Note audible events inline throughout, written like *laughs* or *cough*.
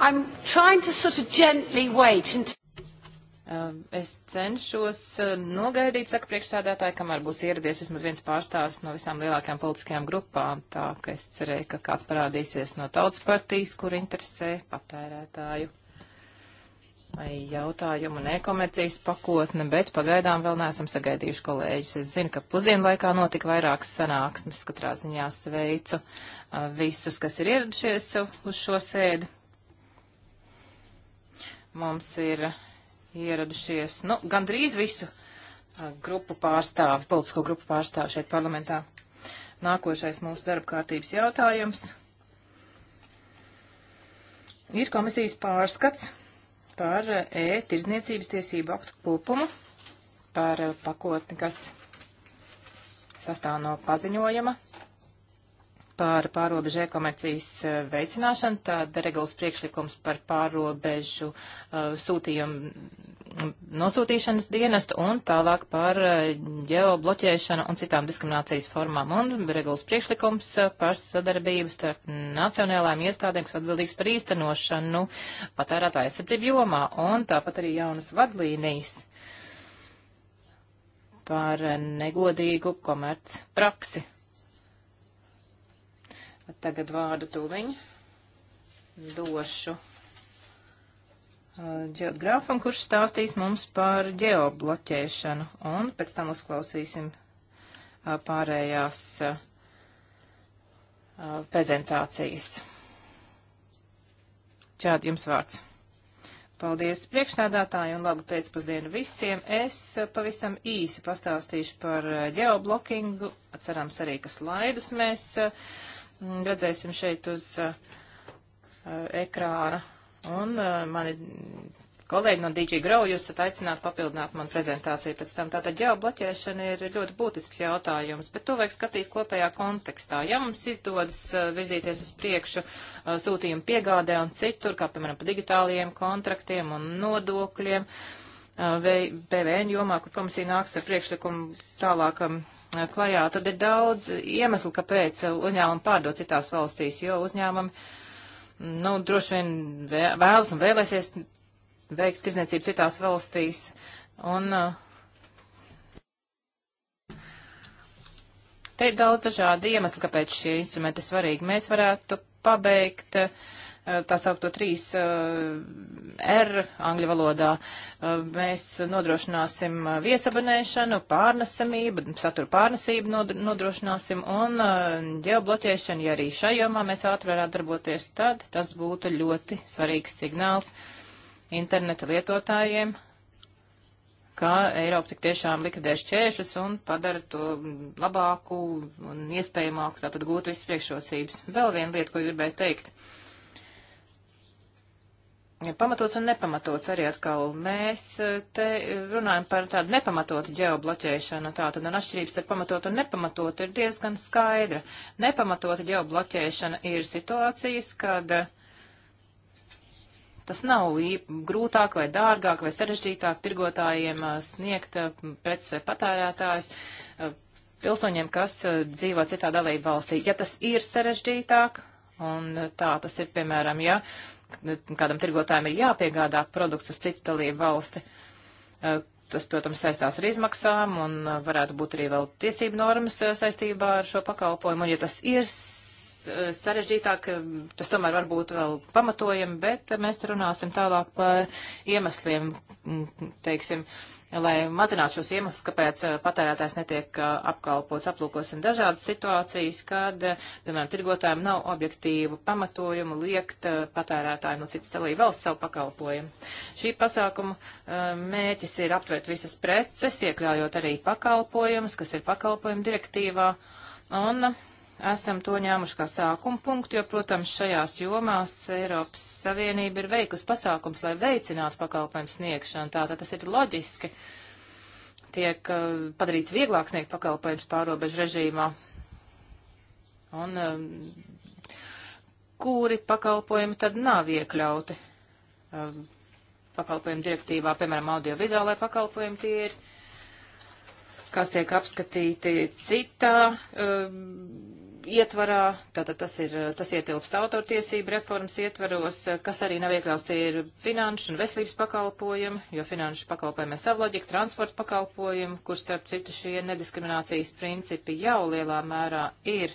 I'm trying to sort of gently wait until. Es cenšos eh, nogaidīt, saka priekšsādātāji, kamēr būs ieradies vismaz viens pārstāvis no visām lielākajām politiskajām grupām, tā ka es cerēju, ka kāds parādīsies no tautas partijas, kur interesē patērētāju vai jautājumu nekomercijas pakotne, bet pagaidām vēl neesam sagaidījuši kolēģis. Es zinu, ka pusdienlaikā notika vairākas sanāksmes, katrā ziņā sveicu eh, visus, kas ir ieradušies uz šo sēdi mums ir ieradušies, nu, gandrīz visu grupu pārstāvi, politisko grupu pārstāvi šeit parlamentā. Nākošais mūsu darba kārtības jautājums ir komisijas pārskats par e-tirzniecības tiesību aktu kopumu, par pakotni, kas sastāv no paziņojuma par pārobežu e-komercijas eh, veicināšanu, tad regulas priekšlikums par pārobežu eh, sūtījumu nosūtīšanas dienestu un tālāk par eh, ģeobloķēšanu un citām diskriminācijas formām un regulas priekšlikums par sadarbību starp nacionālajām iestādēm, kas atbildīgs par īstenošanu patērētāju aizsardzību jomā un tāpat arī jaunas vadlīnijas par negodīgu komerc praksi. Tagad vārdu tuviņu došu eh, ģeogrāfam, kurš stāstīs mums par ģeobloķēšanu, un pēc tam uzklausīsim eh, pārējās eh, prezentācijas. Čādi jums vārds. Paldies priekšsādātāji un labu pēcpusdienu visiem. Es pavisam īsi pastāstīšu par ģeoblokingu. Cerams arī, ka slaidus mēs uh, redzēsim šeit uz uh, ekrāna. Un uh, mani kolēģi no DJ Grau, jūs esat aicināti papildināt man prezentāciju pēc tam. Tātad jau bloķēšana ir ļoti būtisks jautājums, bet to vajag skatīt kopējā kontekstā. Ja mums izdodas uh, virzīties uz priekšu uh, sūtījumu piegādē un citur, kā piemēram pa digitālajiem kontraktiem un nodokļiem, uh, PVN jomā, kur komisija nāks ar priekšlikumu tālākam um, Eh, klajā, tad ir daudz iemeslu, kāpēc uzņēmumi pārdod citās valstīs, jo uzņēmumi, nu, droši vien vēlas un vēlēsies veikt tirzniecību citās valstīs. Un eh, te ir daudz dažādu iemeslu, kāpēc šie instrumenti ir svarīgi. Mēs varētu pabeigt uh, Eh, tā saukto 3R eh, angļu valodā. Eh, mēs nodrošināsim viesabonēšanu, pārnesamību, satura pārnesību nodrošināsim un ģeobloķēšanu, ja arī šajomā mēs ātri varētu darboties, tad tas būtu ļoti svarīgs signāls interneta lietotājiem, ka Eiropa tik tiešām likvidē šķēršļus un padara to labāku un iespējamāku, tātad gūt visas priekšrocības. Vēl viena lieta, ko gribēju teikt. Uh, pamatots un nepamatots arī atkal. Mēs e, te runājam par tādu nepamatotu ģeobloķēšanu, tā tad atšķirības ar pamatotu un nepamatotu ir diezgan skaidra. Nepamatota ģeobloķēšana ir situācijas, kad e, tas nav grūtāk vai dārgāk vai sarežģītāk tirgotājiem e, sniegt preces vai patērētājus pilsoņiem, kas dzīvo citā dalība valstī. Ja tas ir sarežģītāk, un tā tas ir, piemēram, ja kādam tirgotājam ir jāpiegādā produkts uz citu dalību valsti. Eh, tas, protams, saistās ar izmaksām un eh, varētu būt arī vēl tiesību normas eh, saistībā ar šo pakalpojumu. Un, ja tas ir Eh, sarežģītāk, eh, tas tomēr varbūt vēl pamatojami, bet mēs runāsim tālāk par iemesliem, mm, teiksim, lai mazinātu šos iemeslus, kāpēc eh, patērētājs netiek apkalpots, aplūkosim dažādas situācijas, kad, piemēram, tirgotājiem nav objektīvu pamatojumu liekt patērētājiem no citas dalība valsts savu pakalpojumu. Šī pasākuma mērķis ir aptvert visas preces, iekļaujot arī pakalpojumus, kas ir pakalpojumu direktīvā. Un esam to ņēmuši kā sākuma punktu, jo, protams, šajās jomās Eiropas Savienība ir veikusi pasākums, lai veicinātu pakalpojumu sniegšanu. Tātad tas ir loģiski. Tiek uh, padarīts vieglāk sniegt pakalpojumus pārobežu režīmā. Un um, kuri pakalpojumi tad nav iekļauti um, pakalpojumu direktīvā, piemēram, audiovizuālai pakalpojumi tie ir, kas tiek apskatīti citā um, ietvarā, tātad tas, ir, tas ietilpst autortiesību reformas ietvaros, kas arī nav iekļauts, tie ir finanšu un veselības pakalpojumi, jo finanšu pakalpojumi ir savloģika, transporta pakalpojumi, kur starp citu šie nediskriminācijas principi jau lielā mērā ir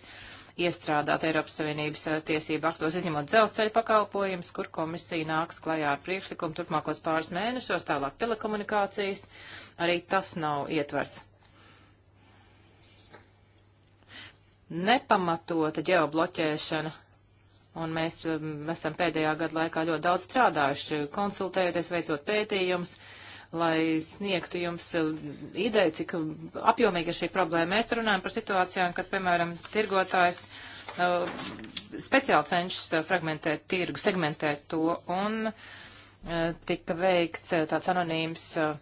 iestrādāt Eiropas Savienības eh, tiesību aktos, izņemot dzelzceļa pakalpojumus, kur komisija nāks klajā ar priekšlikumu turpmākos pāris mēnešos, tālāk telekomunikācijas, arī tas nav ietverts. nepamatota ģeobloķēšana. Un mēs um, esam pēdējā gada laikā ļoti daudz strādājuši, konsultējoties, veicot pētījumus, lai sniegtu jums um, ideju, cik apjomīga ir šī problēma. Mēs runājam par situācijām, kad, piemēram, tirgotājs uh, speciāli cenšas uh, fragmentēt tirgu, segmentēt to, un uh, tika veikts uh, tāds anonīms uh,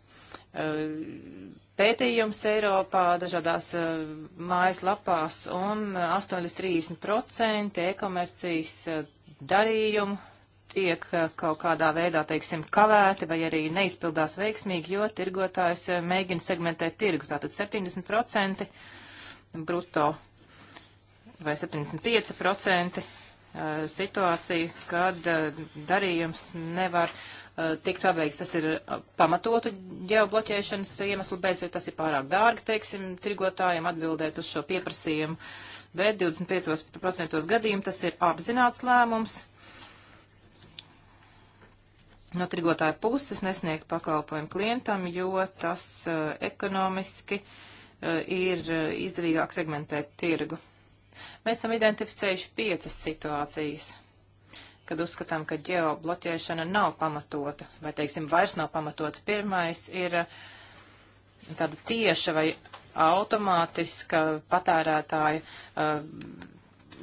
uh pētījums Eiropā dažādās uh, mājaslapās un 8 līdz 30% e-komercijas uh, darījumu tiek uh, kaut kādā veidā, teiksim, kavēti vai arī neizpildās veiksmīgi, jo tirgotājs mēģina segmentēt tirgu. Tātad 70% bruto vai 75% situācija, kad darījums nevar Eh, tiktu apveikts. Tas ir eh, pamatotu ģeobloķēšanas iemeslu bez, jo tas ir pārāk dārgi, teiksim, tirgotājiem atbildēt uz šo pieprasījumu. Bet 25% gadījumu tas ir apzināts lēmums. No tirgotāja puses nesniegt pakalpojumu klientam, jo tas uh, ekonomiski uh, ir izdevīgāk segmentēt tirgu. Mēs esam identificējuši piecas situācijas kad uzskatām, ka ģeobloķēšana nav pamatota, vai, teiksim, vairs nav pamatota. Pirmais ir eh, tāda tieša vai automātiska patērētāja uh,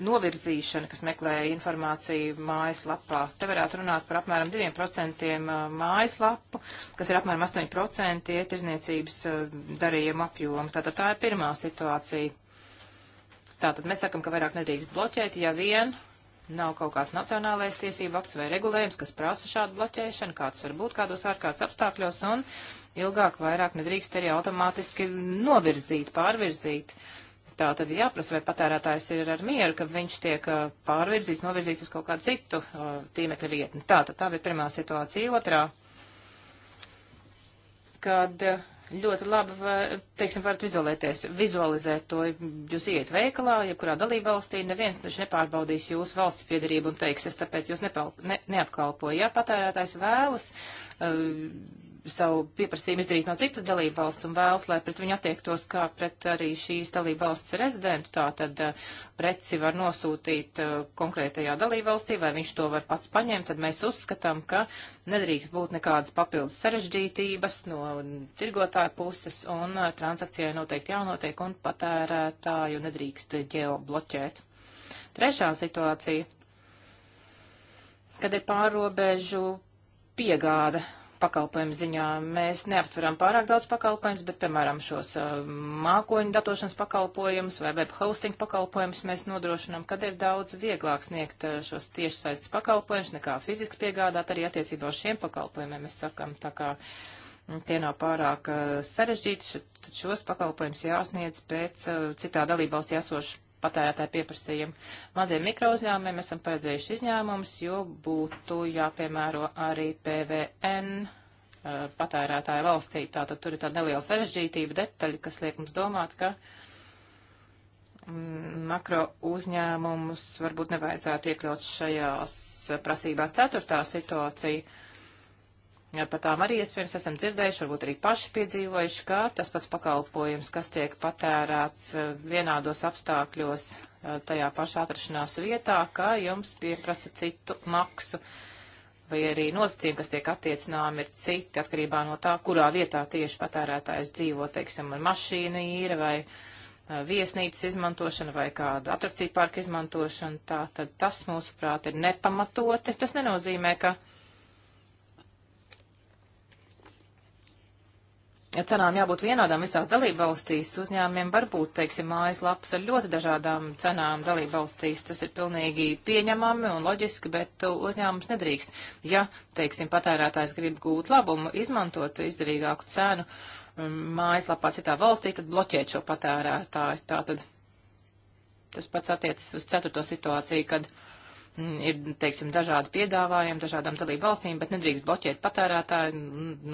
novirzīšana, kas meklē informāciju mājaslapā. Te varētu runāt par apmēram 2% eh, mājaslapu, kas ir apmēram 8% tirzniecības darījuma apjoma. Tātad tā ir pirmā situācija. Tātad mēs sakam, ka vairāk nedrīkst bloķēt, ja vien Nav kaut kāds nacionālais tiesība akts vai regulējums, kas prasa šādu bloķēšanu, kāds var būt kādos ārkārtas apstākļos, un ilgāk vairāk nedrīkst arī automātiski novirzīt, pārvirzīt. Tā tad ir jāprasa, vai patērētājs ir ar mieru, ka viņš tiek pārvirzīts, novirzīts uz kaut kādu citu tīmekļa vietni. Tā tad tā bija pirmā situācija. Otrā, kad uh, ļoti labi, teiksim, varat vizualizēties, vizualizēt to. Jūs iet veikalā, jebkurā dalībvalstī, neviens taču nepārbaudīs jūsu valsts piedarību un teiks, es tāpēc jūs nepal, ne, neapkalpoju. Ja patērētājs vēlas Um, savu pieprasījumu izdarīt no citas dalība valsts un vēlas, lai pret viņu attiektos kā pret arī šīs dalība valsts rezidentu, tā tad uh, preci var nosūtīt uh, konkrētajā dalība valstī, vai viņš to var pats paņemt, tad mēs uzskatām, ka nedrīkst būt nekādas papildus sarežģītības no tirgotāja puses un uh, transakcijai noteikti jānotiek un patērētāju nedrīkst ģeobloķēt. Trešā situācija, kad ir pārobežu piegāde pakalpojumu ziņā. Mēs neaptveram pārāk daudz pakalpojumus, bet, piemēram, šos uh, mākoņu datošanas pakalpojumus vai web hosting pakalpojumus mēs nodrošinām, kad ir daudz vieglāk sniegt uh, šos tiešsaistes pakalpojumus nekā fiziski piegādāt. Arī attiecībā uz šiem pakalpojumiem mēs sakam, tā kā mm, tie nav pārāk uh, sarežģīti, šos pakalpojumus jāsniedz pēc uh, citā dalībvalstī esošu patērētāju pieprasījumu. Maziem mikrouzņēmumiem esam paredzējuši izņēmumus, jo būtu jāpiemēro arī PVN eh, patērētāja valstī. Tātad tur ir tāda neliela sarežģītība detaļa, kas liek mums domāt, ka mm, makro uzņēmumus varbūt nevajadzētu iekļaut šajās prasībās. Ceturtā situācija Par tām arī iespējams esam dzirdējuši, varbūt arī paši piedzīvojuši, ka tas pats pakalpojums, kas tiek patērēts eh, vienādos apstākļos eh, tajā pašā atrašanās vietā, ka jums pieprasa citu maksu. Vai arī nosacījumi, kas tiek attiecināmi, ir citi atkarībā no tā, kurā vietā tieši patērētājs dzīvo, teiksim, ar mašīnu īra vai eh, viesnīcas izmantošana vai kāda atrakciju parka izmantošana. Tā tad tas, mūsuprāt, ir nepamatoti. Tas nenozīmē, ka cenām jābūt vienādām visās dalībvalstīs. Uzņēmumiem var būt, teiksim, mājaslapas ar ļoti dažādām cenām dalībvalstīs. Tas ir pilnīgi pieņemami un loģiski, bet uh, uzņēmums nedrīkst. Ja, teiksim, patērētājs grib gūt labumu, izmantot izdevīgāku cenu um, mājaslapā citā valstī, tad bloķēt šo patērētāju. Tātad tas pats attiecas uz ceturto situāciju, kad Mm, ir, teiksim, dažādi piedāvājumi dažādām dalību valstīm, bet nedrīkst bloķēt patērētāju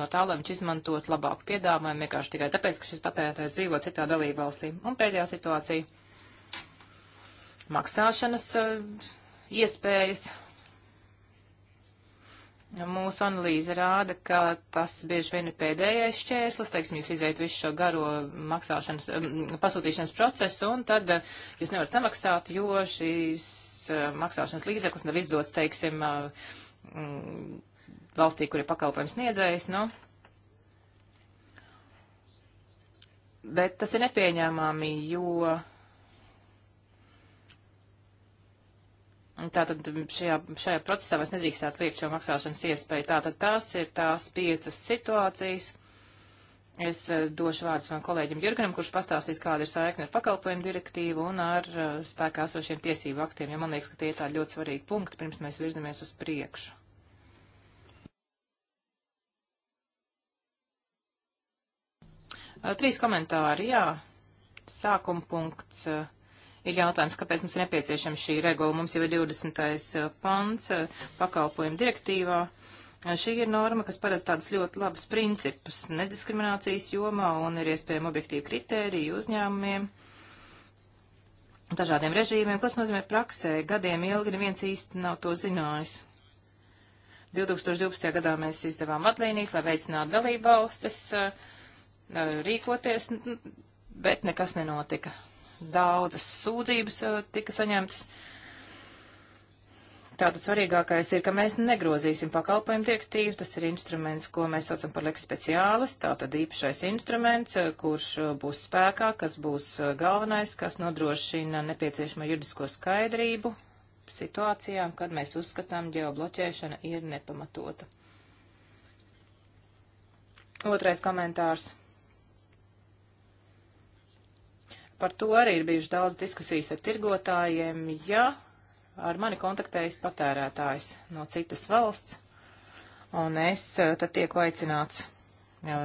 no tā, lai viņš izmantot labāku piedāvājumu vienkārši tikai tāpēc, ka šis patērētājs dzīvo citā dalību valstī. Un pēdējā situācija - maksāšanas eh, iespējas. Mūsu analīze rāda, ka tas bieži vien ir pēdējais šķērslis, teiksim, jūs iziet visu šo garo maksāšanas, mm, pasūtīšanas procesu, un tad eh, jūs nevarat samaksāt, jo šīs Eh, maksāšanas līdzeklis nav izdots, teiksim, eh, mm, valstī, kur ir pakalpojums sniedzējs, nu, bet tas ir nepieņēmami, jo. Tātad šajā, šajā procesā vairs nedrīkstētu liekt šo maksāšanas iespēju. Tātad tās ir tās piecas situācijas. Uh, Es eh, došu vārdus man kolēģim Jurganam, kurš pastāstīs, kāda ir saikne ar pakalpojumu direktīvu un ar eh, spēkā esošiem tiesību aktiem, jo man liekas, ka tie ir tādi ļoti svarīgi punkti, pirms mēs virzamies uz priekšu. Eh, trīs komentāri, jā. Sākuma punkts ir jautājums, kāpēc mums ir nepieciešama šī regula. Mums jau ir 20. pants pakalpojumu direktīvā. Uh, Šī ir norma, kas paredz tādus ļoti labus principus nediskriminācijas jomā un ir iespējama objektīva kritērija uzņēmumiem, dažādiem režīmiem, kas nozīmē praksē. Gadiem ilgi neviens īsti nav to zinājis. 2012. gadā mēs izdevām atlīnijas, lai veicinātu dalību valstis eh, rīkoties, bet nekas nenotika. Daudzas sūdzības eh, tika saņemtas Tātad svarīgākais ir, ka mēs negrozīsim pakalpojumu direktīvu, tas ir instruments, ko mēs saucam par leks speciālis, tātad īpašais instruments, eh, kurš eh, būs spēkā, kas būs eh, galvenais, kas nodrošina nepieciešamo juridisko skaidrību situācijām, kad mēs uzskatām, ģeobloķēšana ir nepamatota. Otrais komentārs. Par to arī ir bijuši daudz diskusijas ar tirgotājiem. Ja ar mani kontaktējas patērētājs no citas valsts, un es eh, tad tieku aicināts eh,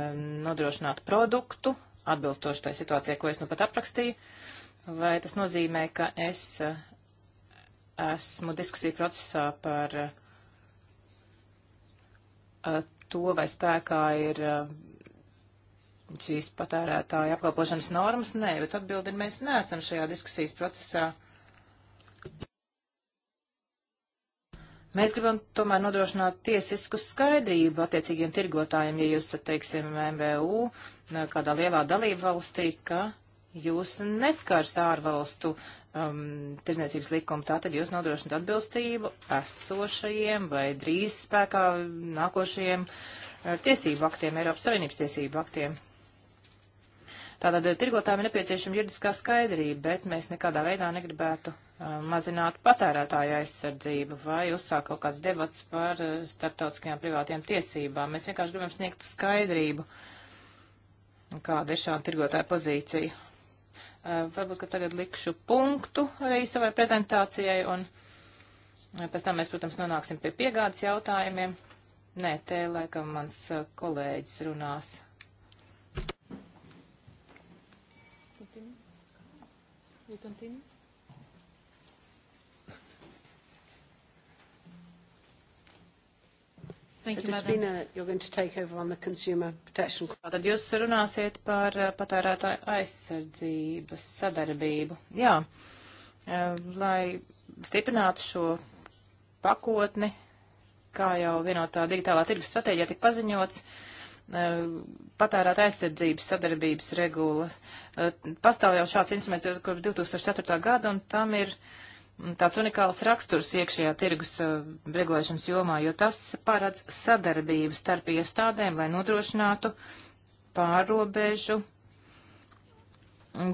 nodrošināt produktu atbilstoši tai situācijai, ko es nu pat aprakstīju, vai tas nozīmē, ka es eh, esmu diskusiju procesā par to, vai spēkā ir šīs patērētāja apkalpošanas normas. Nē, bet atbildi ir, mēs neesam šajā diskusijas procesā. Mēs gribam tomēr nodrošināt tiesisku skaidrību attiecīgiem tirgotājiem, ja jūs esat, teiksim, MVU kādā lielā dalību valstī, ka jūs neskars ārvalstu um, tirzniecības likumu, tātad jūs nodrošināt atbilstību esošajiem vai drīz spēkā nākošajiem uh, tiesību aktiem, Eiropas Savienības tiesību aktiem. Tātad uh, tirgotājiem ir nepieciešama juridiskā skaidrība, bet mēs nekādā veidā negribētu Uh, mazināt patērētāju aizsardzību vai uzsākt kaut kāds debats par uh, starptautiskajām privātajām tiesībām. Mēs vienkārši gribam sniegt skaidrību, kāda ir šāda tirgotāja pozīcija. Uh, varbūt, ka tagad likšu punktu arī savai prezentācijai un pēc tam mēs, protams, nonāksim pie piegādes jautājumiem. Nē, te laikam mans kolēģis runās. You continue? You continue? Tad jūs runāsiet par uh, patērētāju aizsardzības sadarbību. Jā, um, lai stiprinātu šo pakotni, kā jau vienotā digitālā tirgus stratēģijā tika paziņots, um, patērēta aizsardzības sadarbības regula. Uh, pastāv jau šāds instruments kopš 2004. gada, un tam ir uh, tāds unikāls raksturs iekšējā tirgus uh, regulēšanas jomā, jo tas paredz sadarbību starp iestādēm, lai nodrošinātu pārobežu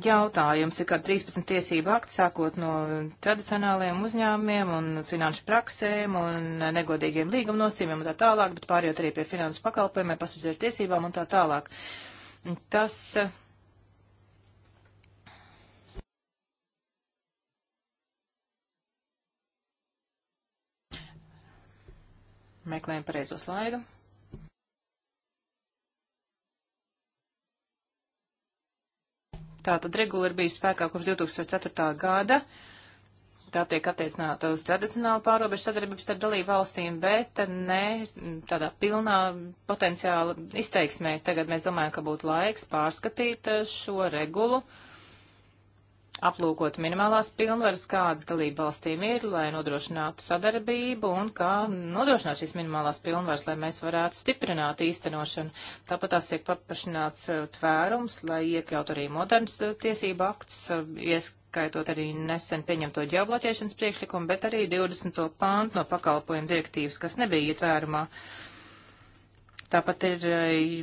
jautājums. Ir kā 13 tiesību akti, sākot no tradicionāliem uzņēmumiem un finanšu praksēm un negodīgiem līguma nosacījumiem un tā tālāk, bet pārējot arī pie finansu pakalpojumiem, pasažieru tiesībām un tā tālāk. Tas uh, Meklējam pareizo slaidu. Tātad regula ir bijusi spēkā kopš 2004. gada. Tā tiek attiecināta uz tradicionālu pārobežu sadarbību starp dalību valstīm, bet ne tādā pilnā potenciāla izteiksmē. Tagad mēs domājam, ka būtu laiks pārskatīt šo regulu. Uh, aplūkot minimālās pilnvaras, kādas dalība valstīm ir, lai nodrošinātu sadarbību un kā nodrošināt šīs minimālās pilnvaras, lai mēs varētu stiprināt īstenošanu. Tāpat tās tiek paplašināts eh, tvērums, lai iekļaut arī modernas eh, tiesību aktus, eh, ieskaitot arī nesen pieņemto ģeobloķēšanas priekšlikumu, bet arī 20. pāntu no pakalpojumu direktīvas, kas nebija ietvērumā. Tāpat ir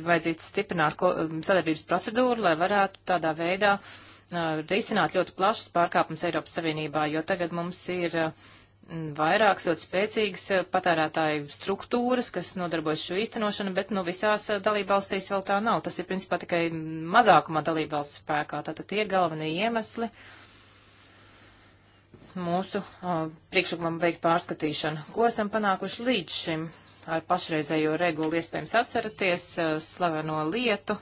vajadzīgs stiprināt sadarbības procedūru, lai varētu tādā veidā uh, risināt ļoti plašas pārkāpums Eiropas Savienībā, jo tagad mums ir vairākas ļoti spēcīgas patērētāju struktūras, kas nodarbojas šo īstenošanu, bet nu visās dalībvalstīs vēl tā nav. Tas ir principā tikai mazākumā dalībvalsts spēkā. Tātad tie ir galvenie iemesli mūsu uh, priekšlikumam veikt pārskatīšanu. Ko esam panākuši līdz šim ar pašreizējo regulu? Iespējams atceraties uh, slaveno lietu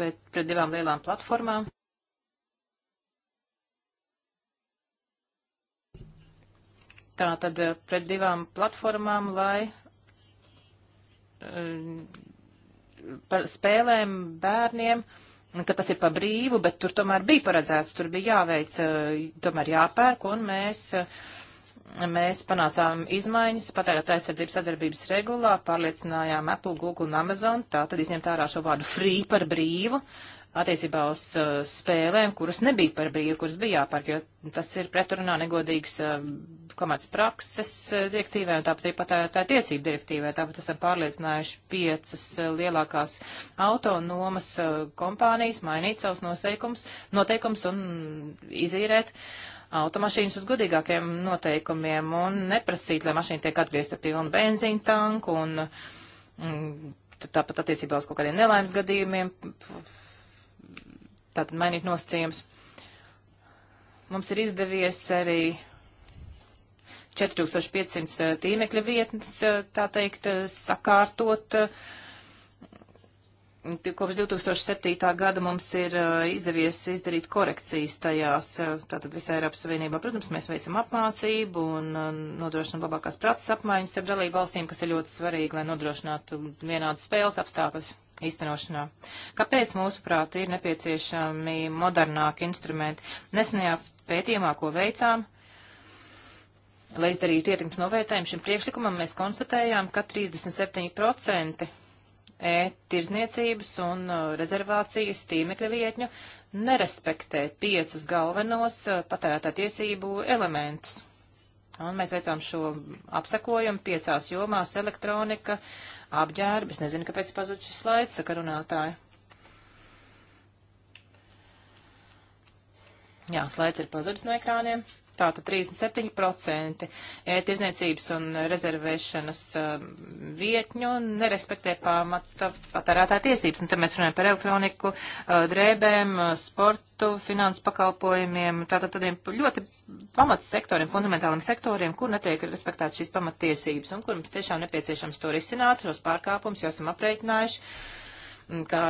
pret, pret divām lielām platformām. tā tad eh, pret divām platformām, lai eh, par spēlēm bērniem, ka tas ir pa brīvu, bet tur tomēr bija paredzēts, tur bija jāveic, eh, tomēr jāpērk, un mēs, mēs panācām izmaiņas patērēt aizsardzības sadarbības regulā, pārliecinājām Apple, Google un Amazon, tā tad izņemt ārā šo vārdu free par brīvu, uh, attiecībā uz uh, spēlēm, kuras nebija par brīvu, kuras bija jāpērk, jo tas ir pretrunā negodīgs uh, komerc prakses uh, direktīvai un tāpat arī patērētāja tiesību direktīvai. Tāpat esam pārliecinājuši piecas uh, lielākās autonomas uh, kompānijas mainīt savus noteikums, noteikums un izīrēt automašīnas uz godīgākiem noteikumiem un neprasīt, lai mašīna tiek atgriezta pilna benzīna tanku un. Mm, tāpat attiecībā uz kaut kādiem nelaimes gadījumiem tātad mainīt nosacījums. Mums ir izdevies arī 4500 eh, tīmekļa vietnes, eh, tā teikt, eh, sakārtot. Kopš 2007. gada mums ir izdevies izdarīt korekcijas tajās, tātad visā Eiropas Savienībā. Protams, mēs veicam apmācību un nodrošinam labākās pracas apmaiņas starp dalību valstīm, kas ir ļoti svarīgi, lai nodrošinātu vienādas spēles apstākļus īstenošanā. Kāpēc, mūsuprāt, ir nepieciešami modernāki instrumenti? Nesenajā pētījumā, ko veicām, lai izdarītu ietekmes novērtējumu šim priekšlikumam, mēs konstatējām, ka 37% e-tirzniecības un uh, rezervācijas tīmekļa vietņu nerespektē piecus galvenos uh, patērētā tiesību elementus. Un mēs veicām šo apsekojumu piecās jomās - elektronika, apģērbu. Es nezinu, kāpēc pazudis šis slaids, saka runātāji. Jā, slaids ir pazudis no ekrāniem tātad 37% tirzniecības un rezervēšanas um, vietņu nerespektē pamata patērētāja tiesības. Un te mēs runājam par elektroniku, uh, drēbēm, uh, sportu, finansu pakalpojumiem, tātad tādiem ļoti pamats sektoriem, fundamentāliem sektoriem, kur netiek respektēt šīs pamatiesības un kur mums tiešām nepieciešams to risināt, šos pārkāpumus jau esam apreikinājuši kā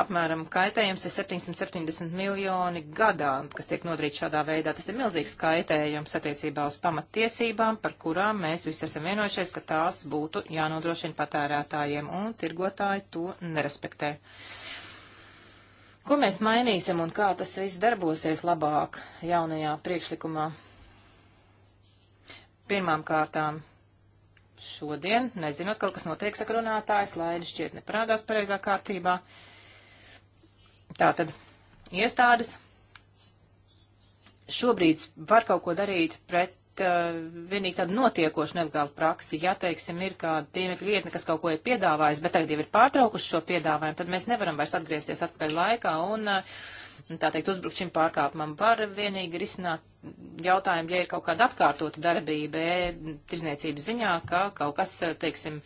apmēram kaitējums ir 770 miljoni gadā, kas tiek nodarīts šādā veidā. Tas ir milzīgs kaitējums attiecībā uz pamattiesībām, par kurām mēs visi esam vienojušies, ka tās būtu jānodrošina patērētājiem, un tirgotāji to nerespektē. Ko mēs mainīsim un kā tas viss darbosies labāk jaunajā priekšlikumā? Pirmām kārtām šodien, nezinot, kaut kas notiek, saka runātājs, laidi šķiet neparādās pareizā kārtībā. Tātad iestādes šobrīd var kaut ko darīt pret uh, vienīgi tādu notiekošu nelegālu praksi. Ja, teiksim, ir kāda tīmekļa vietne, kas kaut ko ir piedāvājusi, bet tagad jau ir pārtraukuši šo piedāvājumu, tad mēs nevaram vairs atgriezties atpakaļ laikā un uh, Nu, tā teikt, uzbrukt šim pārkāpumam. Var vienīgi risināt jautājumu, ja ir kaut kāda atkārtota darbība e, tirzniecības ziņā, ka kaut kas, e, teiksim,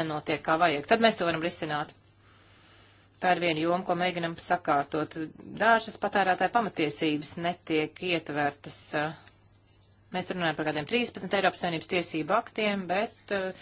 nenotiek kā vajag. Tad mēs to varam risināt. Tā ir viena joma, ko mēģinam sakārtot. Dažas patērētāja pamatiesības netiek ietvertas uh, Mēs runājam par kādiem 13 Eiropas Savienības tiesību aktiem, bet uh,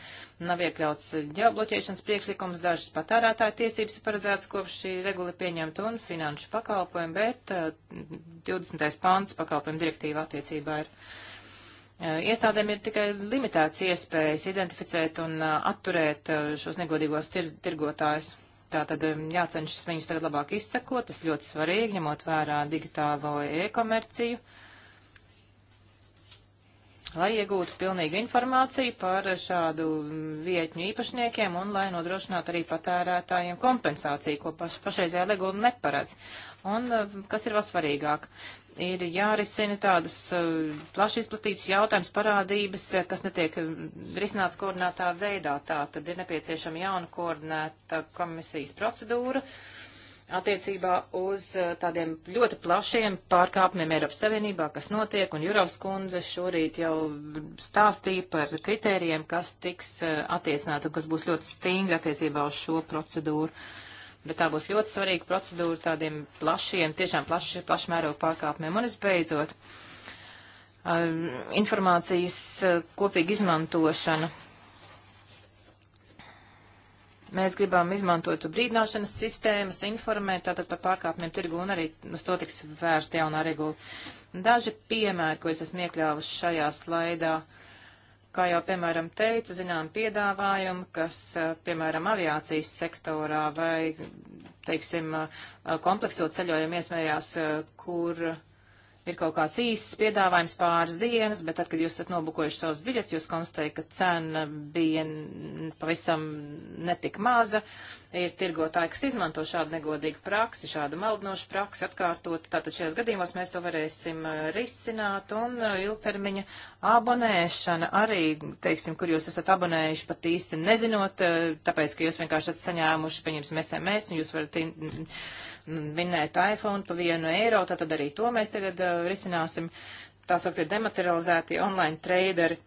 nav iekļauts ģeobloķēšanas priekšlikums, dažas patērētāja tiesības ir paredzētas kopš šī regula pieņemta un finanšu pakalpojumu, bet uh, eh, 20. pāns pakalpojumu direktīva attiecībā ir. Uh, iestādēm ir tikai limitēts iespējas identificēt un atturēt šos negodīgos tir tirgotājus. Tātad jācenšas viņus tagad labāk izsekot, tas ļoti svarīgi, ņemot vērā digitālo e-komerciju. Uh, lai iegūtu pilnīgu informāciju par šādu vietņu īpašniekiem un lai nodrošinātu arī patērētājiem kompensāciju, ko paš, pašreizējā legula neparedz. Un eh, kas ir vēl svarīgāk? Ir jārisina tādas eh, plaši izplatītas jautājumas parādības, eh, kas netiek risināts koordinētā veidā. Tā tad ir nepieciešama jauna koordinēta komisijas procedūra. Uh, attiecībā uz uh, tādiem ļoti plašiem pārkāpumiem Eiropas Savienībā, kas notiek, un Jurovs kundze šorīt jau stāstīja par kritērijiem, kas tiks uh, attiecināti un kas būs ļoti stingri attiecībā uz šo procedūru. Bet tā būs ļoti svarīga procedūra tādiem plašiem, tiešām plaši, plašmērogu pārkāpumiem. Un es beidzot, um, informācijas uh, kopīga izmantošana Mēs gribam izmantot brīdināšanas sistēmas, informēt tātad par pārkāpumiem tirgu un arī uz to tiks vērsta jaunā regula. Daži piemēri, ko es esmu iekļāvusi šajā slaidā, kā jau, piemēram, teicu, zinām piedāvājumu, kas, piemēram, aviācijas sektorā vai, teiksim, komplekso ceļojumu iesmējās, kur ir kaut kāds īsts piedāvājums pāris dienas, bet tad, kad jūs esat nobukojuši savus biļetes, jūs konstatējat, ka cena bija pavisam netik maza. Ir tirgotāji, kas izmanto šādu negodīgu praksi, šādu maldinošu praksi atkārtot. Tātad šajos gadījumos mēs to varēsim uh, risināt un uh, ilgtermiņa abonēšana arī, teiksim, kur jūs esat abonējuši pat īsti nezinot, uh, tāpēc, ka jūs vienkārši esat saņēmuši, pieņemsim, SMS un jūs varat minēt iPhone pa vienu eiro, tad arī to mēs tagad uh, risināsim. Tā sauktie dematerializētie online traderi.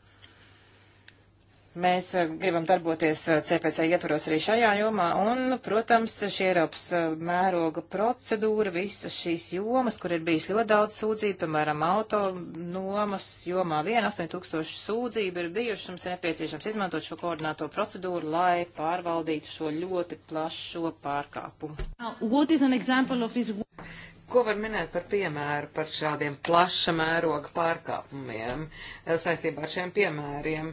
Mēs eh, gribam darboties CPC eh, ietvaros arī šajā jomā, un, protams, šī Eiropas eh, mēroga procedūra, visas šīs jomas, kur ir bijis ļoti daudz sūdzību, piemēram, auto nomas jomā 1,8000 sūdzību ir bijušas, mums ir nepieciešams izmantot šo koordināto procedūru, lai pārvaldītu šo ļoti plašo pārkāpumu. Now, Ko var minēt par piemēru par šādiem plaša mēroga pārkāpumiem eh, saistībā ar šiem piemēriem?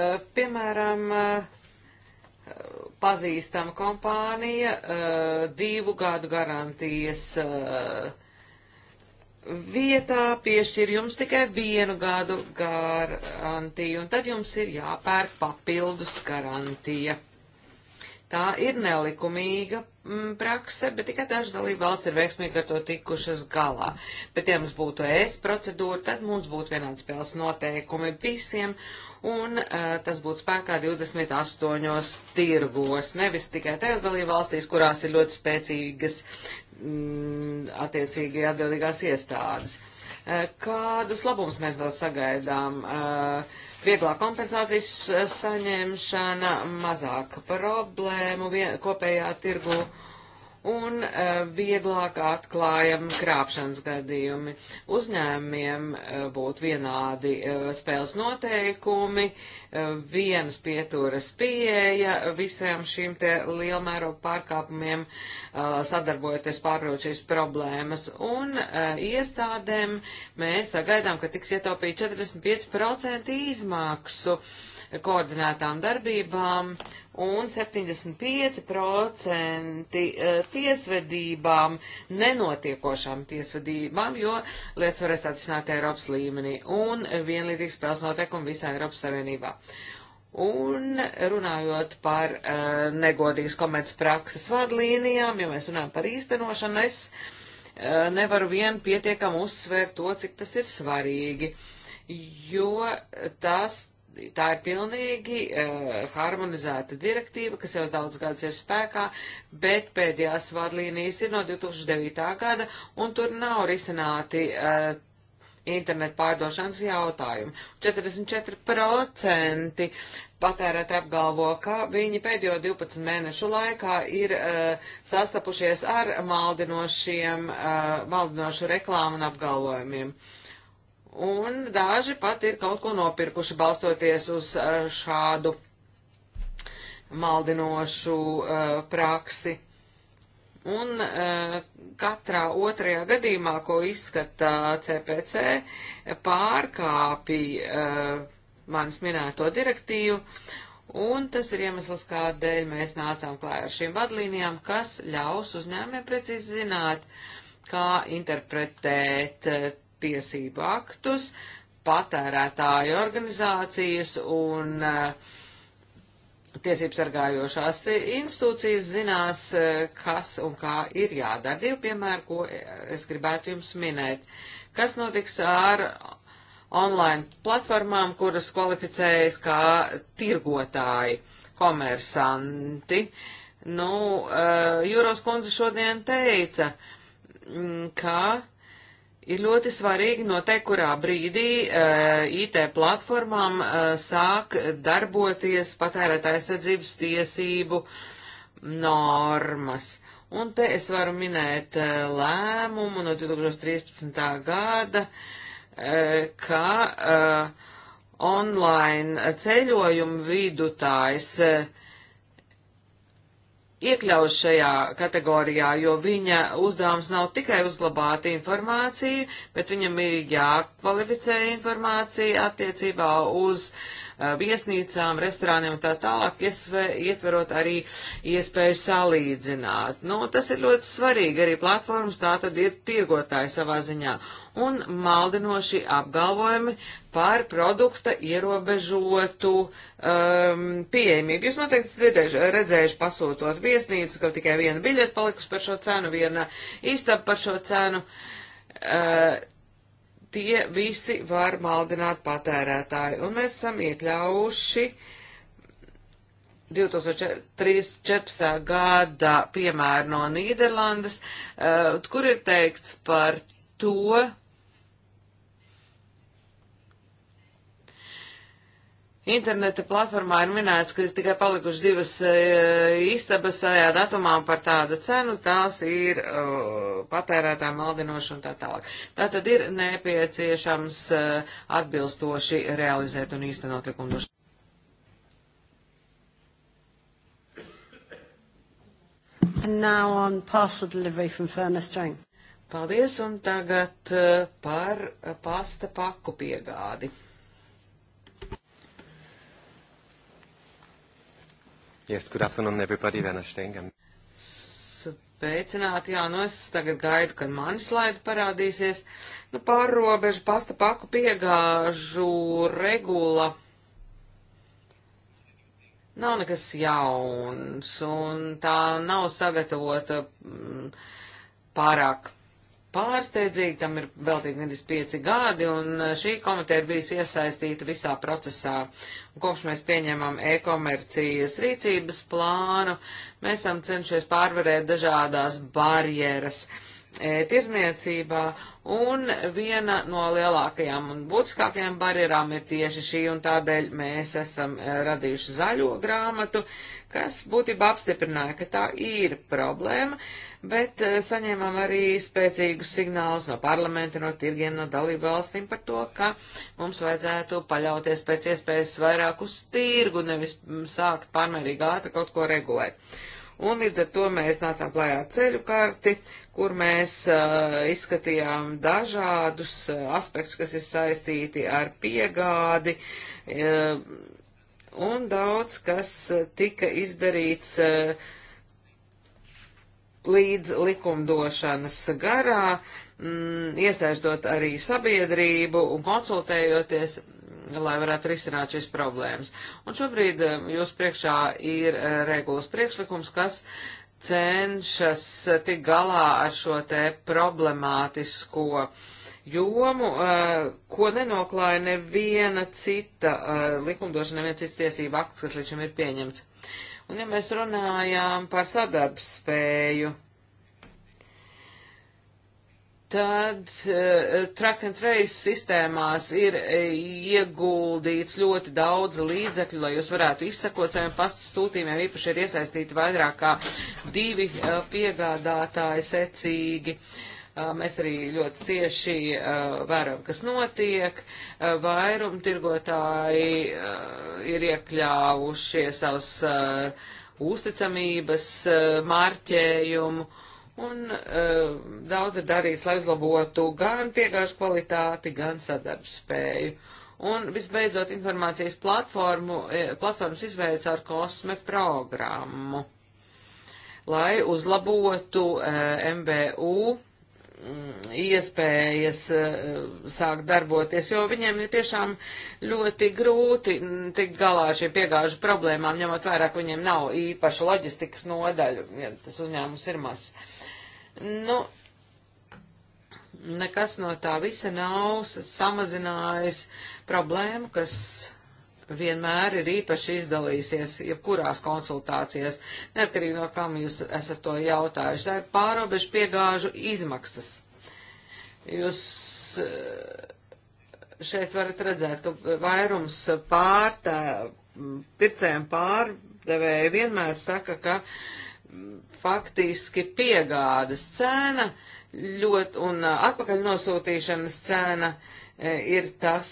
Eh, piemēram, eh, pazīstama kompānija divu gadu garantijas vietā piešķir jums tikai vienu gadu garantiju, un tad jums ir jāpērk papildus garantija. Tā ir nelikumīga m, mm, prakse, bet tikai dažas dalība valsts ir veiksmīgi ar to tikušas galā. Bet, ja mums būtu ES procedūra, tad mums būtu vienāds spēles noteikumi visiem, un uh, tas būtu spēkā 28 tirgos, nevis tikai tajās dalība valstīs, kurās ir ļoti spēcīgas mm, attiecīgi atbildīgās iestādes. Uh, kādus labumus mēs daudz sagaidām? Uh, vieglā kompensācijas eh, saņemšana, mazāk problēmu vien, kopējā tirgu un uh, vieglāk atklājami krāpšanas gadījumi. Uzņēmiem uh, būtu vienādi uh, spēles noteikumi, vienas pieturas pieeja visiem šīm te lielmērogu pārkāpumiem, sadarbojoties pārvarot šīs problēmas, un iestādēm mēs sagaidām, ka tiks ietaupīt 45% izmaksu koordinētām darbībām, uh, un 75% eh, tiesvedībām, nenotiekošām tiesvedībām, jo lietas varēs atrisināt Eiropas līmenī un vienlīdzīgs spēles noteikumi visā Eiropas Savienībā. Un runājot par uh, negodīgas komerces prakses vadlīnijām, ja mēs runājam par īstenošanu, es uh, nevaru vien pietiekam uzsvērt to, cik tas ir svarīgi, jo tas tā ir pilnīgi uh, harmonizēta direktīva, kas jau daudz gadus ir spēkā, bet pēdējās vadlīnijas ir no 2009. gada, un tur nav risināti uh, eh, internetu pārdošanas jautājumi. 44% patērēt apgalvo, ka viņi pēdējo 12 mēnešu laikā ir uh, sastapušies ar maldinošiem, uh, maldinošu reklāmu un apgalvojumiem. Uh, Un daži pat ir kaut ko nopirkuši balstoties uz eh, šādu maldinošu uh, praksi. Un uh, katrā otrajā gadījumā, ko izskata CPC, pārkāpi uh, manis minēto direktīvu, Un tas ir iemesls, kādēļ mēs nācām klāj ar šīm vadlīnijām, kas ļaus uzņēmumiem precīzi zināt, kā interpretēt tiesību aktus, patērētāju organizācijas un uh, tiesību sargājošās institūcijas zinās, eh, kas un kā ir jādara. Divi piemēri, ko eh, es gribētu jums minēt. Kas notiks ar online platformām, kuras kvalificējas kā tirgotāji, komersanti? Nu, Jūros kundze šodien teica, mm, ka Ir ļoti svarīgi noteikt, kurā brīdī uh, eh, IT platformām uh, sāk darboties patērētāja aizsardzības tiesību normas. Un te es varu minēt uh, lēmumu no 2013. gada, uh, ka uh, online ceļojumu vidutājs uh, iekļaut šajā kategorijā, jo viņa uzdevums nav tikai uzglabāt informāciju, bet viņam ir jākvalificē informācija attiecībā uz uh, viesnīcām, restorāniem un tā tālāk, ietverot arī iespēju salīdzināt. Nu, tas ir ļoti svarīgi, arī platformas tā tad ir tirgotāji savā ziņā. Un maldinoši apgalvojumi par produkta ierobežotu um, pieejamību. Jūs noteikti redzējuši pasūtot viesnīcu, ka tikai viena biļete palikusi par šo cenu, viena istaba par šo cenu. Uh, tie visi var maldināt patērētāju, un mēs esam iekļauši 2014. gada piemēru no Nīderlandes, eh, kur ir teikts par to, Interneta platformā ir minēts, ka ir tikai palikušas divas eh, istabas tajā datumā par tādu cenu, tās ir uh, eh, patērētājiem maldinoši un tā tālāk. Tā tad ir nepieciešams uh, atbilstoši realizēt un īstenot likumdošanu. Paldies, un tagad uh, par pasta paku piegādi. Yes, good afternoon everybody, Vena Štengam. Sveicināti, jā, nu es tagad gaidu, kad mani slaidi parādīsies. Nu, pārrobežu pasta paku piegāžu regula nav nekas jauns, un tā nav sagatavota mm, pārāk pārsteidzīgi, tam ir veltīgi gandrīz pieci gadi, un e, šī komiteja ir bijusi iesaistīta visā procesā. Un kopš mēs pieņemam e-komercijas rīcības plānu, mēs esam cenšies pārvarēt dažādās barjeras. Uh, E, tirzniecībā, un viena no lielākajām un būtiskākajām barjerām ir tieši šī, un tādēļ mēs esam e, radījuši zaļo grāmatu, kas būtībā apstiprināja, ka tā ir problēma, bet e, saņēmām arī spēcīgus signālus no parlamenta, no tirgiem, no dalību valstīm par to, ka mums vajadzētu paļauties pēc iespējas vairāk uz tirgu, nevis sākt pārmērīgi ātri kaut ko regulēt. Un līdz ar to mēs nācām klājā ar ceļu karti, kur mēs uh, izskatījām dažādus uh, aspektus, kas ir saistīti ar piegādi. Uh, un daudz, kas tika izdarīts uh, līdz likumdošanas garā, mm, iesaistot arī sabiedrību un konsultējoties lai varētu risināt šīs problēmas. Un šobrīd um, jūs priekšā ir uh, regulas priekšlikums, kas cenšas tik galā ar šo te problemātisko jomu, uh, ko nenoklāja neviena cita uh, likumdošana, neviena cits tiesība akts, kas līdz šim ir pieņemts. Un ja mēs runājām par sadarbspēju, spēju, Tad uh, track and trace sistēmās ir uh, ieguldīts ļoti daudz līdzekļu, lai jūs varētu izsakot saviem pasūtījumiem. Īpaši ir iesaistīti vairāk kā divi uh, piegādātāji secīgi. Uh, mēs arī ļoti cieši uh, varam, kas notiek. Uh, vairum tirgotāji uh, ir iekļāvušie savus uh, uzticamības uh, marķējumu. Uh, un uh, daudz ir darījis, lai uzlabotu gan piegāžu kvalitāti, gan sadarbspēju. Un visbeidzot informācijas platformu, eh, platformas izveids ar kosme programmu, lai uzlabotu uh, eh, MVU mm, iespējas sākt darboties, jo viņiem ir tiešām ļoti grūti mm, tikt galā ar šiem piegāžu problēmām, ņemot vairāk, viņiem nav īpaša loģistikas nodaļu, ja tas uzņēmums ir mazs. Nu, nekas no tā visa nav samazinājis problēmu, kas vienmēr ir īpaši izdalīsies jebkurās konsultācijās, neatkarīgi no kam jūs esat to jautājuši. Tā ir pārobežu piegāžu izmaksas. Jūs eh, šeit varat redzēt, ka vairums pārtē, pircējiem pārdevēja vienmēr saka, ka mm, faktiski piegādas cena ļoti, un uh, atpakaļ nosūtīšanas cena uh, ir tas,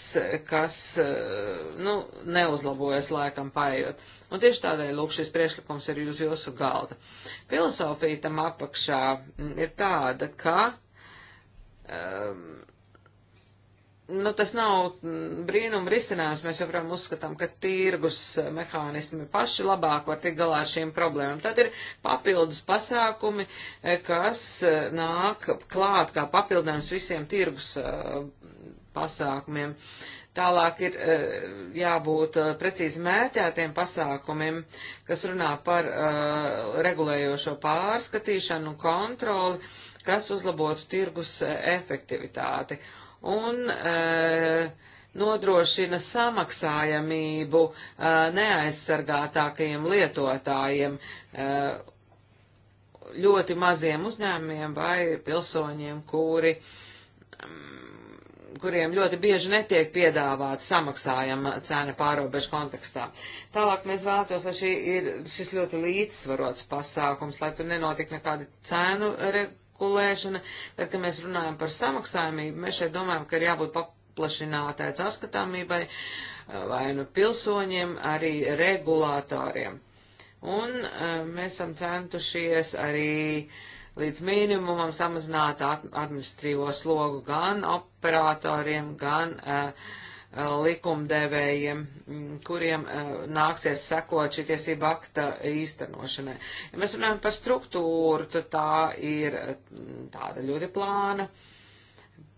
kas, uh, nu, neuzlabojas laikam paiet. Un tieši tādēļ, lūk, šis priešlikums ir uz jūsu galda. Filosofija tam apakšā mm, ir tāda, ka um, nu, tas nav brīnuma risinājums. Mēs joprojām uzskatām, ka tirgus mehānismi paši labāk var tikt galā ar šīm problēmām. Tad ir papildus pasākumi, eh, kas eh, nāk klāt kā papildinājums visiem tirgus eh, pasākumiem. Tālāk ir jābūt precīzi mērķētiem pasākumiem, kas runā par regulējošo pārskatīšanu un kontroli, kas uzlabotu tirgus efektivitāti. Uh, un e, nodrošina samaksājamību e, neaizsargātākajiem lietotājiem, e, ļoti maziem uzņēmumiem vai pilsoņiem, kuri, mm, kuriem ļoti bieži netiek piedāvāta samaksājama cena pārobežu kontekstā. Tālāk mēs vēlētos, lai šī ir šis ļoti līdzsvarots pasākums, lai tur nenotiek nekādi cēnu regulējumi regulēšana, tad, kad mēs runājam par samaksājumību, mēs šeit domājam, ka ir jābūt paplašinātai caurskatāmībai eh, vai nu pilsoņiem, arī regulātāriem. Un eh, mēs esam centušies arī līdz minimumam samazināt administrīvo slogu gan operatoriem, gan uh, Uh, likumdevējiem, mm, kuriem uh, nāksies sekot šī tiesība akta īstenošanai. Ja mēs runājam par struktūru, tad tā ir mm, tāda ļoti plāna.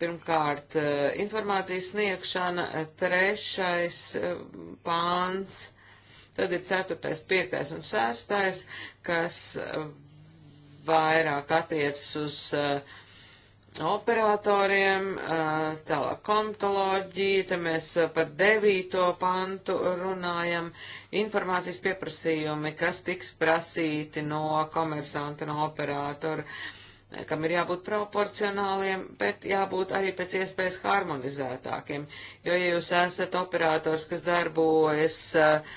Pirmkārt, uh, informācijas sniegšana, trešais pāns, tad ir ceturtais, piektais un sestais, kas vairāk attiecas uz uh, operatoriem, eh, tālāk komitoloģija, te mēs eh, par devīto pantu runājam, informācijas pieprasījumi, kas tiks prasīti no komersanta, no operatora, eh, kam ir jābūt proporcionāliem, bet jābūt arī pēc iespējas harmonizētākiem, jo, ja jūs esat operators, kas darbojas uh,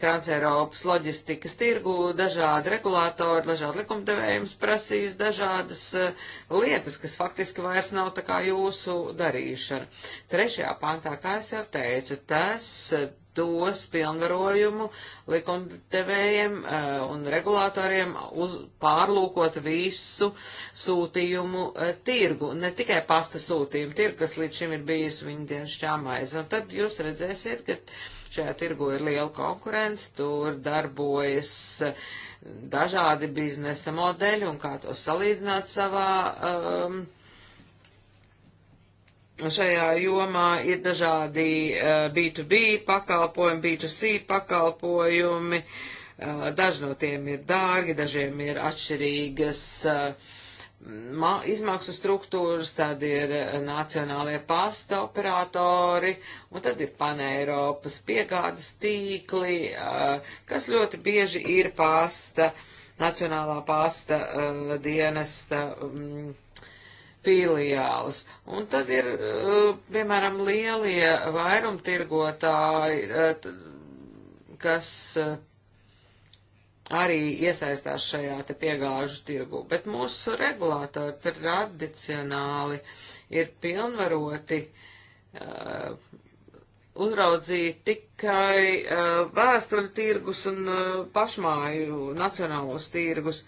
Transeiropas loģistikas tirgu dažādi regulātori, dažādi likumdevējums prasīs dažādas eh, lietas, kas faktiski vairs nav tā kā jūsu darīšana. Trešajā pantā, kā es jau teicu, tas eh, dos pilnvarojumu likumdevējiem uh, un regulātoriem uz, pārlūkot visu sūtījumu uh, tirgu, ne tikai pasta sūtījumu tirgu, kas līdz šim ir bijis viņa dienas šķāmais. Un tad jūs redzēsiet, ka Šajā tirgu ir liela konkurence, tur darbojas eh, dažādi biznesa modeļi un kā to salīdzināt savā. Um, Šajā jomā ir dažādi uh, eh, B2B pakalpojumi, B2C pakalpojumi, uh, daži no tiem ir dārgi, dažiem ir atšķirīgas uh, izmaksu struktūras, tad ir eh, nacionālie pasta operatori, un tad ir paneiropas piegādes tīkli, eh, kas ļoti bieži ir pasta, nacionālā pasta eh, dienesta mm, filiālis. Un tad ir, piemēram, lielie vairumtirgotāji, kas arī iesaistās šajā te piegāžu tirgu, bet mūsu regulātori tradicionāli ir pilnvaroti uh, uzraudzīt tikai uh, vēstuļu tirgus un uh, pašmāju nacionālos tirgus,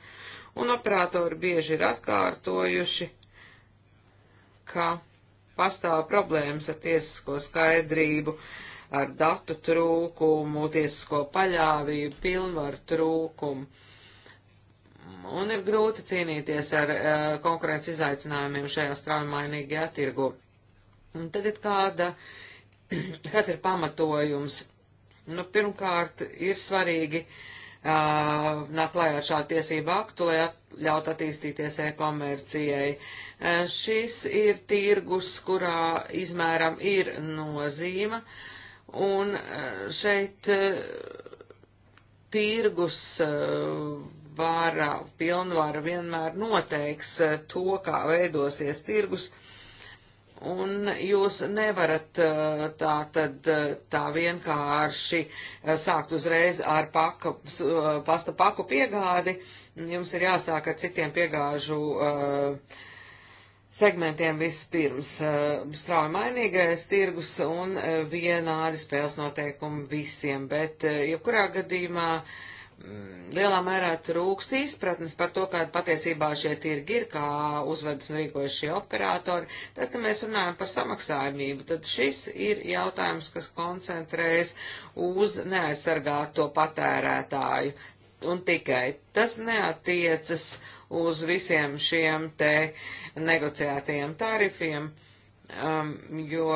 un operatori bieži ir atkārtojuši, ka pastāv problēmas ar tiesisko skaidrību, uh, ar datu trūkumu, tiesisko paļāvību, pilnvaru trūkumu. Un ir grūti cīnīties ar uh, konkurences izaicinājumiem šajā straumainīgajā tirgu. Un tad ir kāda, *clears throat* kāds ir pamatojums. Nu, pirmkārt, ir svarīgi uh, eh, nāk klājā ar šādu tiesību aktu, lai at, ļaut attīstīties e-komercijai. Uh, šis ir tirgus, kurā izmēram ir nozīme. Uh, Un eh, šeit eh, tirgus eh, vara, pilnvara vienmēr noteiks to, kā veidosies tirgus, un jūs nevarat tā tad tā vienkārši sākt uzreiz ar paku, pasta paku piegādi, jums ir jāsāk ar citiem piegāžu uh, segmentiem vispirms eh, strauji mainīgais tirgus un eh, vienādi spēles noteikumi visiem, bet eh, jebkurā gadījumā mm, lielā mērā trūkst izpratnes par to, kāda patiesībā šie tirgi ir, kā uzvedas un rīkojas šie operatori. Tad, kad mēs runājam par samaksājumību, tad šis ir jautājums, kas koncentrējas uz neaizsargāto patērētāju un tikai. Tas neatiecas uz visiem šiem te negociētajiem tarifiem, um, jo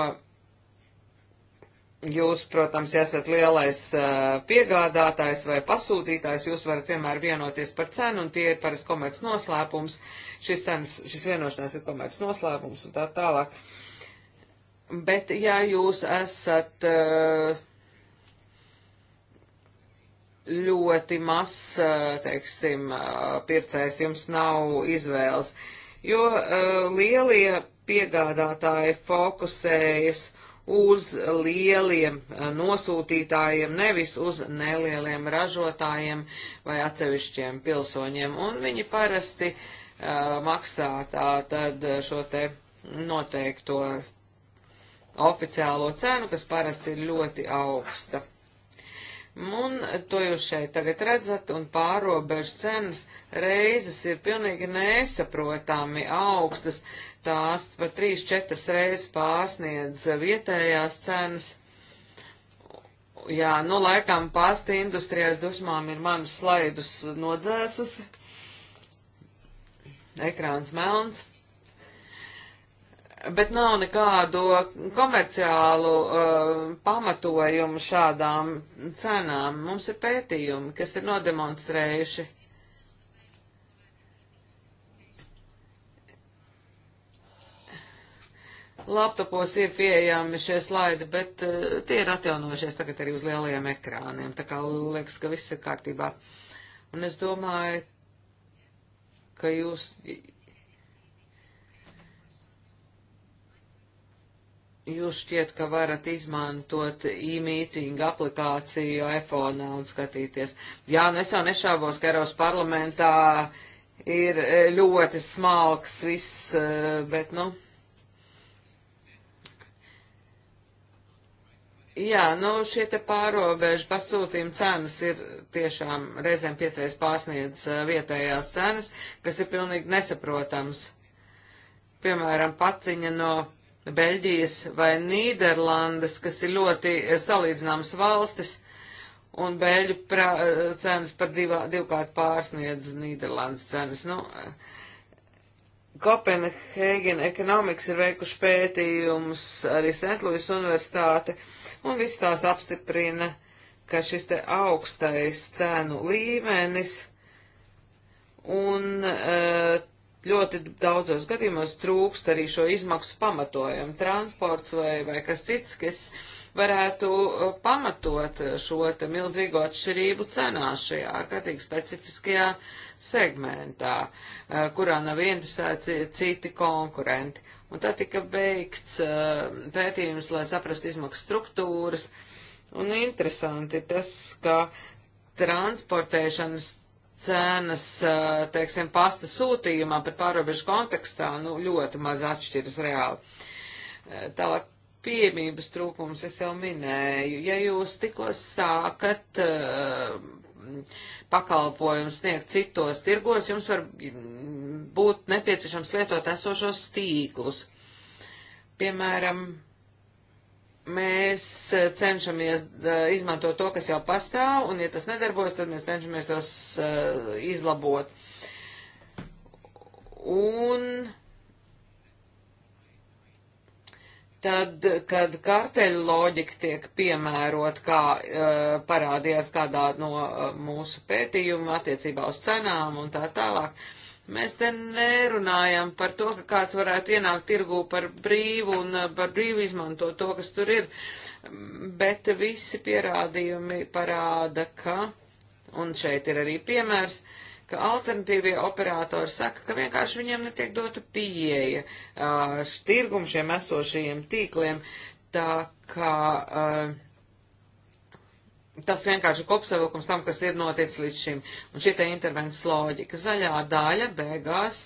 jūs, protams, esat lielais uh, piegādātājs vai pasūtītājs, jūs varat vienmēr vienoties par cenu, un tie ir parasti komerc noslēpums, šis, cenas, šis vienošanās ir komerc noslēpums un tā tālāk. Bet, ja jūs esat uh, ļoti maz, teiksim, pircējs jums nav izvēles, jo lielie piegādātāji fokusējas uz lieliem nosūtītājiem, nevis uz nelieliem ražotājiem vai atsevišķiem pilsoņiem. Un viņi parasti uh, maksā tā tad šo te noteikto oficiālo cenu, kas parasti ir ļoti augsta. Un to jūs šeit tagad redzat, un pārobežu cenas reizes ir pilnīgi nesaprotami augstas. Tās pat 3-4 reizes pārsniedz vietējās cenas. Jā, nu laikam pasta industrijās dusmām ir manus slaidus nodzēsusi. Ekrāns melns bet nav nekādu komerciālu uh, pamatojumu šādām cenām. Mums ir pētījumi, kas ir nodemonstrējuši. Laptopos ir pieejami šie slaidi, bet uh, tie ir atjaunojušies tagad arī uz lielajiem ekrāniem, tā kā liekas, ka viss ir kārtībā. Un es domāju, ka jūs jūs šķiet, ka varat izmantot e-mītingu aplikāciju iPhone un skatīties. Jā, nu es jau nešābos, ka Eiropas parlamentā ir e, ļoti smalks viss, e, bet, nu. Jā, nu šie te pārobežu pasūtījuma cenas ir tiešām reizēm piecreiz pārsniedz e, vietējās cenas, kas ir pilnīgi nesaprotams. Piemēram, paciņa no Beļģijas vai Nīderlandes, kas ir ļoti eh, salīdzināmas valstis, un Beļģu pra, eh, cenas par divā, divkārt pārsniedz Nīderlandes cenas. Nu, eh, Kopenhēgen Economics ir veikuši pētījumus arī Sentlūjas universitāte, un viss tās apstiprina, ka šis te augstais cenu līmenis un uh, ļoti daudzos gadījumos trūkst arī šo izmaksu pamatojumu, transports vai, vai kas cits, kas varētu uh, pamatot uh, šo te milzīgo atšķirību cenā šajā kārtīgi specifiskajā segmentā, uh, kurā nav interesēti citi konkurenti. Un tā tika veikts pētījums, lai saprastu izmaksu struktūras. Un interesanti tas, ka transportēšanas cenas, eh, teiksim, pasta sūtījumā par pārobežu kontekstā, nu, ļoti maz atšķiras reāli. Eh, tālāk pieejamības trūkums es jau minēju. Ja jūs tikko sākat eh, pakalpojumu sniegt citos tirgos, jums var mm, būt nepieciešams lietot esošos tīklus. Piemēram, mēs eh, cenšamies eh, izmantot to, kas jau pastāv, un ja tas nedarbojas, tad mēs cenšamies tos uh, izlabot. Un tad, kad karteļu loģika tiek piemērot, kā uh, parādījās kādā no uh, mūsu pētījuma attiecībā uz cenām un tā tālāk, Mēs te nerunājam par to, ka kāds varētu ienākt tirgū par brīvu un eh, par brīvu izmantot to, kas tur ir, bet visi pierādījumi parāda, ka, un šeit ir arī piemērs, ka alternatīvie operatori saka, ka vienkārši viņiem netiek dota pieeja eh, tirgum šiem esošajiem tīkliem, tā kā. Uh, tas vienkārši kopsavilkums tam, kas ir noticis līdz šim. Un šī te intervences loģika, zaļā daļa beigās,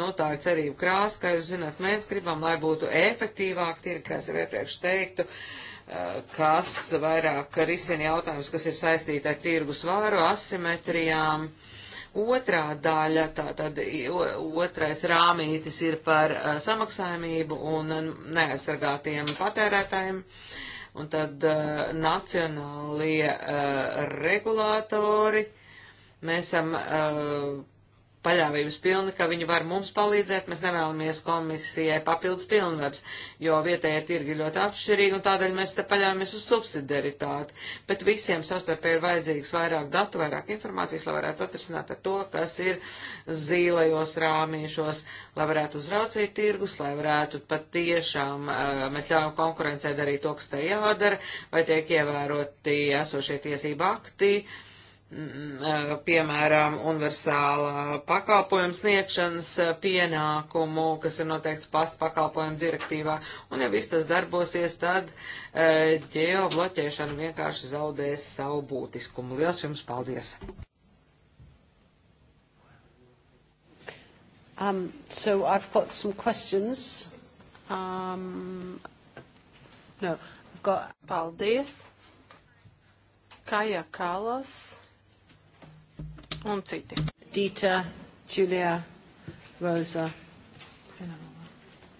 nu tā ir cerība krās, kā jūs zināt, mēs gribam, lai būtu efektīvāk tirgi, kā es jau iepriekš teiktu, eh, kas vairāk risina jautājumus, kas ir saistīti ar tirgus vāru, asimetrijām. Otrā daļa, tātad otrais rāmītis ir par eh, samaksājumību un neaizsargātiem patērētājiem. Uh, Un tad uh, nacionālie uh, regulātori, mēs esam uh, paļāvības pilni, ka viņi var mums palīdzēt, mēs nevēlamies komisijai papildus pilnvars, jo vietējie tirgi ļoti atšķirīgi un tādēļ mēs te paļāvamies uz subsidiaritāti. Bet visiem sastarpēji ir vajadzīgs vairāk datu, vairāk informācijas, lai varētu atrisināt ar to, kas ir zīlajos rāmīšos, lai varētu uzraucīt tirgus, lai varētu pat tiešām mēs ļaujam konkurencē darīt to, kas te jādara, vai tiek ievēroti esošie tiesība akti Mm, eh, piemēram, universālā pakalpojuma sniegšanas eh, pienākumu, kas ir noteikts pasta pakalpojuma direktīvā, un ja viss tas darbosies, tad eh, ģeobloķēšana vienkārši zaudēs savu būtiskumu. Lielas jums paldies! Um, so I've got some questions. Um, no, I've got... Paldies! Kaja Kalas un citi. Dita, Julia, Rosa,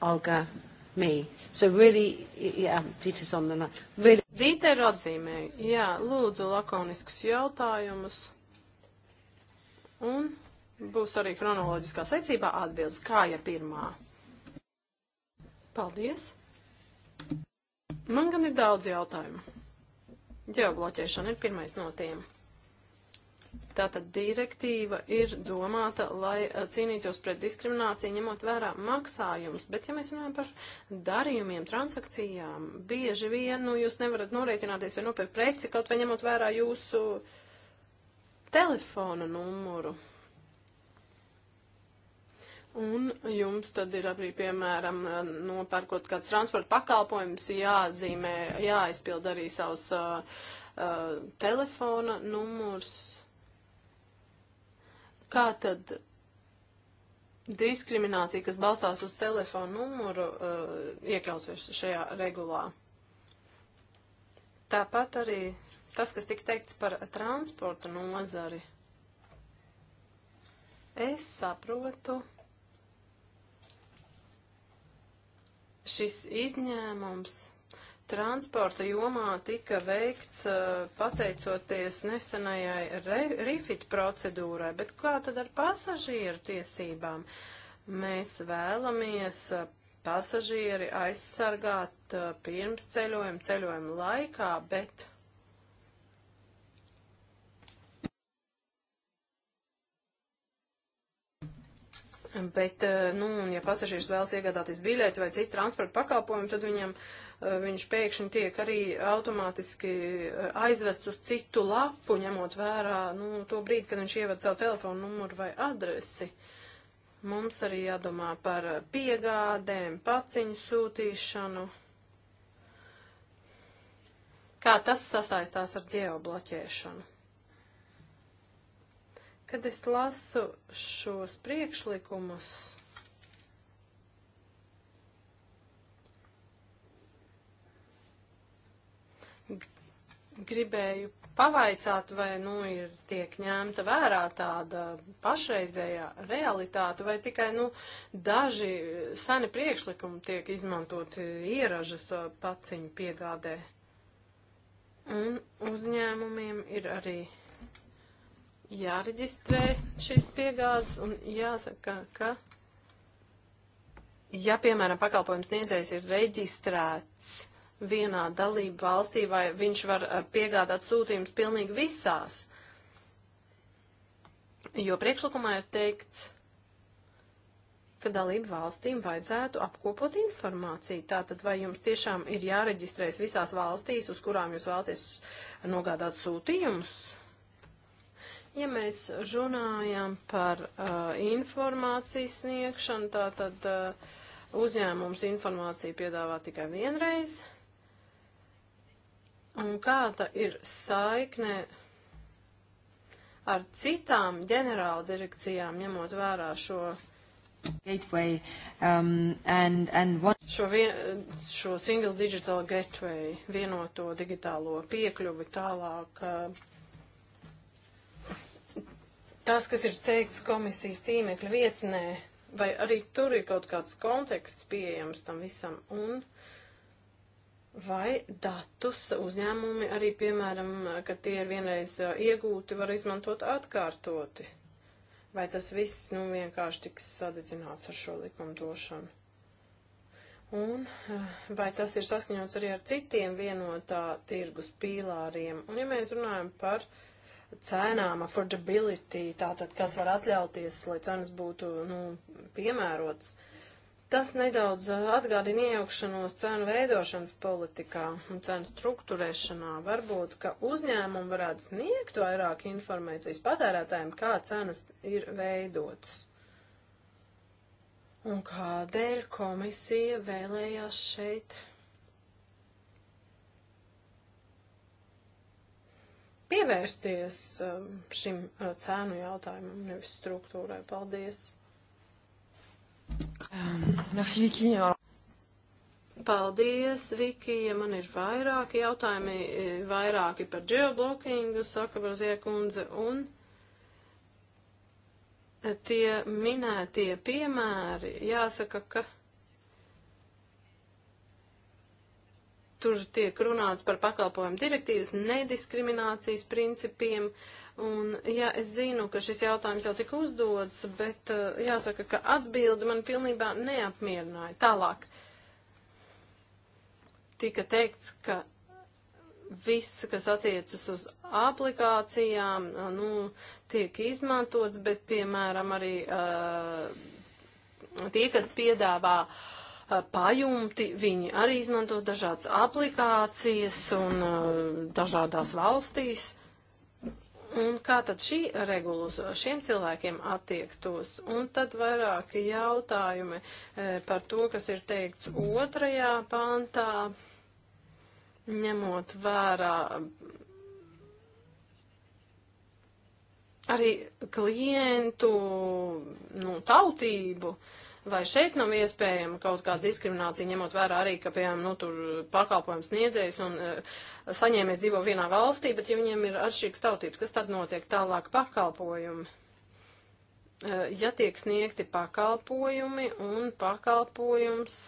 Olga, me. So really, yeah, Dita's on the line. Really. Dita ir atzīmēja. Jā, lūdzu lakoniskus jautājumus. Un būs arī chronoloģiskā secībā atbildes, kā ja pirmā. Paldies! Man gan ir daudz jautājumu. Geobloķēšana ir pirmais no tiem. Tātad direktīva ir domāta, lai eh, cīnītos pret diskrimināciju, ņemot vērā maksājumus, bet ja mēs runājam par darījumiem, transakcijām, bieži vien nu, jūs nevarat norēķināties vai nopirkt preci, kaut vai ņemot vērā jūsu telefona numuru. Un jums tad ir arī, piemēram, nopērkot kāds transporta pakalpojums, jāatzīmē, jāizpild arī savs uh, uh, telefona numurs. Kā tad diskriminācija, kas balstās uz telefonu numuru, uh, iekļausies šajā regulā? Tāpat arī tas, kas tika teikts par transporta nozari. Es saprotu, šis izņēmums transporta jomā tika veikts eh, pateicoties nesenajai rifit procedūrai, bet kā tad ar pasažieru tiesībām? Mēs vēlamies eh, pasažieri aizsargāt eh, pirms ceļojuma, ceļojuma laikā, bet Bet, eh, nu, un ja pasažieris vēlas iegādāties biļeti vai citu transporta pakalpojumu, tad viņam, eh, viņš pēkšņi tiek arī automātiski eh, aizvests uz citu lapu, ņemot vērā, nu, to brīdi, kad viņš ievada savu telefonu numuru vai adresi. Mums arī jādomā par piegādēm, paciņu sūtīšanu. Kā tas sasaistās ar ģeobloķēšanu? Kad es lasu šos priekšlikumus, gribēju pavaicāt, vai nu ir tiek ņemta vērā tāda pašreizējā realitāte, vai tikai nu, daži seni priekšlikumi tiek izmantoti ieražas paciņu piegādē. Un uzņēmumiem ir arī jāreģistrē šīs piegādes un jāsaka, ka, ja, piemēram, pakalpojums niedzējs ir reģistrēts vienā dalību valstī, vai viņš var eh, piegādāt sūtījumus pilnīgi visās, jo priekšlikumā ir teikts, ka dalību valstīm vajadzētu apkopot informāciju. Tātad, vai jums tiešām ir jāreģistrējas visās valstīs, uz kurām jūs vēlaties nogādāt sūtījumus? Ja mēs runājam par uh, informācijas sniegšanu, tā tad uh, uzņēmums informāciju piedāvā tikai vienreiz. Un kāda ir saikne ar citām ģenerāla direkcijām, ņemot vērā šo gateway um, and, and what... šo, vien, šo single digital gateway, vienoto digitālo piekļuvi tālāk. Uh, tas, kas ir teikts komisijas tīmekļa vietnē, vai arī tur ir kaut kāds konteksts pieejams tam visam, un vai datus uzņēmumi arī, piemēram, kad tie ir vienreiz iegūti, var izmantot atkārtoti, vai tas viss, nu, vienkārši tiks sadedzināts ar šo likumdošanu. Un vai tas ir saskaņots arī ar citiem vienotā tirgus pīlāriem? Un ja mēs runājam par uh, cenām, affordability, tātad kas var atļauties, lai cenas būtu nu, piemērotas. Tas nedaudz uh, atgādina iejaukšanos cenu veidošanas politikā un cenu struktūrēšanā. Varbūt, ka uzņēmumi varētu sniegt vairāk informācijas patērētājiem, kā cenas ir veidotas. Un kādēļ komisija vēlējās šeit pievērsties um, šim uh, cēnu jautājumam, nevis struktūrai. Paldies! Um, merci, Viki. Paldies, Viki, ja man ir vairāki jautājumi, eh, vairāki par geoblokingu, saka Brazie kundze, un tie minētie piemēri, jāsaka, ka Tur tiek runāts par pakalpojumu direktīvas nediskriminācijas principiem. Un, jā, es zinu, ka šis jautājums jau tika uzdots, bet uh, jāsaka, ka atbildi man pilnībā neapmierināja. Tālāk tika teikts, ka viss, kas attiecas uz aplikācijām, uh, nu, tiek izmantots, bet, piemēram, arī uh, tie, kas piedāvā uh, pajumti, viņi arī izmanto dažādas aplikācijas un dažādās valstīs. Un kā tad šī regula uz šiem cilvēkiem attiektos? Un tad vairāki jautājumi par to, kas ir teikts otrajā pantā, ņemot vērā arī klientu nu, tautību. Uh, Vai šeit nav iespējama kaut kāda diskriminācija, ņemot vērā arī, ka, piemēram, nu, tur pakalpojums sniedzējs un uh, saņēmējs dzīvo vienā valstī, bet ja viņiem ir atšķirīgs tautības, kas tad notiek tālāk pakalpojumi? Uh, ja tiek sniegti pakalpojumi un pakalpojums,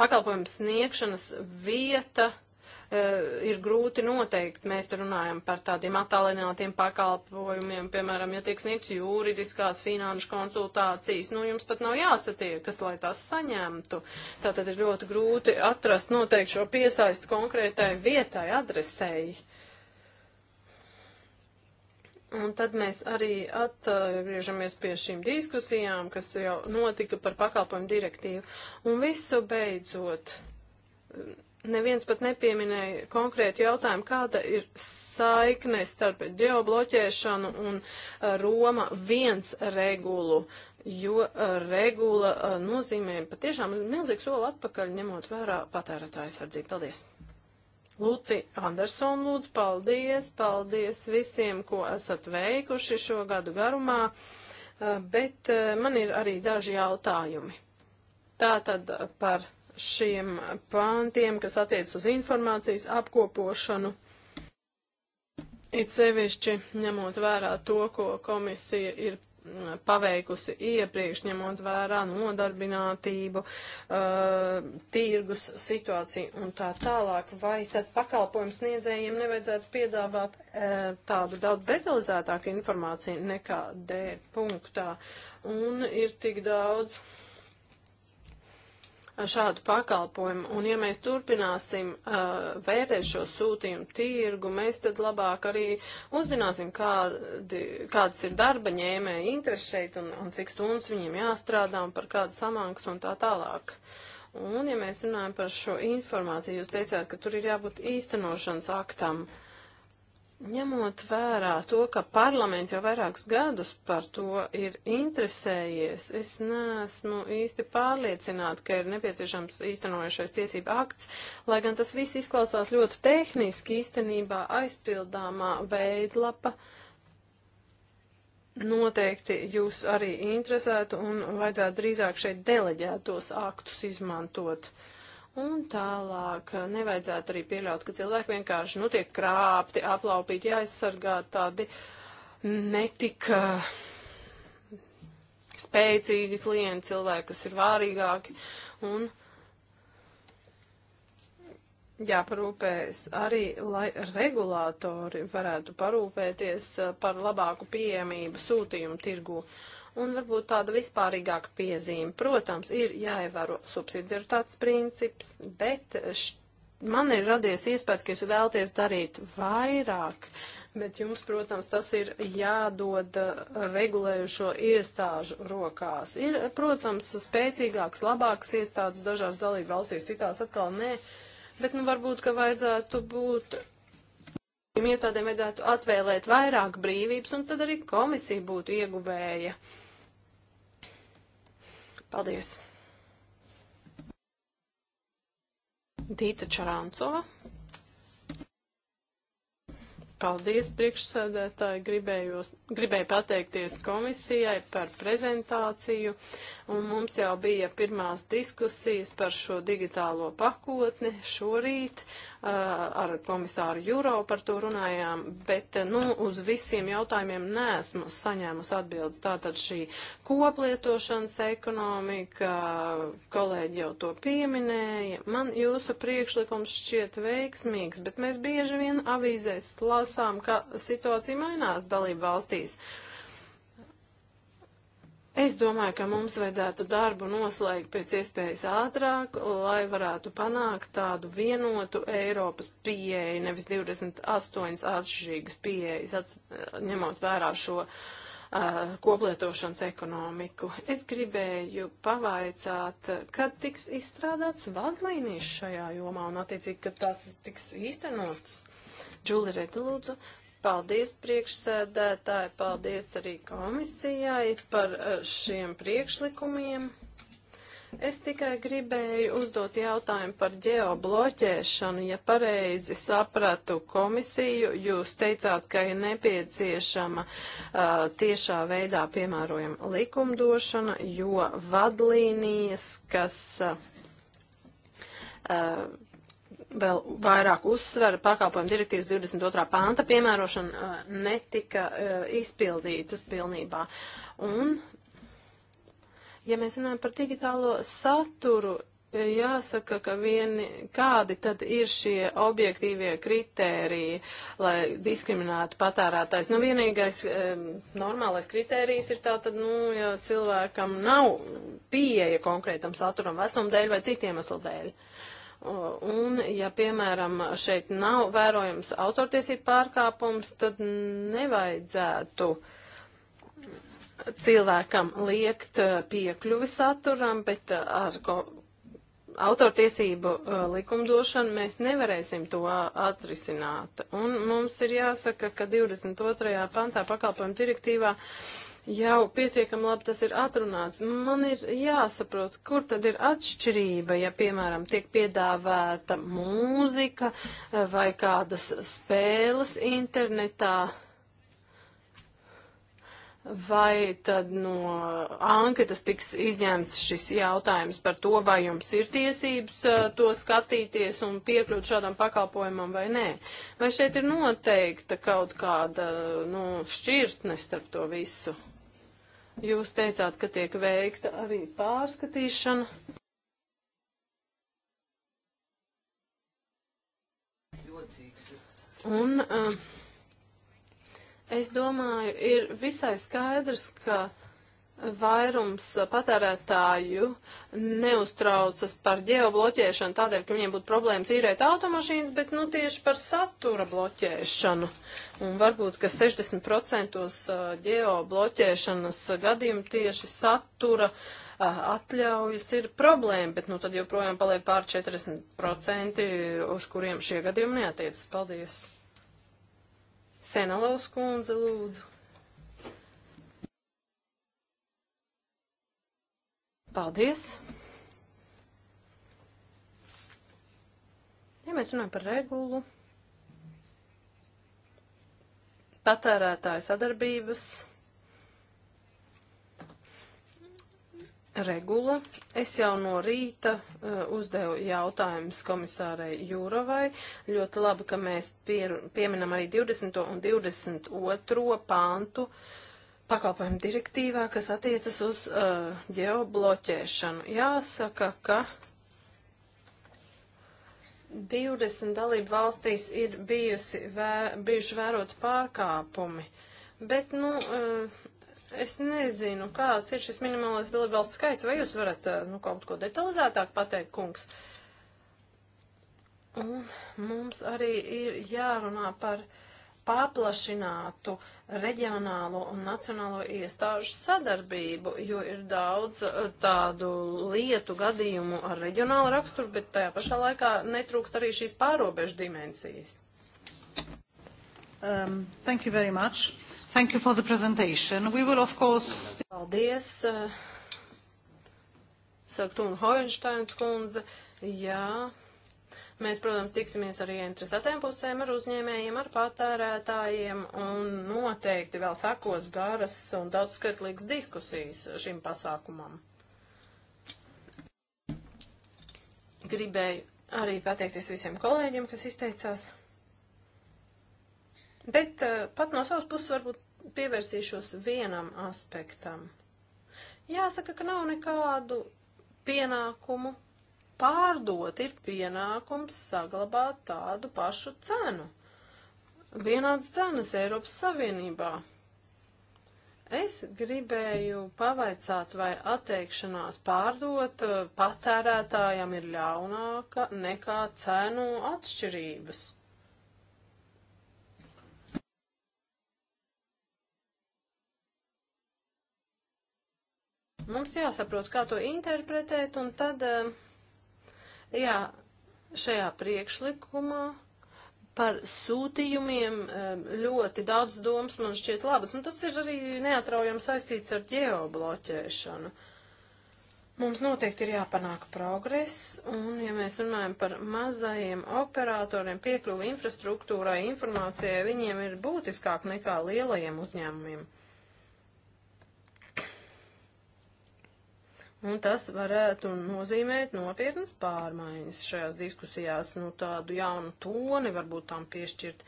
pakalpojums sniegšanas vieta, uh, Eh, ir grūti noteikt. Mēs runājam par tādiem attālinātiem pakalpojumiem, piemēram, ja tiek sniegts juridiskās finanšu konsultācijas, nu jums pat nav jāsatiekas, lai tās saņemtu. Tātad ir ļoti grūti atrast noteikti šo piesaistu konkrētai vietai, adresēji. Un tad mēs arī atgriežamies pie šīm diskusijām, kas jau notika par pakalpojumu direktīvu. Un visu beidzot, Neviens pat nepieminēja konkrētu jautājumu, kāda ir saikne starp ģeobloķēšanu un eh, Roma viens regulu, jo eh, regula eh, nozīmē patiešām milzīgu soli atpakaļ, ņemot vērā patērētāju sardzību. Paldies! Luci Andersonu lūdzu, paldies, paldies visiem, ko esat veikuši šo gadu garumā, bet man ir arī daži jautājumi. Tātad par šiem pāntiem, kas attiec uz informācijas apkopošanu. It sevišķi ņemot vērā to, ko komisija ir mm, paveikusi iepriekš, ņemot vērā nodarbinātību, uh, tirgus situāciju un tā tālāk, vai tad pakalpojums sniedzējiem nevajadzētu piedāvāt uh, tādu daudz detalizētāku informāciju nekā D punktā. Un ir tik daudz šādu pakalpojumu. Un ja mēs turpināsim uh, vērtēt šo sūtījumu tirgu, mēs tad labāk arī uzzināsim, kādi, kādas ir darba ņēmēja interesi šeit un, un cik stundas viņiem jāstrādā un par kādu samanks un tā tālāk. Un ja mēs runājam par šo informāciju, jūs teicāt, ka tur ir jābūt īstenošanas aktam. Uh, Ņemot vērā to, ka parlaments jau vairākus gadus par to ir interesējies, es neesmu īsti pārliecināta, ka ir nepieciešams īstenojušais tiesība akts, lai gan tas viss izklausās ļoti tehniski, īstenībā aizpildāmā veidlapa. Noteikti jūs arī interesētu un vajadzētu drīzāk šeit deleģētos aktus izmantot. Uh, Un tālāk nevajadzētu arī pieļaut, ka cilvēki vienkārši nu, tiek krāpti, aplaupīti, jāaizsargā tādi netika eh, spēcīgi klienti, cilvēki, kas ir vārīgāki. Un jāparūpējas arī, lai regulātori varētu parūpēties eh, par labāku pieejamību sūtījumu tirgu. Uh, Un varbūt tāda vispārīgāka piezīme. Protams, ir jāievēro subsidiaritātes princips, bet man ir radies iespējas, ka jūs vēlties darīt vairāk. Bet jums, protams, tas ir jādod uh, regulējušo iestāžu rokās. Ir, protams, spēcīgāks, labāks iestādes dažās dalību valstīs, citās atkal nē. Bet, nu, varbūt, ka vajadzētu būt iestādēm vajadzētu atvēlēt vairāk brīvības, un tad arī komisija būtu ieguvēja. Paldies! Dīta Čarāncova. Paldies, priekšsēdētāji. Gribējos, gribēju pateikties komisijai par prezentāciju, un mums jau bija pirmās diskusijas par šo digitālo pakotni šorīt, ar komisāru Juro par to runājām, bet nu, uz visiem jautājumiem nesmu saņēmusi atbildes. Tātad šī koplietošanas ekonomika, kolēģi jau to pieminēja, man jūsu priekšlikums šķiet veiksmīgs, bet mēs bieži vien avīzēs lasām, ka situācija mainās dalību valstīs. Uh, Es domāju, ka mums vajadzētu darbu noslēgt pēc iespējas ātrāk, lai varētu panākt tādu vienotu Eiropas pieeju, nevis 28 atšķirīgas pieejas, ats, ņemot vērā šo uh, koplietošanas ekonomiku. Es gribēju pavaicāt, kad tiks izstrādāts vadlīnijas šajā jomā un attiecīgi, kad tās tiks īstenotas. Džuli Redlūdzu, Paldies priekšsēdētāji, paldies arī komisijai par eh, šiem priekšlikumiem. Es tikai gribēju uzdot jautājumu par ģeobloķēšanu. Ja pareizi sapratu komisiju, jūs teicāt, ka ir nepieciešama uh, tiešā veidā piemērojama likumdošana, jo vadlīnijas, kas. Uh, vēl vairāk uzsvera pakalpojumu direktīvas 22. panta piemērošana uh, netika uh, izpildītas pilnībā. Un, ja mēs runājam par digitālo saturu, uh, jāsaka, ka vieni, kādi tad ir šie objektīvie kritēriji, lai diskriminētu patērētājs. Nu, vienīgais e, normālais kritērijs ir tā, tad, nu, ja cilvēkam nav pieeja konkrētam saturam vecuma dēļ vai citiem aslu dēļ. Uh, Un, ja, piemēram, šeit nav vērojams autortiesību pārkāpums, tad nevajadzētu cilvēkam liekt eh, piekļuvi saturam, bet eh, ar ko autortiesību uh, likumdošanu mēs nevarēsim to atrisināt. Un mums ir jāsaka, ka 22. pantā pakalpojumu direktīvā uh, jau pietiekam labi tas ir atrunāts. Man ir jāsaprot, kur tad ir atšķirība, ja, piemēram, tiek piedāvēta mūzika vai kādas spēles internetā. Vai tad no anketas tiks izņemts šis jautājums par to, vai jums ir tiesības eh, to skatīties un piekļūt šādam pakalpojumam vai nē? Vai šeit ir noteikta kaut kāda nu, šķirtne starp to visu? Jūs teicāt, ka tiek veikta arī pārskatīšana. Un uh, es domāju, ir visai skaidrs, ka uh, Vairums patērētāju neuztraucas par ģeobloķēšanu tādēļ, ka viņiem būtu problēmas īrēt automašīnas, bet nu tieši par satura bloķēšanu. Un varbūt, ka 60% uh, ģeobloķēšanas gadījumu tieši satura uh, atļaujas ir problēma, bet nu tad joprojām paliek pār 40%, uz kuriem šie gadījumi neatiecas. Paldies! Senelovs kundze, lūdzu. Paldies! Ja mēs runājam par regulu, patērētāja sadarbības regula, es jau no rīta uh, uzdevu jautājumus komisārai Jūrovai. Ļoti labi, ka mēs pier, pieminam arī 20. un 22. pāntu uh, pakalpojumu direktīvā, kas attiecas uz uh, geobloķēšanu. Jāsaka, ka 20 dalību valstīs ir bijusi, vē, bijuši vērot pārkāpumi, bet, nu, uh, es nezinu, kāds ir šis minimālais dalību valsts skaits, vai jūs varat, uh, nu, kaut ko detalizētāk pateikt, kungs. Un mums arī ir jārunā par uh, paplašinātu reģionālo un nacionālo iestāžu sadarbību, jo ir daudz eh, tādu lietu gadījumu ar reģionālu raksturu, bet tajā pašā laikā netrūkst arī šīs pārobežu dimensijas. Um, thank you very much. Thank you for the presentation. We will of course... Paldies. Uh, eh, Saka Tūna Hoensteins kundze. Jā. Yeah. Mēs, protams, tiksimies ar ieinteresētēm pusēm, ar uzņēmējiem, ar patērētājiem un noteikti vēl sakos garas un daudzskaitlīgas diskusijas šim pasākumam. Gribēju arī pateikties visiem kolēģiem, kas izteicās. Bet eh, pat no savas puses varbūt pievērsīšos vienam aspektam. Jāsaka, ka nav nekādu pienākumu pārdot, ir pienākums saglabāt tādu pašu cenu. Vienāds cenas Eiropas Savienībā. Es gribēju pavaicāt, vai atteikšanās pārdot eh, patērētājam ir ļaunāka nekā cenu atšķirības. Mums jāsaprot, kā to interpretēt, un tad uh, Jā, šajā priekšlikumā par sūtījumiem ļoti daudz domas man šķiet labas, un tas ir arī neatraujami saistīts ar ģeobloķēšanu. Mums noteikti ir jāpanāk progress, un ja mēs runājam par mazajiem operatoriem, piekļuvi infrastruktūrai, informācijai, viņiem ir būtiskāk nekā lielajiem uzņēmumiem. Un tas varētu nozīmēt nopietnas pārmaiņas šajās diskusijās, nu tādu jaunu toni varbūt tam piešķirt.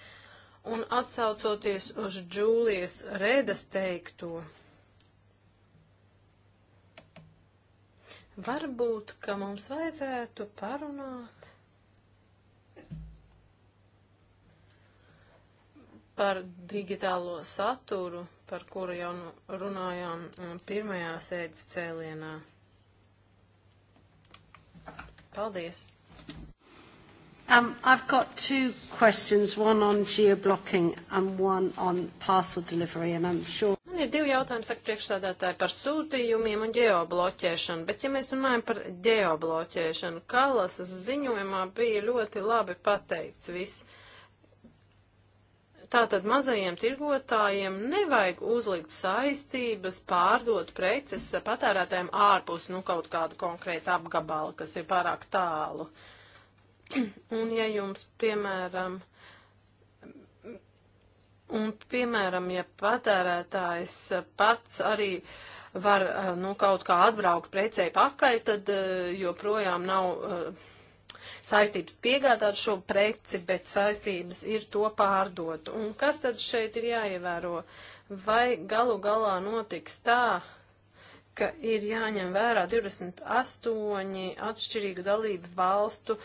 Un atsaucoties uz Džūlijas Rēdas teikto, varbūt, ka mums vajadzētu parunāt par digitālo saturu, par kuru jau nu runājām um, pirmajā sēdes cēlienā. Paldies! Um, I've got two questions, one on geo-blocking and one on parcel delivery, and I'm sure... Man ir divi jautājumi, saka priekšsādātāji, par sūtījumiem un geobloķēšanu, bet ja mēs runājam par geobloķēšanu, Kalasas ziņojumā bija ļoti labi pateikts viss. Tātad mazajiem tirgotājiem nevajag uzlikt saistības pārdot preces patērētājiem ārpus nu, kaut kāda konkrēta apgabala, kas ir pārāk tālu. *clears throat* Un ja jums, piemēram, un, piemēram, ja patērētājs pats arī var, nu, kaut kā atbraukt precei pakaļ, tad eh, joprojām nav eh, saistības piegādāt šo preci, bet saistības ir to pārdot. Un kas tad šeit ir jāievēro? Vai galu galā notiks tā, ka ir jāņem vērā 28 atšķirīgu dalību valstu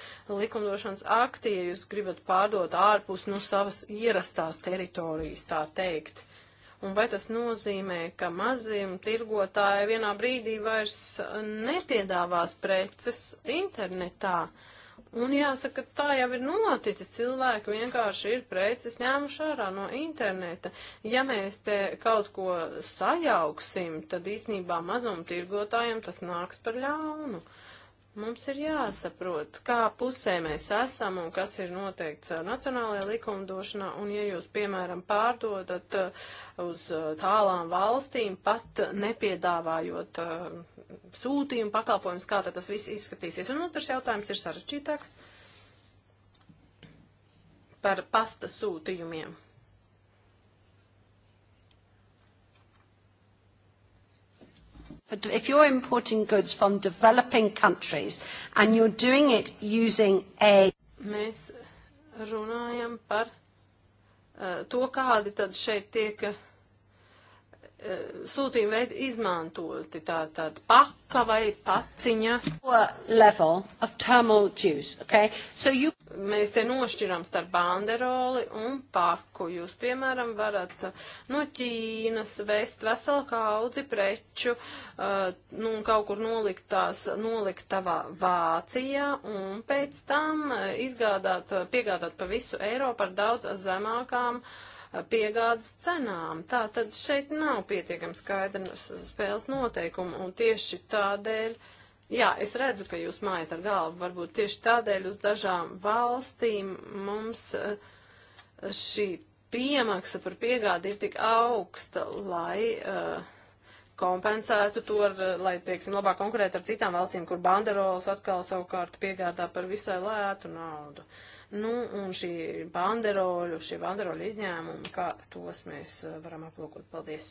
likumdošanas akti, ja jūs gribat pārdot ārpus no nu, savas ierastās teritorijas, tā teikt. Un vai tas nozīmē, ka maziem tirgotāji vienā brīdī vairs nepiedāvās preces internetā? Uh, Un jāsaka, tā jau ir noticis. Cilvēki vienkārši ir preces ņēmuši ārā no interneta. Ja mēs te kaut ko sajauksim, tad īstenībā mazumtirgotājiem tas nāks par ļaunu. Mums ir jāsaprot, kā pusē mēs esam un kas ir noteikts uh, nacionālajā likumdošanā. Un ja jūs, piemēram, pārdodat uh, uz uh, tālām valstīm, pat nepiedāvājot uh, sūtījumu pakalpojumus, kā tad tas viss izskatīsies. Un otrs jautājums ir sarežģītāks par pasta sūtījumiem. But if you're importing goods from developing countries and you're doing it using a... Mēs runājam par uh, to, kādi tad šeit tiek. Uh, Eh, sūtījuma veidi izmantoti, tā tad paka vai paciņa. Juice, okay? so you... Mēs te nošķiram starp banderoli un paku. Jūs, piemēram, varat eh, no Ķīnas vest veselu kaudzi preču, uh, nu, kaut kur noliktās, noliktavā Vācijā un pēc tam izgādāt, piegādāt pa visu Eiropu ar daudz zemākām uh, piegādes cenām. Tā tad šeit nav pietiekami skaidrs spēles noteikumu, un tieši tādēļ, jā, es redzu, ka jūs mājat ar galvu, varbūt tieši tādēļ uz dažām valstīm mums eh, šī piemaksa par piegādi ir tik augsta, lai uh, kompensētu to, ar, lai, teiksim, labāk konkurētu ar citām valstīm, kur banderols atkal savukārt piegādā par visai lētu naudu. Uh, Nu, un šī banderoļu, šie banderoļu izņēmumi, kā tos mēs eh, varam aplūkot. Paldies!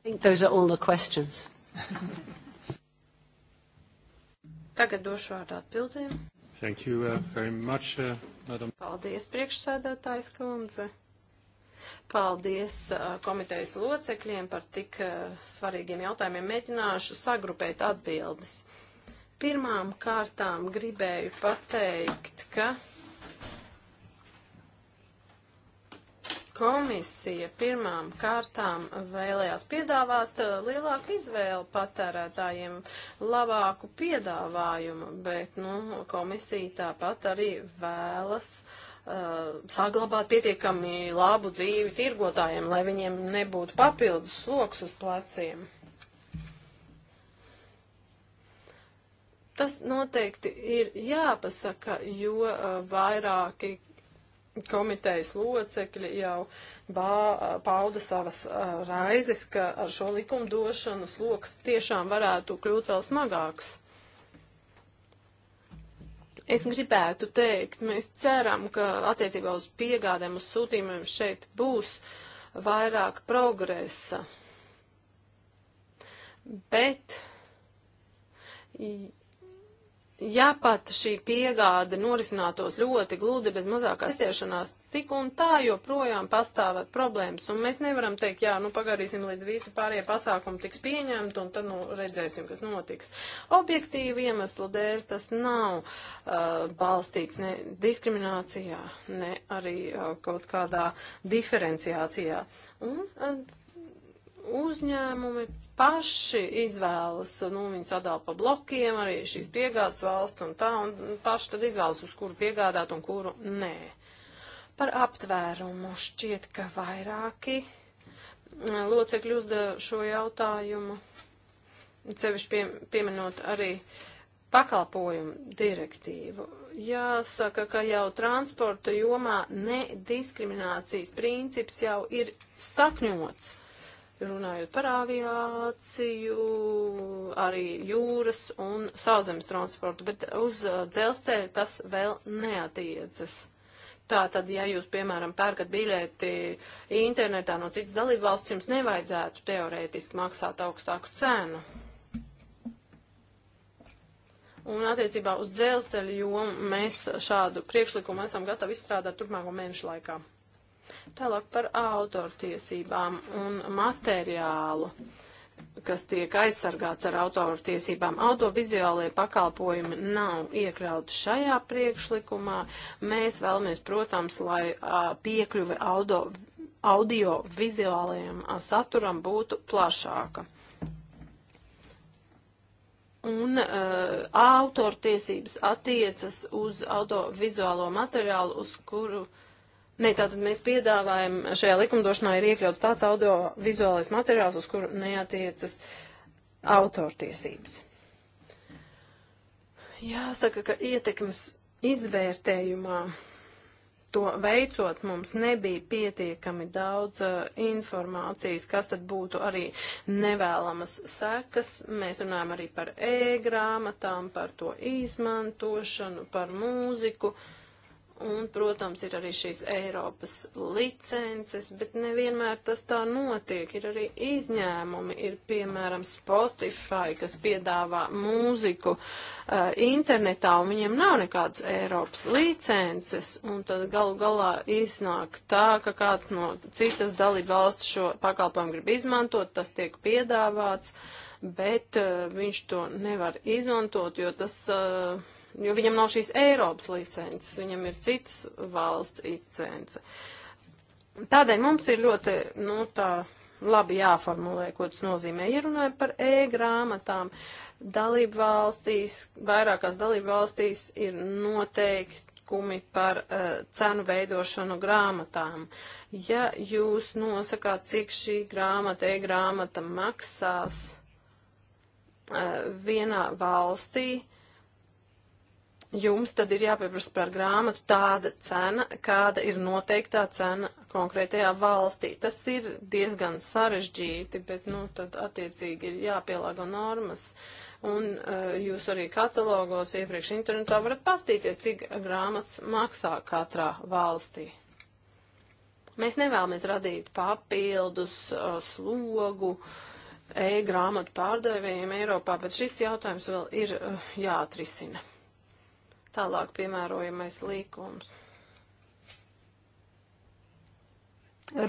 I think those are all the questions. *laughs* Tagad došu vārdu atbildēm. Thank you uh, very much, uh, madam. Paldies, priekšsēdētājs kundze. Paldies uh, komitejas locekļiem par tik uh, svarīgiem jautājumiem. Mēģināšu sagrupēt atbildes. Pirmām kārtām gribēju pateikt, ka komisija pirmām kārtām vēlējās piedāvāt uh, lielāku izvēlu patērētājiem, labāku piedāvājumu, bet nu, komisija tāpat arī vēlas uh, saglabāt pietiekami labu dzīvi tirgotājiem, lai viņiem nebūtu papildus sloks uz pleciem. Tas noteikti ir jāpasaka, jo uh, vairāki komitejas locekļi jau bā, pauda savas uh, raizes, ka ar šo likumdošanu sloks tiešām varētu kļūt vēl smagāks. Es gribētu teikt, mēs ceram, ka attiecībā uz piegādēm, uz sūtījumiem šeit būs vairāk progresa. Bet ja pat šī piegāde norisinātos ļoti gludi bez mazākās ciešanās, tik un tā joprojām pastāvēt problēmas, un mēs nevaram teikt, jā, nu pagarīsim līdz visi pārējie pasākumi tiks pieņemti, un tad, nu, redzēsim, kas notiks. Objektīvi iemeslu dēļ tas nav uh, balstīts ne diskriminācijā, ne arī uh, kaut kādā diferenciācijā. Un, uh, uzņēmumi paši izvēlas, nu, viņi sadala pa blokiem arī šīs piegādes valsts un tā, un paši tad izvēlas, uz kuru piegādāt un kuru nē. Par aptvērumu šķiet, ka vairāki mm, locekļi uzdeva šo jautājumu, cevišķi pie, pieminot arī pakalpojumu direktīvu. Jāsaka, ka jau transporta jomā nediskriminācijas princips jau ir sakņots runājot par aviāciju, arī jūras un sauszemes transportu, bet uz uh, dzelzceļa tas vēl neatiecas. Tātad, ja jūs, piemēram, pērkat biļeti internetā no citas dalībvalsts, jums nevajadzētu teorētiski maksāt augstāku cenu. Un attiecībā uz dzelzceļu jomu mēs šādu priekšlikumu esam gatavi izstrādāt turpmāko mēnešu laikā. Tālāk par autortiesībām un materiālu kas tiek aizsargāts ar autoru tiesībām. Audiovizuālie pakalpojumi nav iekļauti šajā priekšlikumā. Mēs vēlamies, protams, lai piekļuve audiovizuālajiem audio saturam būtu plašāka. Un uh, autortiesības attiecas uz audiovizuālo materiālu, uz kuru uh, Nē, tātad mēs piedāvājam, šajā likumdošanā ir iekļauts tāds audiovizuālais materiāls, uz kuru neatiecas autortiesības. Jāsaka, ka ietekmes izvērtējumā to veicot mums nebija pietiekami daudz uh, informācijas, kas tad būtu arī nevēlamas sekas. Mēs runājam arī par e-grāmatām, par to izmantošanu, par mūziku. Uh, Un, protams, ir arī šīs Eiropas licences, bet nevienmēr tas tā notiek. Ir arī izņēmumi, ir piemēram Spotify, kas piedāvā mūziku uh, internetā, un viņiem nav nekādas Eiropas licences, un tad galu galā iznāk tā, ka kāds no citas dalība valsts šo pakalpojumu grib izmantot, tas tiek piedāvāts, bet uh, viņš to nevar izmantot, jo tas. Uh, jo viņam nav šīs Eiropas licences, viņam ir citas valsts licence. Tādēļ mums ir ļoti, nu, tā labi jāformulē, ko tas nozīmē. Ja runājam par e-grāmatām, dalību valstīs, vairākās dalību valstīs ir noteikumi par uh, cenu veidošanu grāmatām. Ja jūs nosakāt, cik šī grāmata, e-grāmata maksās uh, vienā valstī, uh, jums tad ir jāpieprasa par grāmatu tāda cena, kāda ir noteiktā cena konkrētajā valstī. Tas ir diezgan sarežģīti, bet, nu, tad attiecīgi ir jāpielāgo normas. Un uh, jūs arī katalogos iepriekš internetā varat pastīties, cik grāmatas maksā katrā valstī. Mēs nevēlamies radīt papildus uh, slogu e-grāmatu pārdevējiem Eiropā, bet šis jautājums vēl ir uh, jāatrisina. Tālāk piemērojamais līkums.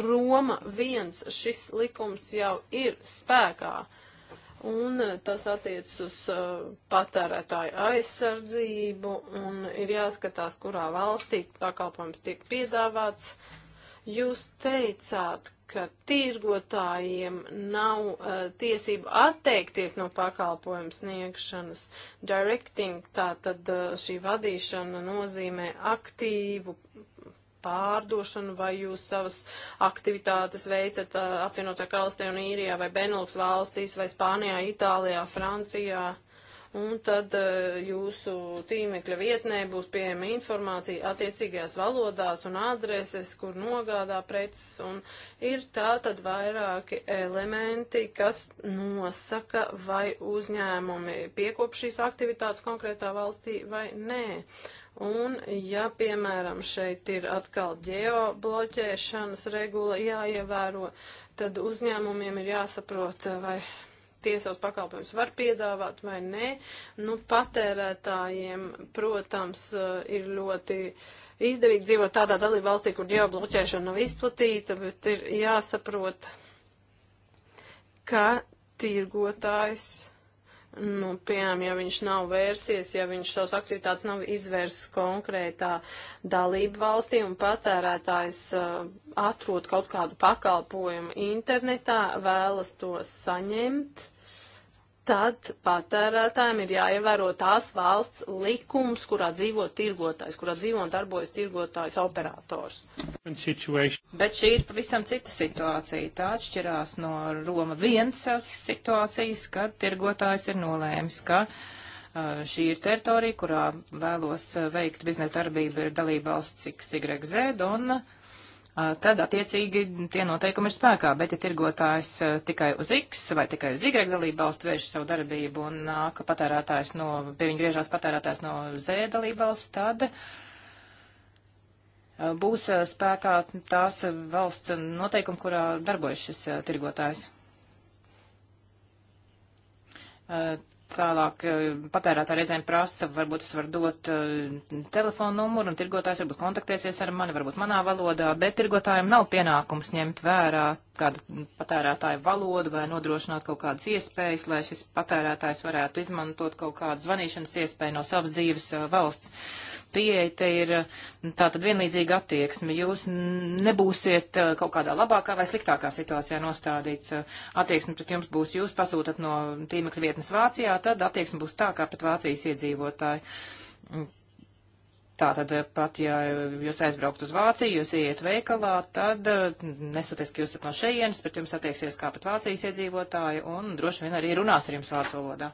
Roma viens šis likums jau ir spēkā, un tas attiec uz uh, patērētāju aizsardzību, un ir jāskatās, kurā valstī pakalpojums tiek piedāvāts. Jūs teicāt, ka tirgotājiem nav uh, eh, tiesība atteikties no pakalpojumu sniegšanas. Directing tā tad uh, šī vadīšana nozīmē aktīvu pārdošanu, vai jūs savas aktivitātes veicat uh, apvienotā karalistē un īrijā, vai Benelux valstīs, vai Spānijā, Itālijā, Francijā. Uh, un tad eh, jūsu tīmekļa vietnē būs pieejama informācija attiecīgajās valodās un adreses, kur nogādā preces, un ir tā tad vairāki elementi, kas nosaka, vai uzņēmumi piekop šīs aktivitātes konkrētā valstī vai nē. Un, ja, piemēram, šeit ir atkal ģeobloķēšanas regula jāievēro, tad uzņēmumiem ir jāsaprot, eh, vai tiesas pakalpojums var piedāvāt vai nē. Nu, patērētājiem, protams, eh, ir ļoti izdevīgi dzīvot tādā dalību valstī, kur ģeobloķēšana nav izplatīta, bet ir jāsaprot, ka tirgotājs. Nu, piemēram, ja viņš nav vērsies, ja viņš savus aktivitātes nav izvērsis konkrētā dalību valstī un patērētājs uh, atrod kaut kādu pakalpojumu internetā, vēlas to saņemt, tad patērētājiem ir jāievēro tās valsts likums, kurā dzīvo tirgotājs, kurā dzīvo un darbojas tirgotājs operators. Bet šī ir pavisam cita situācija. Tā atšķirās no Roma viens situācijas, kad tirgotājs ir nolēmis, ka šī ir teritorija, kurā vēlos veikt biznesa darbību, ir dalībvalsts XYZ un. Uh, tad attiecīgi tie noteikumi ir spēkā, bet ja tirgotājs tikai uz X vai tikai uz Y dalību valstu vērš savu darbību un nāk patērētājs no, pie viņa griežās patērētājs no Z dalību valsts, tad būs spēkā tās valsts noteikumi, kurā darbojas šis tirgotājs. Tālāk eh, patērētā reizēm prasa, varbūt es varu dot uh, telefonu numuru un tirgotājs varbūt kontaktēsies ar mani, varbūt manā valodā, bet tirgotājiem nav pienākums ņemt vērā kādu patērētāju valodu vai nodrošināt kaut kādas iespējas, lai šis patērētājs varētu izmantot kaut kādu zvanīšanas iespēju no savas dzīves uh, valsts pieeja te ir mm, tātad vienlīdzīga attieksme. Jūs nebūsiet uh, kaut kādā labākā vai sliktākā situācijā nostādīts. Uh, attieksme pret jums būs, jūs pasūtat no tīmekļa vietnes Vācijā, tad attieksme būs tā kā pret Vācijas iedzīvotāju. Mm. Tātad uh, pat, ja jūs aizbraukt uz Vāciju, jūs ieiet veikalā, tad nesoties, ka jūs esat no šejienes, pret jums attieksies kā pret Vācijas iedzīvotāju un droši vien arī runās ar jums vācu valodā.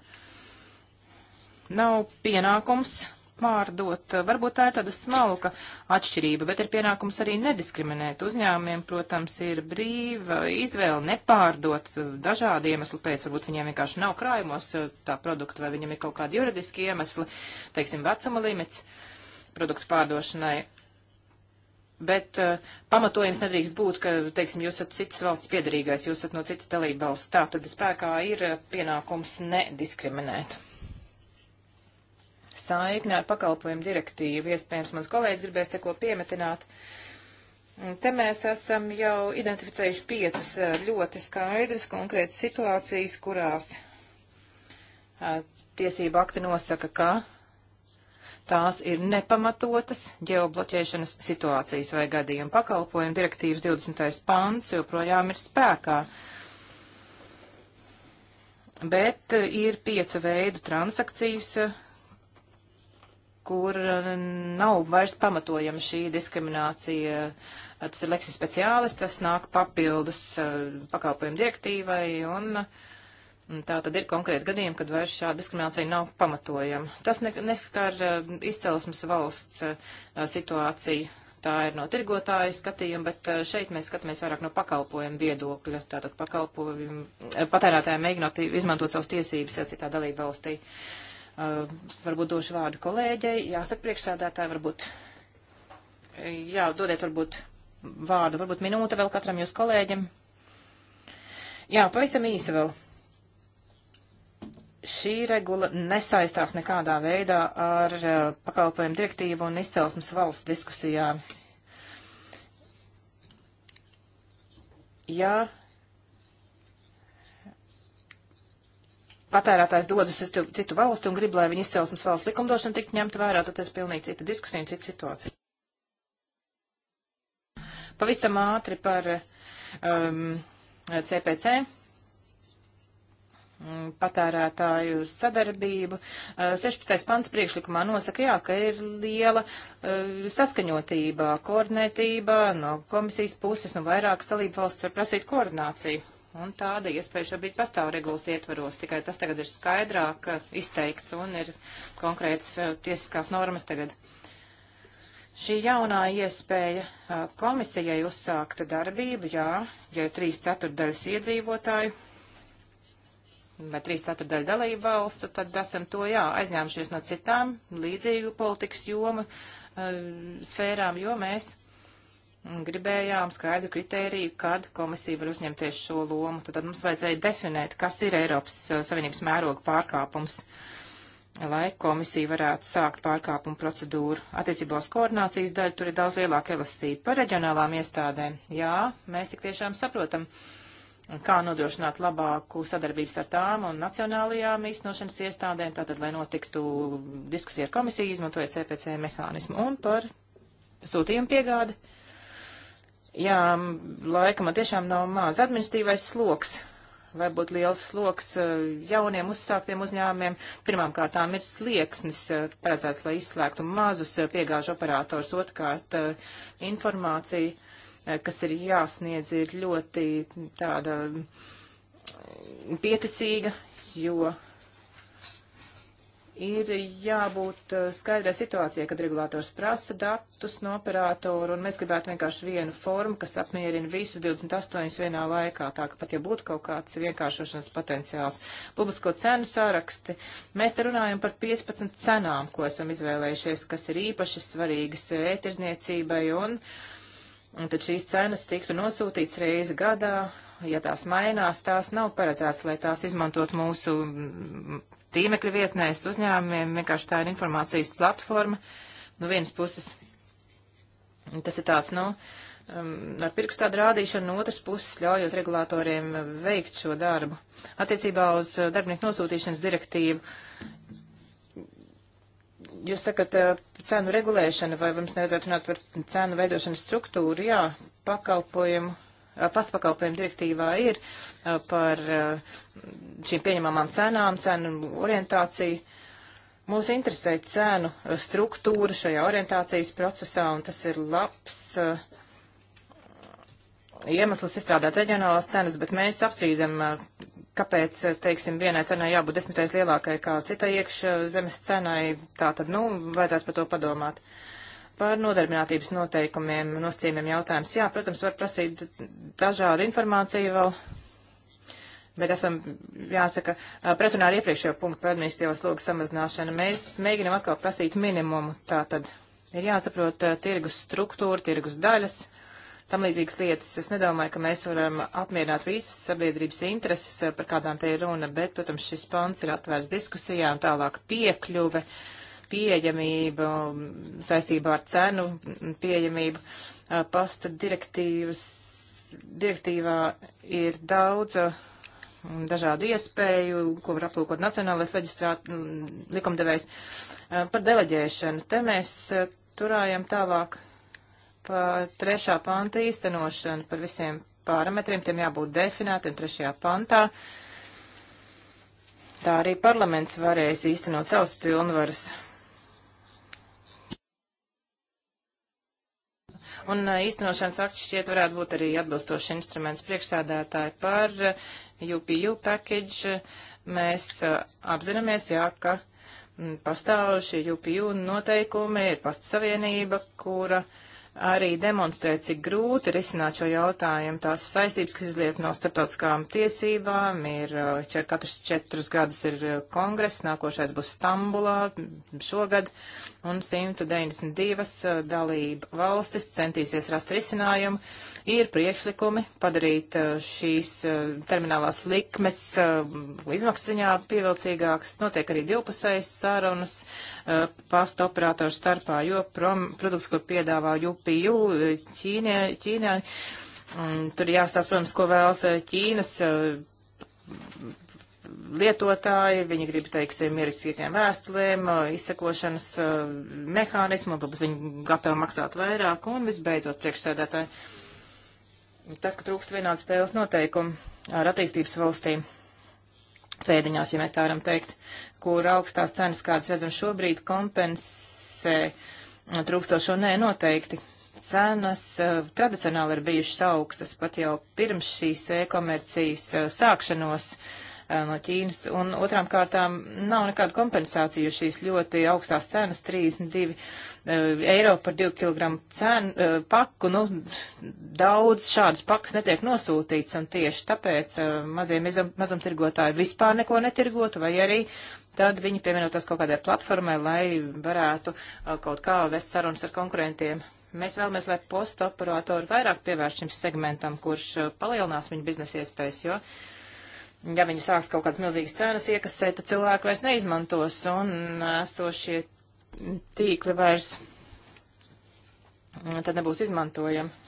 Nav pienākums pārdot. Varbūt tā ir tāda smalka atšķirība, bet ir pienākums arī nediskriminēt. Uzņēmumiem, protams, ir brīva izvēle nepārdot dažādu iemeslu pēc. Varbūt viņiem vienkārši nav krājumos tā produkta, vai viņam ir kaut kādi juridiski iemesli, teiksim, vecuma limits produktu pārdošanai. Bet uh, pamatojums nedrīkst būt, ka, teiksim, jūs esat citas valsts piedarīgais, jūs esat no citas dalība valsts. Tā tad spēkā ir pienākums nediskriminēt saikne ar pakalpojumu direktīvu. Iespējams, mans kolēģis gribēs te ko piemetināt. Te mēs esam jau identificējuši piecas eh, ļoti skaidras konkrētas situācijas, kurās eh, tiesība akti nosaka, ka tās ir nepamatotas ģeobloķēšanas situācijas vai gadījuma pakalpojuma direktīvas 20. pants joprojām ir spēkā. Bet eh, ir piecu veidu transakcijas, kur uh, nav vairs pamatojama šī diskriminācija. Uh, tas ir leksis speciālis, tas nāk papildus uh, pakalpojumu direktīvai, un mm, tā tad ir konkrēti gadījumi, kad vairs šāda diskriminācija nav pamatojama. Tas ne, neskar izcelsmes valsts situāciju. Tā ir no tirgotāja skatījuma, bet šeit mēs skatāmies vairāk no pakalpojumu viedokļa. Tātad pakalpojumu patērētājiem mēģinot izmantot savas tiesības citā dalība valstī. Uh, Eh, varbūt došu vārdu kolēģei. Jāsaka, priekšsēdētāji, varbūt. Jā, dodiet varbūt vārdu, varbūt minūte vēl katram jūs kolēģim. Jā, pavisam īsi vēl. Šī regula nesaistās nekādā veidā ar uh, pakalpojumu direktīvu un izcelsmes valsts diskusijām. Ja patērētājs dodas uz citu valstu un grib, lai viņa izcelsmes valsts likumdošana tiktu ņemta vērā, tad tas pilnīgi cita diskusija un cita situācija. Pavisam ātri par um, CPC mm, patērētāju sadarbību. 16. Uh, pants priekšlikumā nosaka, jā, ka ir liela uh, saskaņotība, koordinētība no komisijas puses, no vairākas dalību valsts var prasīt koordināciju un tāda iespēja šobrīd pastāv regulas ietvaros, tikai tas tagad ir skaidrāk eh, izteikts un ir konkrēts eh, tiesiskās normas tagad. Šī jaunā iespēja eh, komisijai uzsākt darbību, jā, ja ir trīs ceturdaļas iedzīvotāju vai trīs ceturdaļu dalību valstu, tad esam to, jā, aizņēmušies no citām līdzīgu politikas jomu sfērām, jo mēs gribējām skaidru kritēriju, kad komisija var uzņemties šo lomu. Tad mums vajadzēja definēt, kas ir Eiropas eh, Savienības mēroga pārkāpums, lai komisija varētu sākt pārkāpumu procedūru. Attiecībā uz koordinācijas daļu tur ir daudz lielāka elastība par reģionālām iestādēm. Jā, mēs tik tiešām saprotam, kā nodrošināt labāku sadarbību starp tām un nacionālajām īstenošanas iestādēm, tātad, lai notiktu diskusija ar komisiju, izmantojot CPC mehānismu un par sūtījumu piegādi. Jā, laika man tiešām nav maz. Administīvais sloks vai būt liels sloks eh, jauniem uzsāktiem uzņēmumiem. Pirmām kārtām ir slieksnis eh, paredzēts, lai izslēgtu mazus eh, piegāžu operators. Otkārt, informācija, kas ir jāsniedz, ir ļoti tāda mm, pieticīga, jo ir jābūt eh, skaidrai situācijai, kad regulators prasa datus no operātora, un mēs gribētu vienkārši vienu formu, kas apmierina visus 28 vienā laikā, tā ka pat ja būtu kaut kāds vienkāršošanas potenciāls. Publisko cenu sāraksti. Mēs te runājam par 15 cenām, ko esam izvēlējušies, kas ir īpaši svarīgas ētirzniecībai, un, un tad šīs cenas tiktu nosūtīts reizi gadā, ja tās mainās, tās nav paredzēts, lai tās izmantot mūsu tīmekļa vietnēs uzņēmumiem, vienkārši tā ir informācijas platforma. No nu, vienas puses tas ir tāds, nu, um, ar pirkstu tādu rādīšanu, no otras puses ļaujot regulātoriem veikt šo darbu. Attiecībā uz uh, darbinieku nosūtīšanas direktīvu jūs sakat, uh, cenu regulēšana, vai mums nevajadzētu runāt par cenu veidošanas struktūru, jā, pakalpojumu pastpakalpojumu direktīvā ir par šīm pieņemamām cenām, cenu orientāciju. Mūs interesē cenu struktūra šajā orientācijas procesā, un tas ir labs iemesls izstrādāt reģionālās cenas, bet mēs apstrīdam, kāpēc, teiksim, vienai cenai jābūt desmitais lielākai kā citai iekšzemes cenai. Tā tad, nu, vajadzētu par to padomāt. Uh, Par nodarbinātības noteikumiem, nosacījumiem jautājums. Jā, protams, var prasīt dažādu informāciju vēl, bet esam, jāsaka, pretrunā ar iepriekšējo punktu par administratīvas logas samazināšanu. Mēs mēģinam atkal prasīt minimumu. Tā tad ir jāsaprot eh, tirgus struktūra, tirgus daļas, tam līdzīgas lietas. Es nedomāju, ka mēs varam apmierināt visas sabiedrības intereses, eh, par kādām te ir runa, bet, protams, šis pants ir atvērts diskusijām, tālāk piekļuve. Uh, pieejamība saistībā ar cenu pieejamību. Pasta direktīvas, direktīvā ir daudz dažādu iespēju, ko var aplūkot nacionālais leģistrāt likumdevējs par deleģēšanu. Te mēs turējam tālāk par trešā panta īstenošanu, par visiem parametriem, tiem jābūt definētiem trešajā pantā. Tā arī parlaments varēs īstenot savus pilnvarus Un uh, īstenošanas akts šķiet varētu būt arī atbilstošs instruments priekšsādātāji par UPU uh, package. Mēs uh, apzināmies, jā, ka mm, pastāv šie UPU noteikumi, ir pasta savienība, kura uh, arī demonstrēt, cik grūti risināt šo jautājumu. Tās saistības, kas izliet no starptautiskām tiesībām, ir uh, čet, katrs četrus gadus ir uh, kongress, nākošais būs Stambulā šogad, un 192 uh, dalība valstis centīsies rast risinājumu. Ir priekšlikumi padarīt šīs terminālās likmes izmaksu ziņā pievilcīgākas. Notiek arī divpusējas sarunas pasta operātoru starpā, jo prom, produkts, ko piedāvā jūp Piju, Ķīnē, eh, Ķīnē. Un mm, tur jāstāsta, protams, ko vēlas eh, Ķīnas eh, lietotāji, viņi grib, teiksim, ierakstītiem vēstulēm, izsekošanas mehānismu, tāpēc viņi gatavi maksāt vairāk, un visbeidzot priekšsēdētāji. Tas, ka trūkst vienādas spēles noteikumu ar attīstības valstīm pēdiņās, ja mēs tā varam teikt, kur augstās cenas, kādas redzam šobrīd, kompensē trūkstošo nē noteikti cenas eh, tradicionāli ir bijušas augstas pat jau pirms šīs e-komercijas eh, sākšanos eh, no Ķīnas, un otrām kārtām nav nekāda kompensācija, jo šīs ļoti augstās cenas, 32 eiro par 2 kg cenu paku, nu, daudz šādas pakas netiek nosūtīts, un tieši tāpēc maziem mazumtirgotāji vispār neko netirgotu, vai arī tad viņi pievienotos kaut kādai platformai, lai varētu kaut kā vest sarunas ar konkurentiem. Mēs vēlamies, lai posta operatori vairāk pievērš šim segmentam, kurš uh, palielinās viņu biznesa iespējas, jo ja viņi sāks kaut kādas milzīgas cenas iekasēt, tad cilvēki vairs neizmantos un uh, esošie tīkli vairs mm, tad nebūs izmantojami.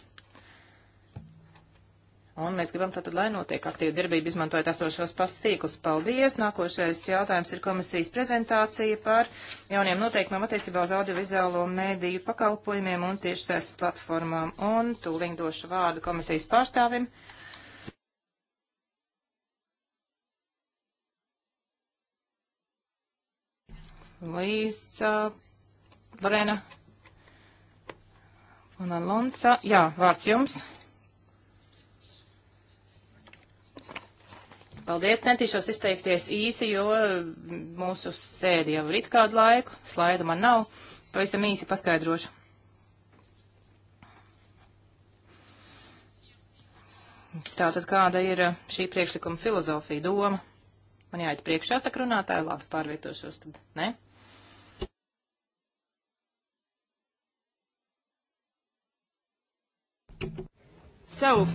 Un mēs gribam tātad, lai notiek aktīva darbība izmantojot esošos pastīklus. Paldies! Nākošais jautājums ir komisijas prezentācija par jauniem noteikumiem attiecībā uz audiovizuālo mēdīju pakalpojumiem un tiešsaistes platformām. Un tūlīt došu vārdu komisijas pārstāvim. Līdz uh, Lorena un Alonsa. Jā, vārds jums. Paldies, centīšos izteikties īsi, jo mūsu sēdi jau ir it kādu laiku, slaida man nav, pavisam īsi paskaidrošu. Tātad kāda ir šī priekšlikuma filozofija doma? Man jāiet priekšā sakrunātāji, labi pārvietošos tad, ne? So,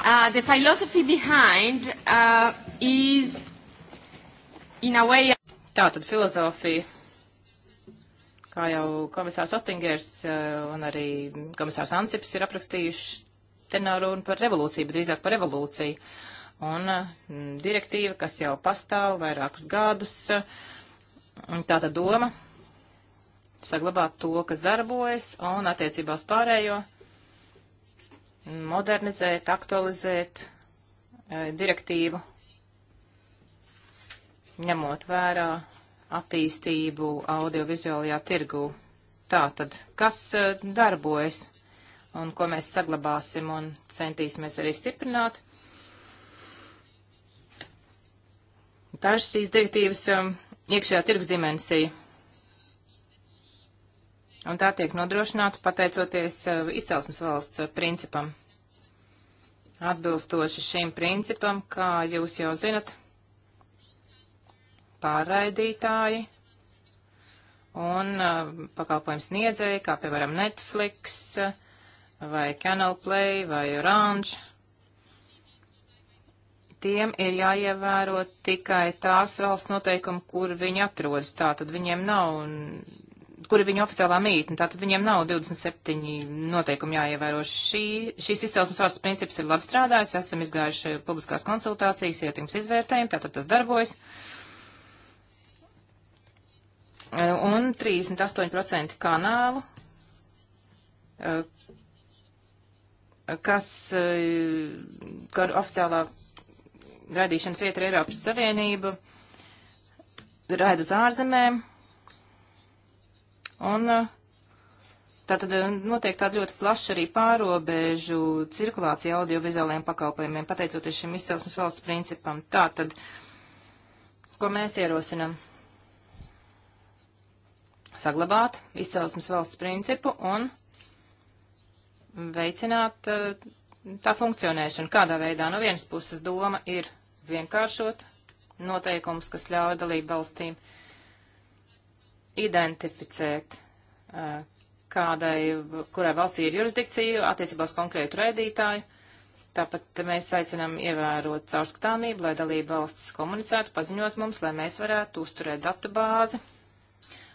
uh, the philosophy behind uh, is, in a way... Tātad filozofija, kā jau komisārs Ottingers uh, un arī komisārs Ansips ir aprakstījuši, te nav runa par revolūciju, bet drīzāk par revolūciju. Un uh, direktīva, kas jau pastāv vairākus gadus, uh, tāda doma saglabāt to, kas darbojas, un attiecībā uz pārējo uh, modernizēt, aktualizēt eh, direktīvu, ņemot vērā attīstību audiovizuālajā tirgū. Tātad, kas eh, darbojas un ko mēs saglabāsim un centīsimies arī stiprināt? Tā ir šīs direktīvas eh, iekšējā tirgus dimensija un tā tiek nodrošināta pateicoties eh, izcelsmes valsts eh, principam. Atbilstoši šim principam, kā jūs jau zinat, pārraidītāji un eh, pakalpojums sniedzēji, kā piemēram Netflix vai Canal Play vai Orange, tiem ir jāievēro tikai tās valsts noteikumi, kur viņi atrodas. Tātad viņiem nav kur ir viņa oficiālā mītne. Tātad viņiem nav 27 noteikumi jāievēro. Šī, šīs izcelsmes vārds princips ir labi strādājis, esam izgājuši publiskās konsultācijas, ietims izvērtējumu, tātad tas darbojas. E, un 38% kanālu, e, kas, e, kur oficiālā radīšanas vieta ir Eiropas Savienība, raid uz ārzemēm Un uh, tātad uh, notiek tāda ļoti plaša arī pārobežu cirkulācija audiovizuālajiem pakalpojumiem, pateicoties šim izcelsmes valsts principam. Tātad, ko mēs ierosinam? Saglabāt izcelsmes valsts principu un veicināt uh, tā funkcionēšanu. Kādā veidā? No vienas puses doma ir vienkāršot noteikums, kas ļauj dalību valstīm uh, identificēt, eh, kādai, kurai valstī ir jurisdikcija attiecībā uz konkrētu raidītāju. Tāpat mēs aicinām ievērot caurskatāmību, lai dalība valsts komunicētu, paziņot mums, lai mēs varētu uzturēt datu bāzi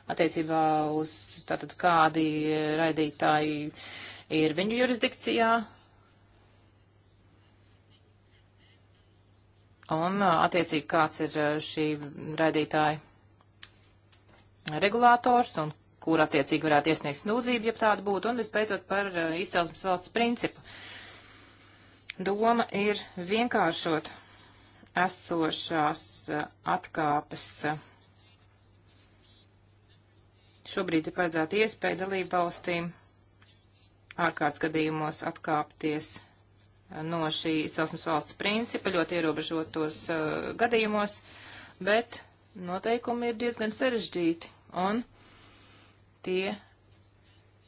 attiecībā uz tātad kādi raidītāji ir viņu jurisdikcijā, un eh, attiecīgi kāds ir eh, šī raidītāja regulātors un kur attiecīgi varētu iesniegt sūdzību, ja tāda būtu, un vispēcot par uh, izcelsmes valsts principu. Doma ir vienkāršot esošās uh, atkāpes. Uh. Šobrīd ir paredzēta iespēja dalību valstīm ārkārtas gadījumos atkāpties uh, no šī izcelsmes valsts principa ļoti ierobežotos uh, gadījumos, bet noteikumi ir diezgan sarežģīti un tie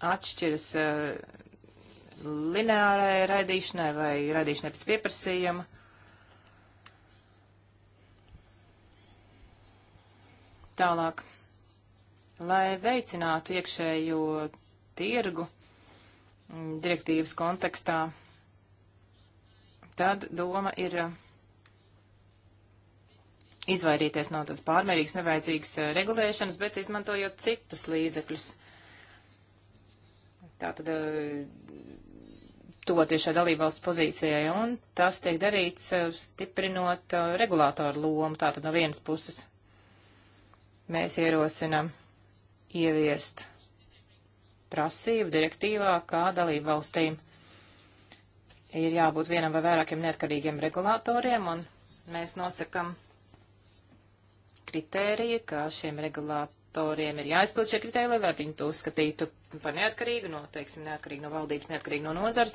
atšķiras uh, lineārai raidīšanai vai raidīšanai pēc pieprasījuma. Tālāk, lai veicinātu iekšējo tirgu direktīvas kontekstā, tad doma ir uh, izvairīties no tādas pārmērīgas, nevajadzīgas eh, regulēšanas, bet izmantojot citus līdzekļus. Tātad eh, tuvoties šai dalībvalsts pozīcijai, un tas tiek darīts eh, stiprinot regulātoru lomu, tātad no vienas puses mēs ierosinam ieviest prasību direktīvā, kā dalību valstīm ir jābūt vienam vai vairākiem neatkarīgiem regulātoriem, un mēs nosakam kritērija, ka šiem regulātoriem ir jāizpild šie kritērija, lai viņi to uzskatītu par neatkarīgu, no, teiksim, neatkarīgu no valdības, neatkarīgu no nozars.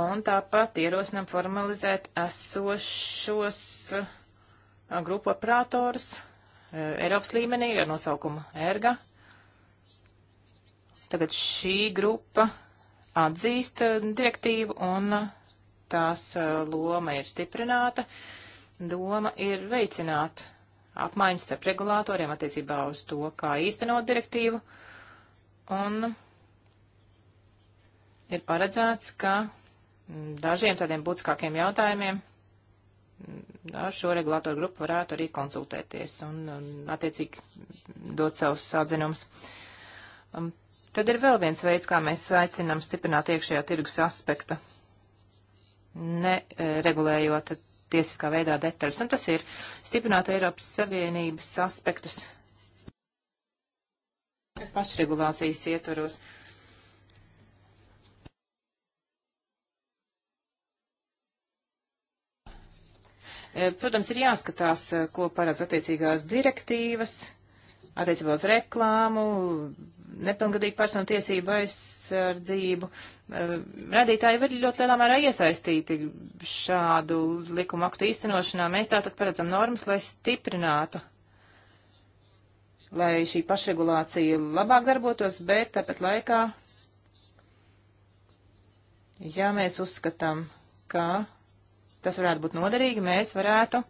Un tāpat ierosinam formalizēt esošos grupu operatorus e, Eiropas līmenī ar nosaukumu ERGA. Tagad šī grupa atzīst e, direktīvu un tās e, loma ir stiprināta. Uh, doma ir veicināt apmaiņas starp regulātoriem attiecībā uz to, kā īstenot direktīvu, un ir paredzēts, ka dažiem tādiem būtiskākiem jautājumiem ar šo regulātoru grupu varētu arī konsultēties un, un attiecīgi dot savus sādzinums. Um, tad ir vēl viens veids, kā mēs aicinām stiprināt iekšējā tirgus aspekta, neregulējot eh, tiesiskā veidā detaļas, un tas ir stiprināt Eiropas Savienības aspektus pašregulācijas ietvaros. E, protams, ir jāskatās, e, ko paredz attiecīgās direktīvas attiecībā uz reklāmu, nepilngadīgu personu tiesību aizsardzību. Eh, radītāji var ļoti lielā mērā iesaistīti šādu likuma aktu īstenošanā. Mēs tātad paredzam normas, lai stiprinātu, lai šī pašregulācija labāk darbotos, bet tāpat laikā, ja mēs uzskatām, ka tas varētu būt noderīgi, mēs varētu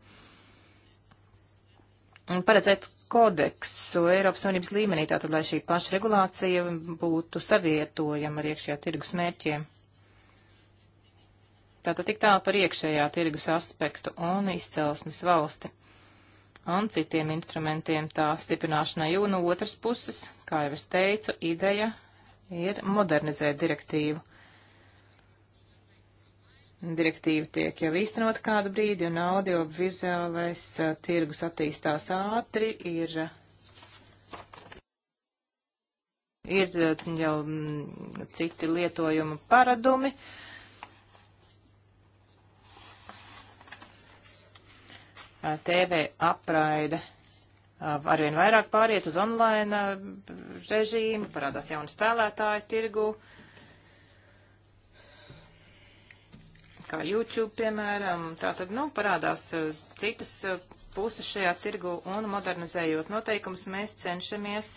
paredzēt kodeksu Eiropas Savienības līmenī, tātad, lai šī pašregulācija būtu savietojama ar iekšējā tirgus mērķiem. Tātad tik tālu par iekšējā tirgus aspektu un izcelsmes valsti un citiem instrumentiem tā stiprināšanai, jo no otras puses, kā jau es teicu, ideja ir modernizēt direktīvu Direktīva tiek jau īstenot kādu brīdi, un audio-vizuālais eh, tirgus attīstās ātri, ir, eh, ir eh, jau m, mm, citi lietojuma paradumi. TV apraide arvien vairāk pāriet uz online režīmu, parādās jauni spēlētāji tirgu. Uh, kā YouTube, piemēram. Tā tad, nu, parādās eh, citas eh, puses šajā tirgu un modernizējot noteikumus, mēs cenšamies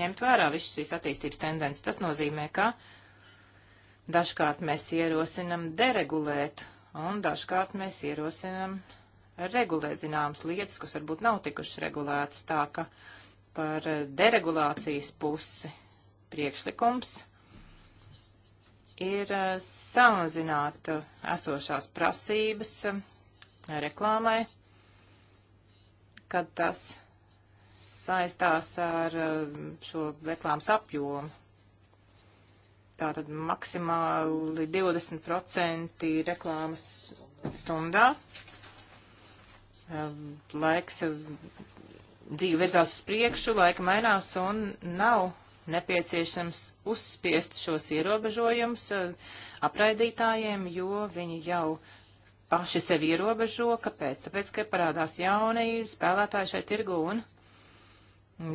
ņemt vērā visas šīs attīstības tendences. Tas nozīmē, ka dažkārt mēs ierosinam deregulēt un dažkārt mēs ierosinam regulēt zināmas lietas, kas varbūt nav tikušas regulētas tā, ka par eh, deregulācijas pusi priekšlikums ir eh, samazināt eh, esošās prasības eh, reklāmai, kad tas saistās ar šo reklāmas apjomu. Tātad maksimāli 20% reklāmas stundā. Laiks dzīve virzās uz priekšu, laika mainās un nav nepieciešams uzspiest šos ierobežojumus eh, apraidītājiem, jo viņi jau paši sevi ierobežo. Kāpēc? Tāpēc, ka parādās jauni spēlētāji šai tirgu un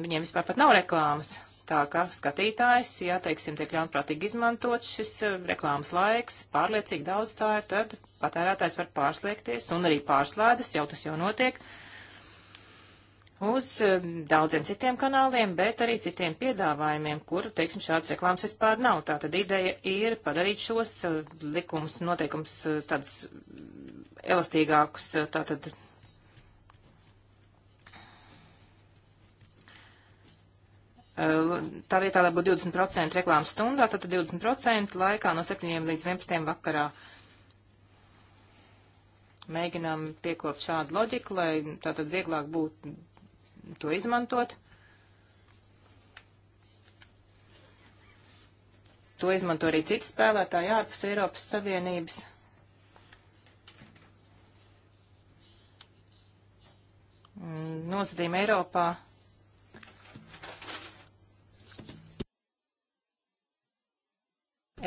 viņiem vispār pat nav reklāmas. Tā kā skatītājs, ja, teiksim, tiek ļaunprātīgi izmantot šis eh, reklāmas laiks, pārliecīgi daudz tā ir, tad patērētājs var pārslēgties un arī pārslēdzas, jau tas jau notiek. Uh, uz eh, daudziem citiem kanāliem, bet arī citiem piedāvājumiem, kur, teiksim, šādas reklāmas vispār nav. Tā tad ideja ir padarīt šos eh, likumus, noteikums eh, tādus elastīgākus, tātad. Tā vietā, lai būtu 20% reklāmas stundā, tad 20% laikā no 7 līdz 11 vakarā mēģinām piekopt šādu loģiku, lai tātad vieglāk būtu to izmantot. To izmanto arī citi spēlētāji ārpus Eiropas Savienības. Nozīme Eiropā.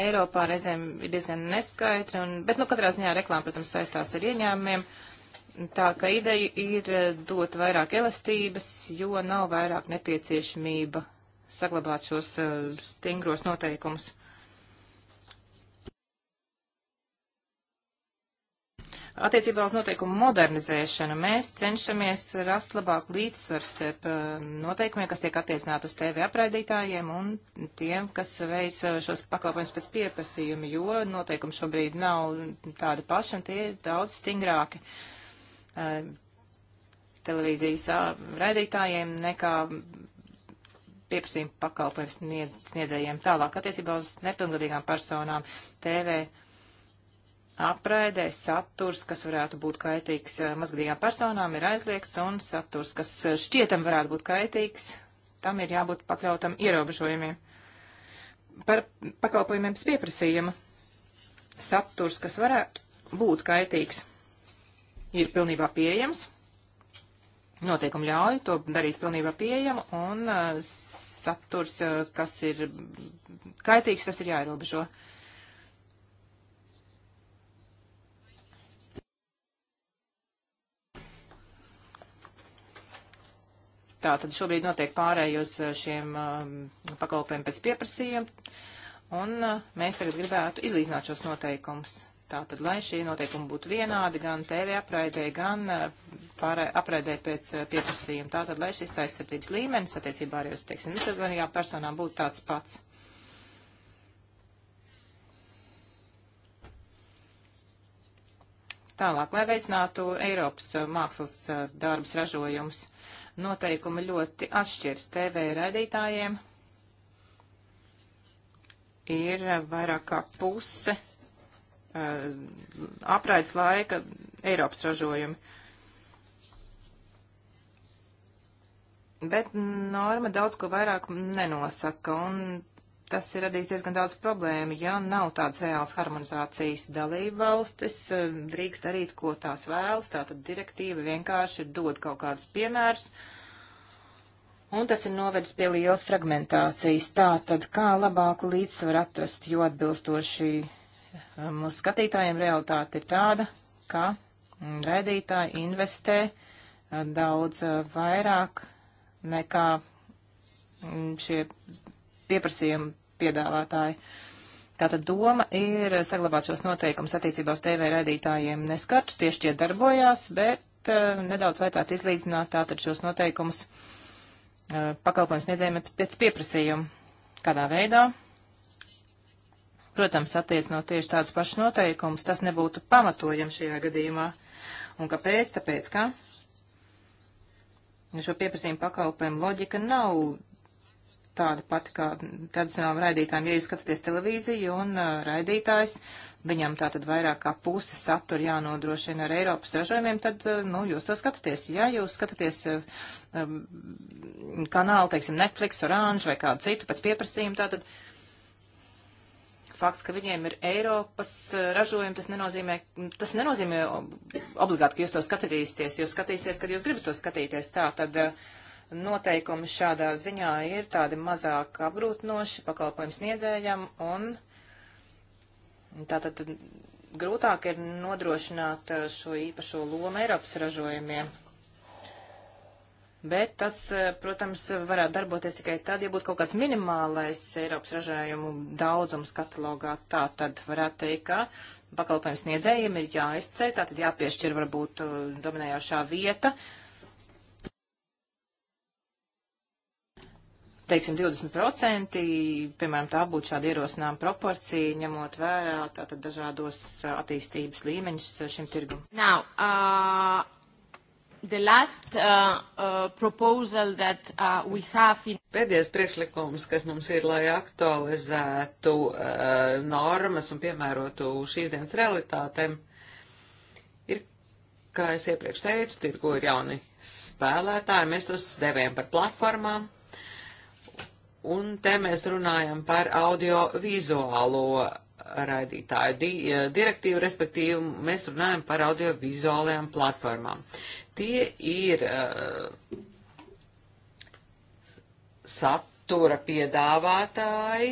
Eiropā reizēm ir diezgan neskaidri, un, bet, nu, katrā ziņā reklāma, protams, saistās ar ieņēmumiem. Uh, Tā ka ideja ir eh, dot vairāk elastības, jo nav vairāk nepieciešamība saglabāt šos eh, stingros noteikumus. Attiecībā uz noteikumu modernizēšanu mēs cenšamies rast labāku līdzsvaru starp eh, noteikumiem, kas tiek attiecināti uz TV apraidītājiem un tiem, kas veic šos pakalpojumus pēc pieprasījuma, jo noteikumi šobrīd nav tādi paši un tie ir daudz stingrāki. Uh, Uh, televīzijas uh, raidītājiem nekā pieprasījumu pakalpojumu sniedz, sniedzējiem tālāk attiecībā uz nepilngadīgām personām TV apraidē saturs, kas varētu būt kaitīgs uh, mazgadīgām personām, ir aizliegts, un saturs, kas šķietam varētu būt kaitīgs, tam ir jābūt pakļautam ierobežojumiem. Par pakalpojumiem pieprasījuma saturs, kas varētu būt kaitīgs, ir pilnībā pieejams. Noteikumi ļauj to darīt pilnībā pieejamu, un uh, saturs, uh, kas ir kaitīgs, tas ir jāierobežo. Tātad šobrīd notiek pārējos uh, šiem um, pakalpojumiem pēc pieprasījuma, un uh, mēs tagad gribētu izlīdzināt šos noteikumus. Tātad, lai šie noteikumi būtu vienādi gan TV apraidē, gan eh, pārē, apraidē pēc eh, pieprasījuma, tātad, lai šis aizsardzības līmenis attiecībā arī uz, teiksim, nesazvanīgām personām būtu tāds pats. Tālāk, lai veicinātu Eiropas eh, mākslas darbus ražojumus, noteikumi ļoti atšķirs TV raidītājiem. Ir vairāk kā puse Uh, apraides laika Eiropas ražojumi. Bet norma daudz ko vairāk nenosaka, un tas ir radījis diezgan daudz problēmu, ja nav tādas reāls harmonizācijas dalība valstis, uh, drīkst darīt, ko tās vēlas, tātad direktīva vienkārši dod kaut kādus piemērus, un tas ir novedis pie lielas fragmentācijas. Tātad, kā labāku līdzsvaru atrast, jo atbilstoši mūsu skatītājiem realitāte ir tāda, ka raidītāji investē daudz vairāk nekā šie pieprasījumu piedāvātāji. Tātad doma ir saglabāt šos noteikumus attiecībā uz TV raidītājiem neskartus, tieši tie darbojās, bet uh, nedaudz vajadzētu izlīdzināt tātad šos noteikumus uh, pakalpojums sniedzējiem pēc pieprasījuma. Kādā veidā? protams, attiecinot tieši tādus pašus noteikumus, tas nebūtu pamatojami šajā gadījumā. Un kāpēc? Tāpēc, ka šo pieprasījumu pakalpojumu loģika nav tāda pati kā tradicionālam raidītājam. Ja jūs skatāties televīziju un uh, raidītājs, viņam tātad vairāk kā puse satura jānodrošina ar Eiropas ražojumiem, tad, uh, nu, jūs to skatāties. Ja jūs skatāties uh, um, kanālu, teiksim, Netflix, Orange vai kādu citu pēc pieprasījumu, tātad. Uh, fakts, ka viņiem ir Eiropas eh, ražojumi, tas nenozīmē, tas nenozīmē obligāti, ka jūs to skatīsieties, jūs skatīsieties, kad jūs gribat to skatīties. Tā tad eh, noteikumi šādā ziņā ir tādi mazāk apgrūtinoši pakalpojums sniedzējam un tā tad grūtāk ir nodrošināt eh, šo īpašo lomu Eiropas ražojumiem. Bet tas, eh, protams, varētu darboties tikai tad, ja būtu kaut kāds minimālais Eiropas ražējumu daudzums katalogā. Tā tad varētu teikt, ka pakalpojums sniedzējiem ir jāizceļ, tā tad jāpiešķir varbūt eh, dominējošā vieta. Teiksim, 20%, piemēram, tā būtu šāda ierosinājuma proporcija, ņemot vērā tātad dažādos eh, attīstības līmeņus šim tirgum. Now, uh the last uh, uh, proposal that uh, we have in Pēdējais priekšlikums, kas mums ir, lai aktualizētu uh, normas un piemērotu šīs dienas realitātēm, ir, kā es iepriekš teicu, tirgo ir jauni spēlētāji, mēs tos devējam par platformām, un te mēs runājam par audio-vizuālo raidītāju di e, direktīvu, respektīvi mēs runājam par audiovizuālajām platformām. Tie ir uh, satura piedāvātāji,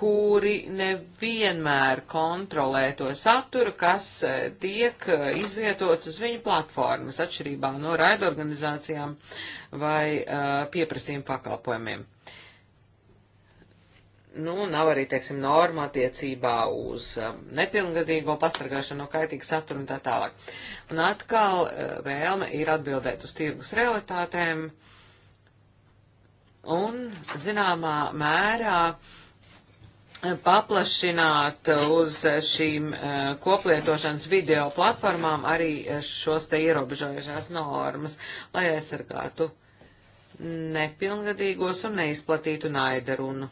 kuri nevienmēr kontrolē to saturu, kas e, tiek izvietots uz viņu platformas, atšķirībā no raidorganizācijām vai uh, pieprasījuma pakalpojumiem. Nu, nav arī, teiksim, norma attiecībā uz um, nepilngadīgo pasargāšanu no kaitīgas satura un tā tālāk. Un atkal uh, vēlme ir atbildēt uz tirgus realitātēm un, zināmā mērā, uh, paplašināt uz uh, šīm uh, koplietošanas video platformām arī uh, šos te ierobežojušās normas, lai aizsargātu nepilngadīgos un neizplatītu naidarunu.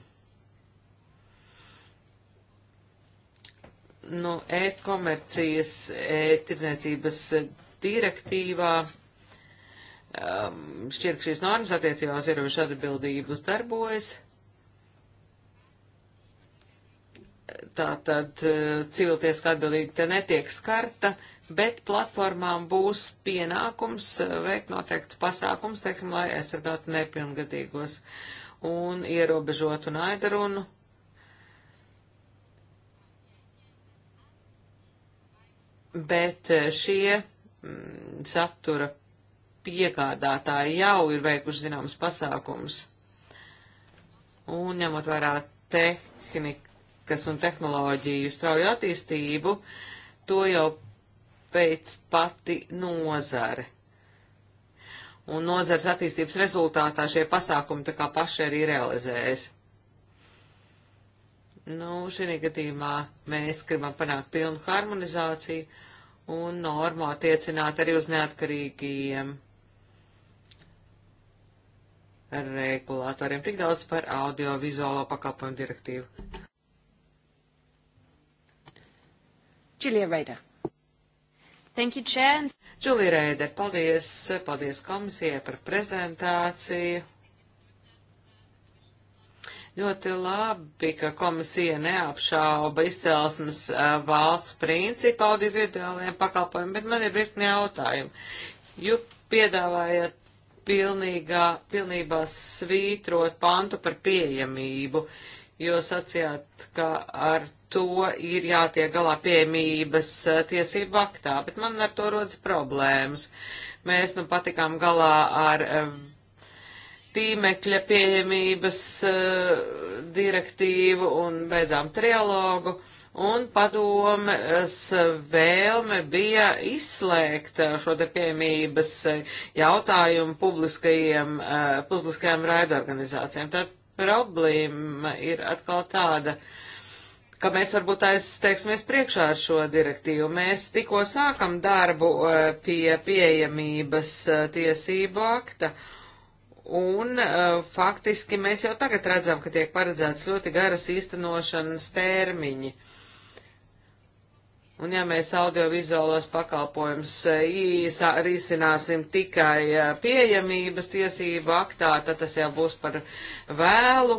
nu, e-komercijas, e-tirniecības direktīvā um, šķiet, ka šīs normas attiecībā uz ierobežu atbildību darbojas. Tātad uh, civiltieska atbildība te netiek skarta, bet platformām būs pienākums uh, veikt noteikts pasākums, teiksim, lai aizsargātu nepilngadīgos un ierobežotu naidarunu bet eh, šie mm, satura piegādātāji jau ir veikuši zināmas pasākums. Un ņemot vērā tehnikas un tehnoloģiju strauju attīstību, to jau pēc pati nozare. Un nozars attīstības rezultātā šie pasākumi tā kā paši arī realizējas. Nu, šī gadījumā mēs gribam panākt pilnu harmonizāciju, un normu attiecināt arī uz neatkarīgiem regulātoriem. Tik daudz par audio-vizuālo pakalpojumu direktīvu. Julia Reida. Thank you, Chair. Julia Reida, paldies, paldies komisijai par prezentāciju. Ļoti labi, ka komisija neapšauba izcelsmes valsts principu audiovizuālajiem pakalpojumiem, bet man ir virkni jautājumi. Jūs piedāvājat pilnīgā, pilnībā svītrot pantu par pieejamību, jo sacījāt, ka ar to ir jātiek galā pieejamības tiesību aktā, bet man ar to rodas problēmas. Mēs nu patikām galā ar tīmekļa pieejamības uh, direktīvu un beidzām trialogu, un padomes vēlme bija izslēgt eh, šo te pieejamības eh, jautājumu publiskajiem, uh, publiskajām raidorganizācijām. Tad problēma ir atkal tāda, ka mēs varbūt aizteiksimies priekšā ar šo direktīvu. Mēs tikko sākam darbu uh, pie pieejamības tiesību akta. Uh, Un uh, faktiski mēs jau tagad redzam, ka tiek paredzēts ļoti garas īstenošanas termiņi. Un ja mēs audiovizuālos pakalpojumus uh, risināsim tikai uh, pieejamības tiesību aktā, tad tas jau būs par vēlu,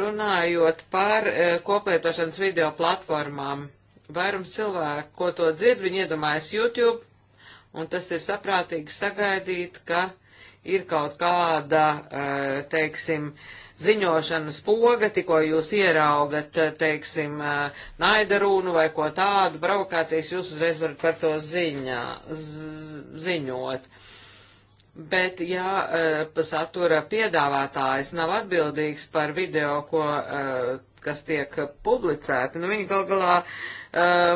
runājot par uh, koplietošanas video platformām. Vairums cilvēku, ko to dzird, viņi iedomājas YouTube, un tas ir saprātīgi sagaidīt, ka uh, ir kaut kāda, eh, teiksim, ziņošanas poga, tikko jūs ieraugat, eh, teiksim, eh, naida runu vai ko tādu, provokācijas, jūs uzreiz varat par to ziņā, ziņot. Bet, ja satura piedāvātājs nav atbildīgs par video, ko, kas tiek publicēti, nu viņi gal galā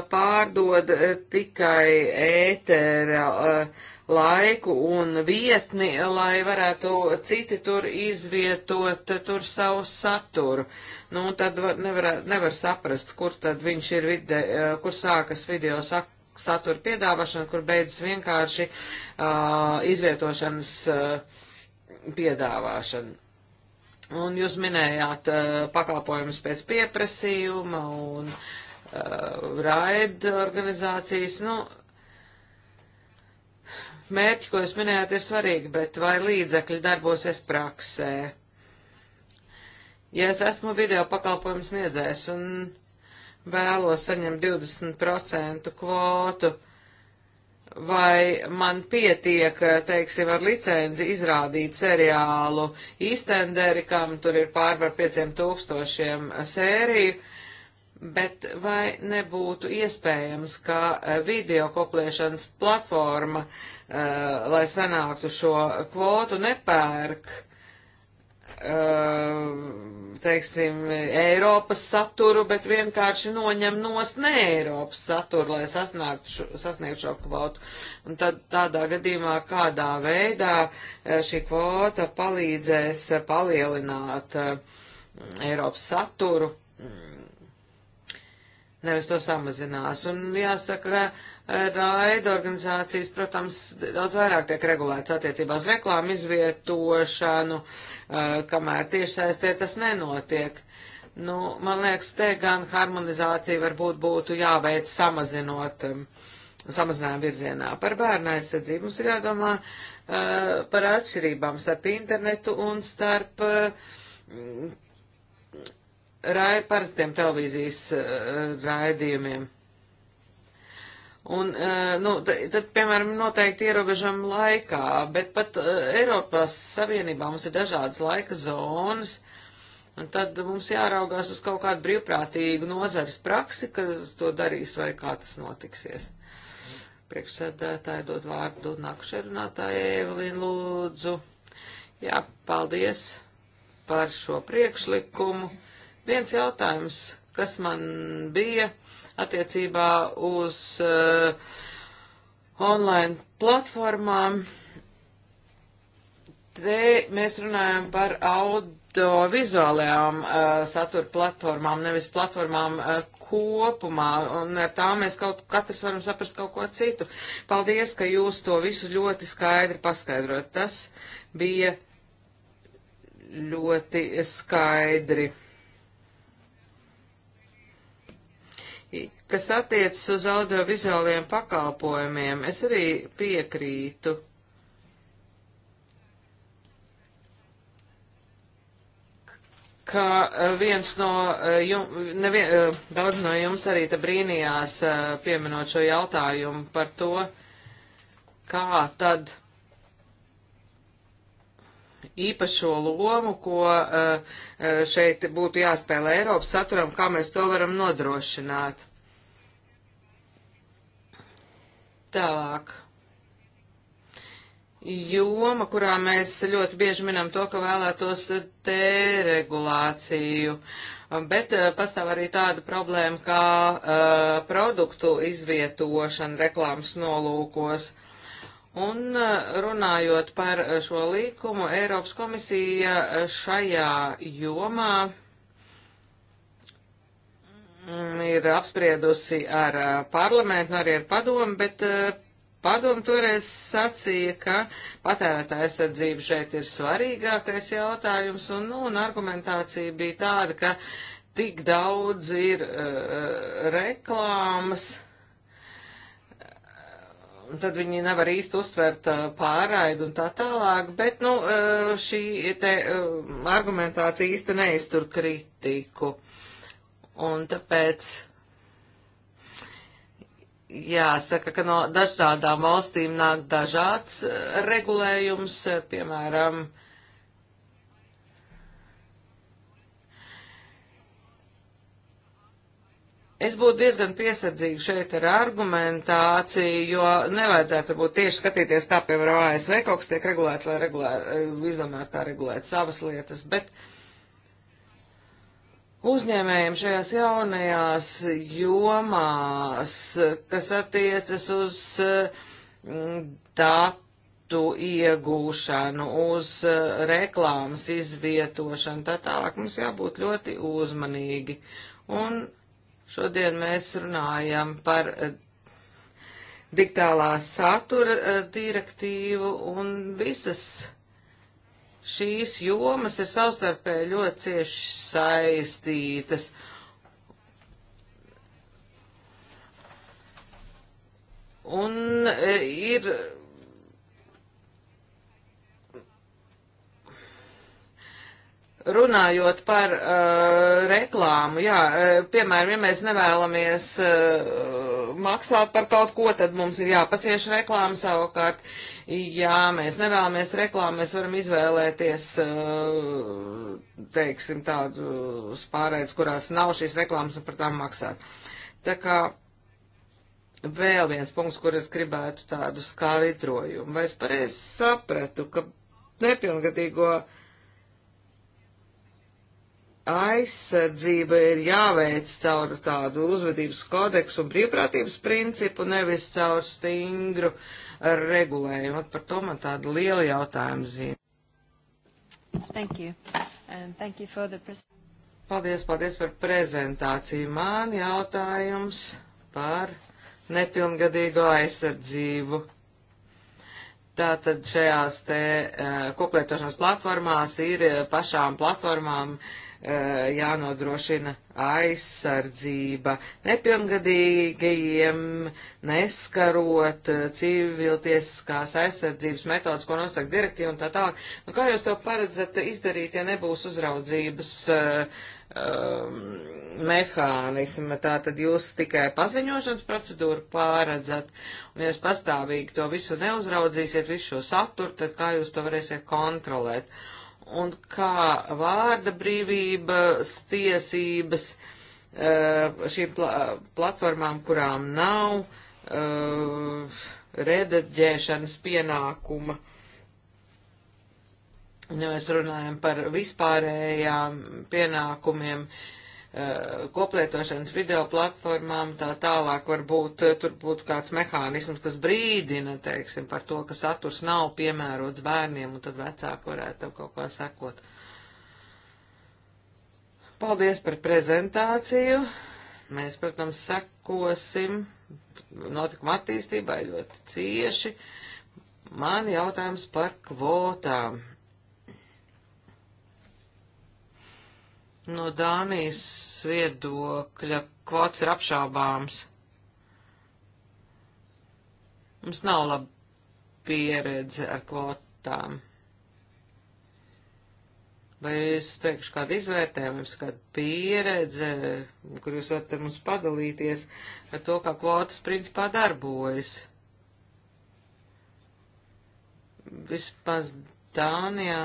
pārdod tikai ētera laiku un vietni, lai varētu citi tur izvietot tur savu saturu. Nu, tad var, nevar, nevar saprast, kur tad viņš ir vide, eh, kur sākas video sak satura piedāvāšana, kur beidzas vienkārši uh, izvietošanas uh, piedāvāšana. Un jūs minējāt uh, pakalpojumus pēc pieprasījuma un uh, raid organizācijas. Nu, mērķi, ko jūs minējāt, ir svarīgi, bet vai līdzekļi darbosies praksē? Ja es esmu video pakalpojums sniedzējs un vēlos saņemt 20% kvotu, vai man pietiek, teiksim, ar licenci izrādīt seriālu īstenderi, kam tur ir pār par 5000 sēriju, bet vai nebūtu iespējams, ka eh, video koplēšanas platforma, uh, lai sanāktu šo kvotu, nepērk, uh, teiksim, Eiropas saturu, bet vienkārši noņem nost ne Eiropas saturu, lai šo, sasniegtu šo kvotu. Un tad tādā gadījumā, kādā veidā šī kvota palīdzēs palielināt uh, Eiropas saturu nevis to samazinās. Un jāsaka, ka eh, raida organizācijas, protams, daudz vairāk tiek regulētas attiecībā uz reklāmu izvietošanu, eh, kamēr tiešsaistē tas nenotiek. Nu, man liekas, te gan harmonizācija varbūt būtu jāveic samazinot, eh, samazinājuma virzienā. Par bērnu aizsardzību mums ir jādomā uh, par atšķirībām starp internetu un starp uh, rai, parastiem televīzijas eh, raidījumiem. Un, eh, nu, tad, piemēram, noteikti ierobežam laikā, bet pat eh, Eiropas Savienībā mums ir dažādas laika zonas, un tad mums jāraugās uz kaut kādu brīvprātīgu nozares praksi, kas to darīs vai kā tas notiksies. Priekšsēdētāji dod vārdu nākušai runātājai Evelīnu Lūdzu. Jā, paldies par šo priekšlikumu. Viens jautājums, kas man bija attiecībā uz uh, online platformām. Te mēs runājam par audiovizuālajām uh, satura platformām, nevis platformām uh, kopumā, un ar tā mēs kaut katrs varam saprast kaut ko citu. Paldies, ka jūs to visu ļoti skaidri paskaidrot. Tas bija ļoti skaidri. Kas attiecas uz audiovizuāliem pakalpojumiem, es arī piekrītu. ka eh, viens no eh, jums, nevien, eh, daudz no jums arī te brīnījās pieminot šo jautājumu par to, kā tad īpašo lomu, ko eh, eh, šeit būtu jāspēlē Eiropas saturam, kā mēs to varam nodrošināt. Tālāk. Joma, kurā mēs ļoti bieži minam to, ka vēlētos deregulāciju. Uh, bet eh, pastāv arī tāda problēma kā uh, produktu izvietošana reklāmas nolūkos. Un eh, runājot par šo līkumu, Eiropas komisija eh, šajā jomā mm, ir apspriedusi ar eh, parlamentu, arī ar padomu, bet padomu toreiz sacīja, ka patērētāja aizsardzība šeit ir svarīgākais jautājums, un, nu, un argumentācija bija tāda, ka tik daudz ir uh, reklāmas un tad viņi nevar īsti uztvert uh, pārraidu un tā tālāk, bet, nu, uh, šī te uh, argumentācija īsti neiztur kritiku. Un tāpēc jāsaka, ka no dažādām valstīm nāk dažāds regulējums, piemēram, uh, Es būtu diezgan piesardzīgi šeit ar argumentāciju, jo nevajadzētu varbūt tieši skatīties, kā piemēram ASV kaut kas tiek regulēts, lai regulētu, eh, izdomātu, kā regulēt savas lietas, bet uzņēmējiem šajās jaunajās jomās, kas attiecas uz eh, datu iegūšanu, uz eh, reklāmas izvietošanu, tā tālāk mums jābūt ļoti uzmanīgi. Un Šodien mēs runājam par eh, digitālā satura eh, direktīvu un visas šīs jomas ir savstarpēji ļoti cieši saistītas. Un eh, ir Runājot par uh, reklāmu, jā, uh, piemēram, ja mēs nevēlamies uh, maksāt par kaut ko, tad mums ir jāpacieš reklāma savukārt. Ja mēs nevēlamies reklāmu, mēs varam izvēlēties, uh, teiksim, tādu spārēdus, kurās nav šīs reklāmas un par tām maksāt. Tā kā vēl viens punkts, kur es gribētu tādu skaidrojumu. Vai es pareizi sapratu, ka nepilngadīgo. Uh, aizsardzība ir jāveic caur tādu uzvedības kodeksu un brīvprātības principu, nevis caur stingru regulējumu. At par to man tāda liela jautājuma zīme. Thank you. And thank you for the paldies, paldies par prezentāciju. Man jautājums par nepilngadīgo aizsardzību. Tātad šajās te uh, koplietošanas platformās ir eh, pašām platformām uh, Eh, jānodrošina aizsardzība nepilngadīgajiem, neskarot eh, civiltiesiskās aizsardzības metodas, ko nosaka direktīva un tā tālāk. Nu, kā jūs to paredzat izdarīt, ja nebūs uzraudzības uh, um, mehānisma, tā tad jūs tikai paziņošanas procedūru pāredzat, un ja jūs pastāvīgi to visu neuzraudzīsiet, visu šo saturu, tad kā jūs to varēsiet kontrolēt? Uh, un kā vārda brīvības tiesības eh, šīm pla platformām, kurām nav uh, redaģēšanas pienākuma. Ja mēs runājam par vispārējām pienākumiem, uh, Eh, koplietošanas video platformām tā tālāk varbūt eh, tur būtu kāds mehānisms, kas brīdina, teiksim, par to, ka saturs nav piemērots bērniem, un tad vecāki varētu tam kaut kā sekot. Paldies par prezentāciju. Mēs, protams, sekosim notikuma attīstībai ļoti cieši. Man jautājums par kvotām. No Dānijas viedokļa kvots ir apšābāms. Mums nav laba pieredze ar kvotām. Vai es teikšu kādu izvērtējumu, jums kāda pieredze, kur jūs varat ar mums padalīties ar to, kā kvotas principā darbojas? Vispār Dānijā. Ja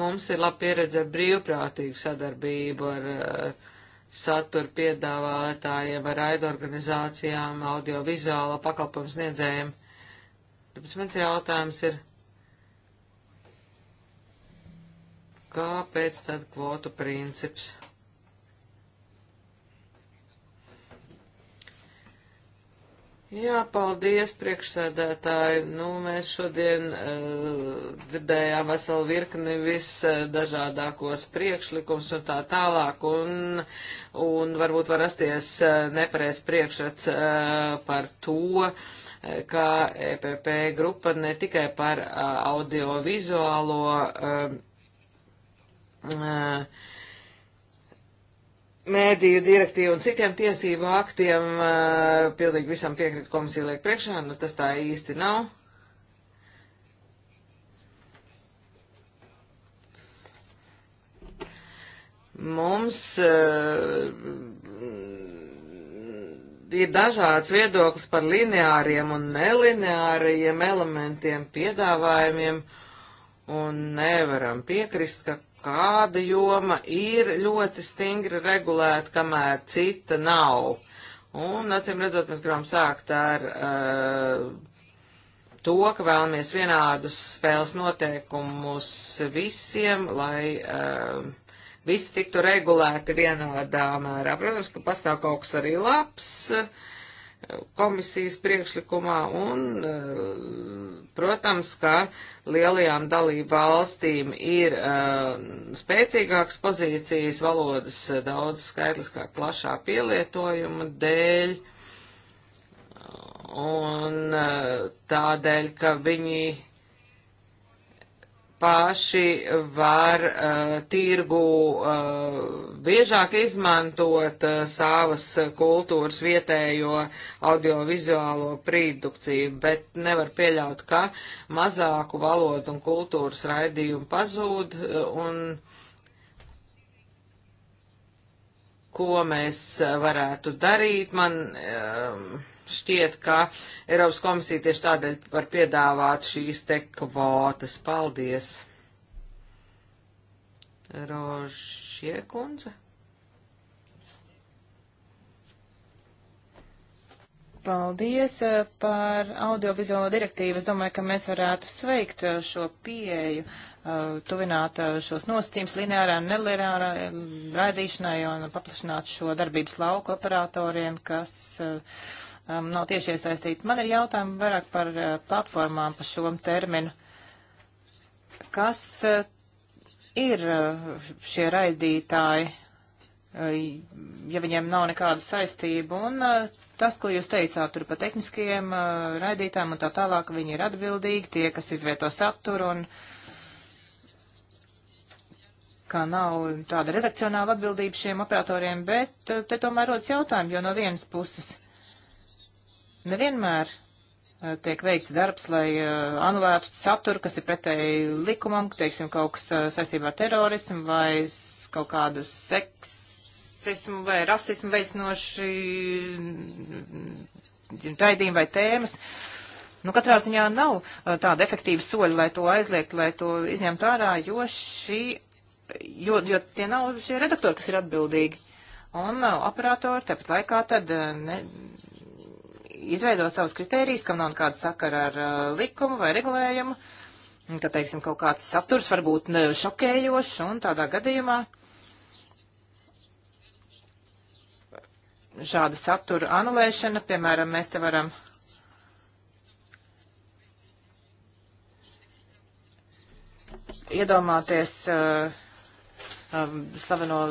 Mums ir laba pieredze ar brīvprātīgu sadarbību, ar uh, satura piedāvātājiem, ar raidorganizācijām, audiovizuāla pakalpojumu sniedzējiem. Tāpēc mans jautājums ir, kāpēc tad kvotu princips? Jā, paldies, priekšsēdētāji. Nu, mēs šodien uh, dzirdējām veselu virkni visdažādākos priekšlikums un tā tālāk, un, un varbūt var rasties uh, nepareiz priekšrats uh, par to, kā EPP grupa ne tikai par uh, audiovizuālo. Uh, uh, mēdīju direktīvu un citiem tiesību aktiem uh, pilnīgi visam piekrīt komisija liek priekšā, nu tas tā īsti nav. Mums uh, ir dažāds viedoklis par lineāriem un nelineāriem elementiem, piedāvājumiem, un nevaram piekrist, ka kāda joma ir ļoti stingri regulēta, kamēr cita nav. Un, acīm redzot, mēs gribam sākt ar uh, to, ka vēlamies vienādus spēles noteikumus visiem, lai uh, visi tiktu regulēti vienādā mērā. Protams, ka pastāv kaut kas arī labs. Uh, komisijas priekšlikumā un, eh, protams, kā lielajām dalību valstīm ir eh, spēcīgākas pozīcijas valodas eh, daudz skaitliskāk plašā pielietojuma dēļ un tādēļ, ka viņi paši var uh, tirgu uh, biežāk izmantot uh, savas kultūras vietējo audiovizuālo produkciju, bet nevar pieļaut, ka mazāku valodu un kultūras raidījumu pazūd uh, un ko mēs varētu darīt. Man, uh, šķiet, ka Eiropas komisija tieši tādēļ var piedāvāt šīs te kvotas. Paldies! Rožie kundze. Paldies eh, par audiovizuālo direktīvu. Es domāju, ka mēs varētu sveikt eh, šo pieeju, eh, tuvināt šos nosacījums lineārā un nelineārā raidīšanai un paplašināt šo darbības lauku operatoriem, kas uh, um, nav tieši iesaistīti. Man ir jautājumi vairāk par uh, platformām, par šo terminu. Kas uh, ir uh, šie raidītāji, uh, ja viņiem nav nekāda saistība? Un uh, tas, ko jūs teicāt tur par tehniskajiem uh, raidītājiem un tā tālāk, viņi ir atbildīgi, tie, kas izvieto saturu. Un, uh, ka nav tāda redakcionāla atbildība šiem operatoriem, bet uh, te tomēr rodas jautājumi, jo no vienas puses Nevienmēr eh, tiek veikts darbs, lai eh, anulētu saturu, kas ir pretēji likumam, teiksim, kaut kas eh, saistībā ar terorismu vai kaut kādu seksismu vai rasismu veicinoši mm, mm, raidījumi vai tēmas. Nu, katrā ziņā nav tāda efektīva soļa, lai to aizliegt, lai to izņemtu ārā, jo, šī, jo, jo tie nav šie redaktori, kas ir atbildīgi. Un operatori tāpat laikā tad ne, izveido savus kritērijus, kam nav nekāda sakara ar uh, likumu vai regulējumu, ka, teiksim, kaut kāds saturs var būt uh, šokējošs, un tādā gadījumā šādu saturu anulēšana, piemēram, mēs te varam iedomāties uh, um, slaveno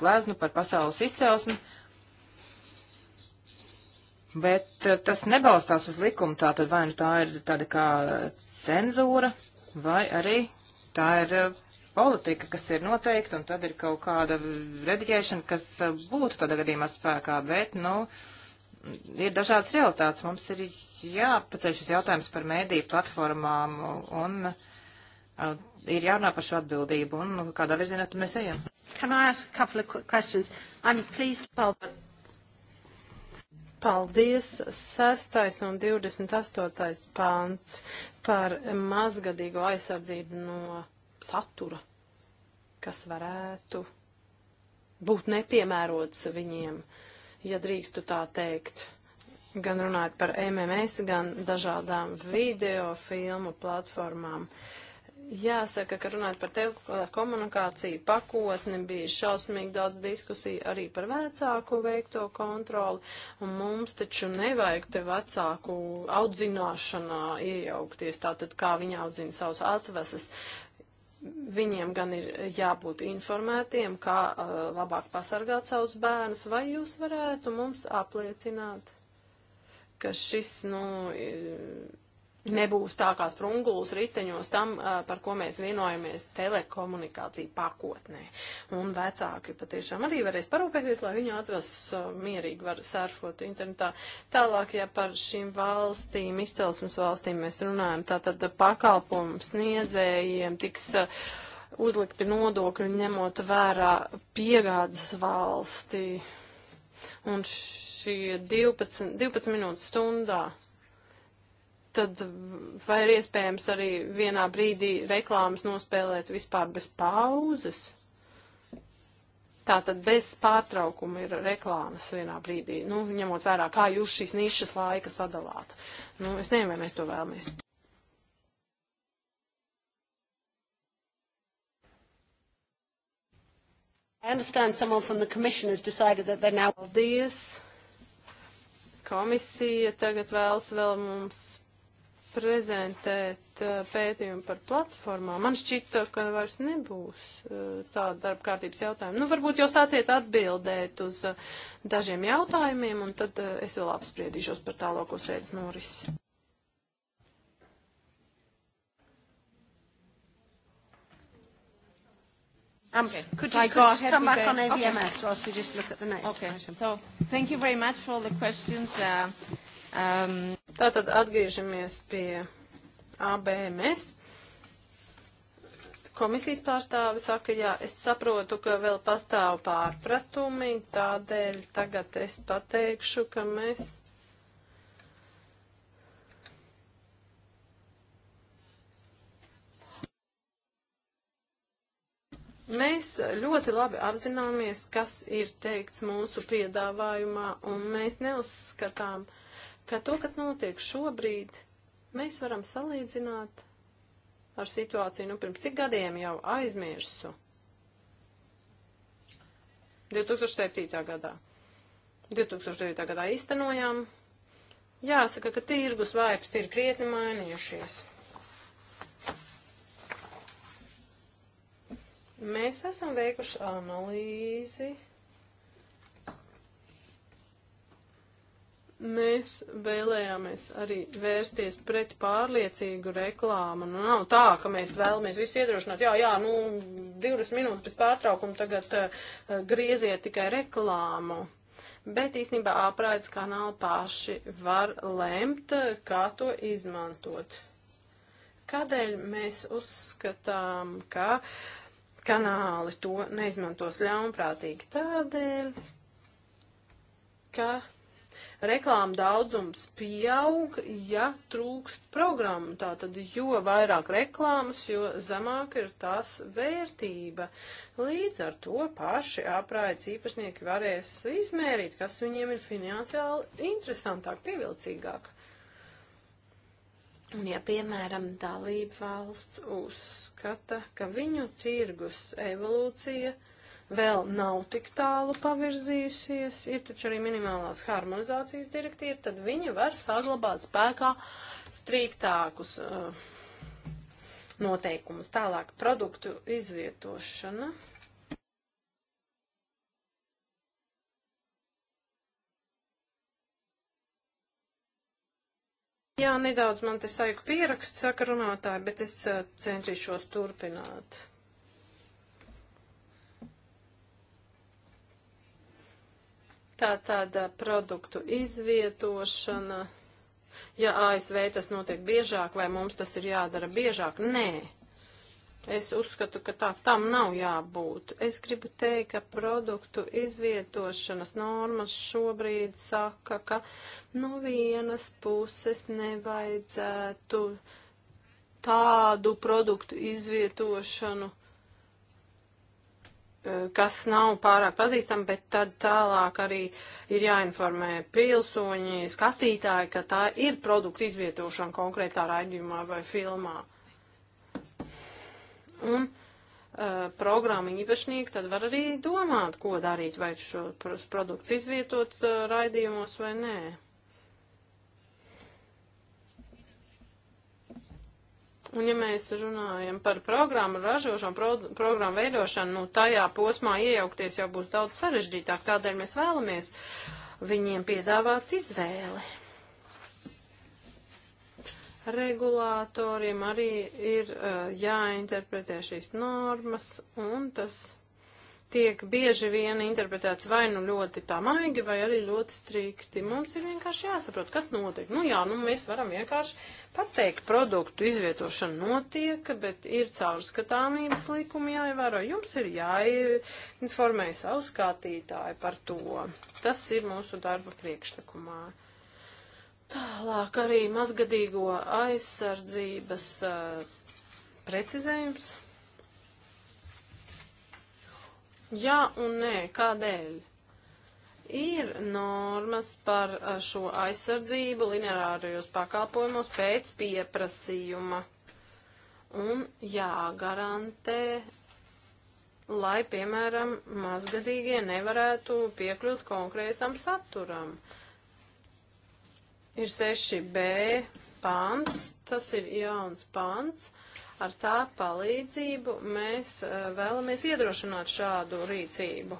gleznu par pasaules izcelsmi, bet eh, tas nebalstās uz likumu, tā tad vai nu tā ir tāda kā cenzūra, vai arī tā ir eh, politika, kas ir noteikta, un tad ir kaut kāda rediģēšana, kas eh, būtu tādā gadījumā spēkā, bet, nu, ir dažādas realitātes. Mums ir jāpaceļ šis jautājums par mēdīju platformām, un uh, ir jārunā par šo atbildību, un nu, kādā virzienā mēs ejam. Can I ask a couple of questions? I'm pleased to... Paldies. Paldies! 6. un 28. pants par mazgadīgo aizsardzību no satura, kas varētu būt nepiemērots viņiem, ja drīkstu tā teikt. Gan runājot par MMS, gan dažādām video filmu platformām. Uh, Jāsaka, ka runājot par telekomunikāciju pakotni, bija šausmīgi daudz diskusiju arī par vecāku veikto kontroli, un mums taču nevajag te vecāku audzināšanā iejaukties, tātad kā viņi audzina savus atvesas. Viņiem gan ir jābūt informētiem, kā uh, labāk pasargāt savus bērnus, vai jūs varētu mums apliecināt, ka šis, nu, ir nebūs tā kā sprungulis riteņos tam, par ko mēs vienojamies telekomunikāciju pakotnē. Un vecāki patiešām arī varēs parūpēties, lai viņi atras mierīgi var sērfot internetā. Tālāk, ja par šīm valstīm, izcelsmes valstīm mēs runājam, tātad pakalpojumu sniedzējiem tiks uzlikti nodokļi ņemot vērā piegādes valstī. Un šie 12, 12 minūtes stundā tad vai ir iespējams arī vienā brīdī reklāmas nospēlēt vispār bez pauzes? Tātad bez pārtraukuma ir reklāmas vienā brīdī, nu, ņemot vērā, kā jūs šīs nišas laika sadalāt. Nu, es nezinu, vai mēs to vēlamies. I understand someone from the commission has decided that they're now... Paldies. Komisija tagad vēlas vēl mums prezentēt eh, pētījumu par platformām. Man šķita, ka vairs nebūs eh, tāda darba kārtības jautājuma. Nu, varbūt jau sāciet atbildēt uz eh, dažiem jautājumiem, un tad es vēl apspriedīšos par tālāko sēdes norisi. Okay. Could so you, I could go ahead come back the, on AVMS, okay. or else we just look at the next okay. item? So, thank you very much for all the questions. Uh, Um, Tātad atgriežamies pie ABMS. Komisijas pārstāve saka, jā, es saprotu, ka vēl pastāv pārpratumi, tādēļ tagad es pateikšu, ka mēs. Mēs ļoti labi apzināmies, kas ir teikts mūsu piedāvājumā, un mēs neuzskatām, uh, ka to, kas notiek šobrīd, mēs varam salīdzināt ar situāciju, nu, pirms cik gadiem jau aizmirsu. 2007. gadā. 2009. gadā īstenojām. Jāsaka, ka tirgus vaips ir krietni mainījušies. Mēs esam veikuši analīzi Mēs vēlējāmies arī vērsties pret pārliecīgu reklāmu. Nu, nav tā, ka mēs vēlamies visu iedrošināt. Jā, jā, nu, 20 minūtes bez pārtraukuma tagad uh, grieziet tikai reklāmu. Bet īstenībā apraides kanāli paši var lemt, kā to izmantot. Kādēļ mēs uzskatām, ka kanāli to neizmantos ļaunprātīgi? Tādēļ, ka reklāma daudzums pieaug, ja trūkst programmu. Tātad, jo vairāk reklāmas, jo zemāk ir tās vērtība. Līdz ar to paši apraides īpašnieki varēs izmērīt, kas viņiem ir finansiāli interesantāk, pievilcīgāk. Un ja, piemēram, dalība valsts uzskata, ka viņu tirgus evolūcija uh, vēl nav tik tālu pavirzījusies, ir taču arī minimālās harmonizācijas direktīva, tad viņi var saglabāt spēkā striktākus uh, noteikumus. Tālāk produktu izvietošana. Jā, nedaudz man te saiku pieraksts, saka runātāji, bet es uh, centīšos turpināt. Tā tāda produktu izvietošana. Ja ASV tas notiek biežāk, vai mums tas ir jādara biežāk? Nē. Es uzskatu, ka tā tam nav jābūt. Es gribu teikt, ka produktu izvietošanas normas šobrīd saka, ka no vienas puses nevajadzētu tādu produktu izvietošanu uh, kas nav pārāk pazīstama, bet tad tālāk arī ir jāinformē pilsoņi, skatītāji, ka tā ir produktu izvietošana konkrētā raidījumā vai filmā. Un uh, programma īpašnieki tad var arī domāt, ko darīt, vai šos produktus izvietot uh, raidījumos vai nē. Un ja mēs runājam par programmu ražošanu, pro, programmu veidošanu, nu tajā posmā iejaukties jau būs daudz sarežģītāk, tādēļ mēs vēlamies viņiem piedāvāt izvēli. Regulātoriem arī ir uh, jāinterpretē šīs normas, un tas tiek bieži vien interpretēts vai nu ļoti pamaigi, vai arī ļoti strikti. Mums ir vienkārši jāsaprot, kas notiek. Nu jā, nu mēs varam vienkārši pateikt, produktu izvietošana notiek, bet ir caurskatāmības likumi jāievēro. Jums ir jāinformē savu skatītāju par to. Tas ir mūsu darba priekšlikumā. Tālāk arī mazgadīgo aizsardzības uh, precizējums. Jā un nē, kādēļ? ir normas par šo aizsardzību lineārajos pakalpojumos pēc pieprasījuma. Un jāgarantē, lai, piemēram, mazgadīgie nevarētu piekļūt konkrētam saturam. Ir 6b pants, tas ir jauns pants. Uh, Ar tā palīdzību mēs eh, vēlamies iedrošināt šādu rīcību.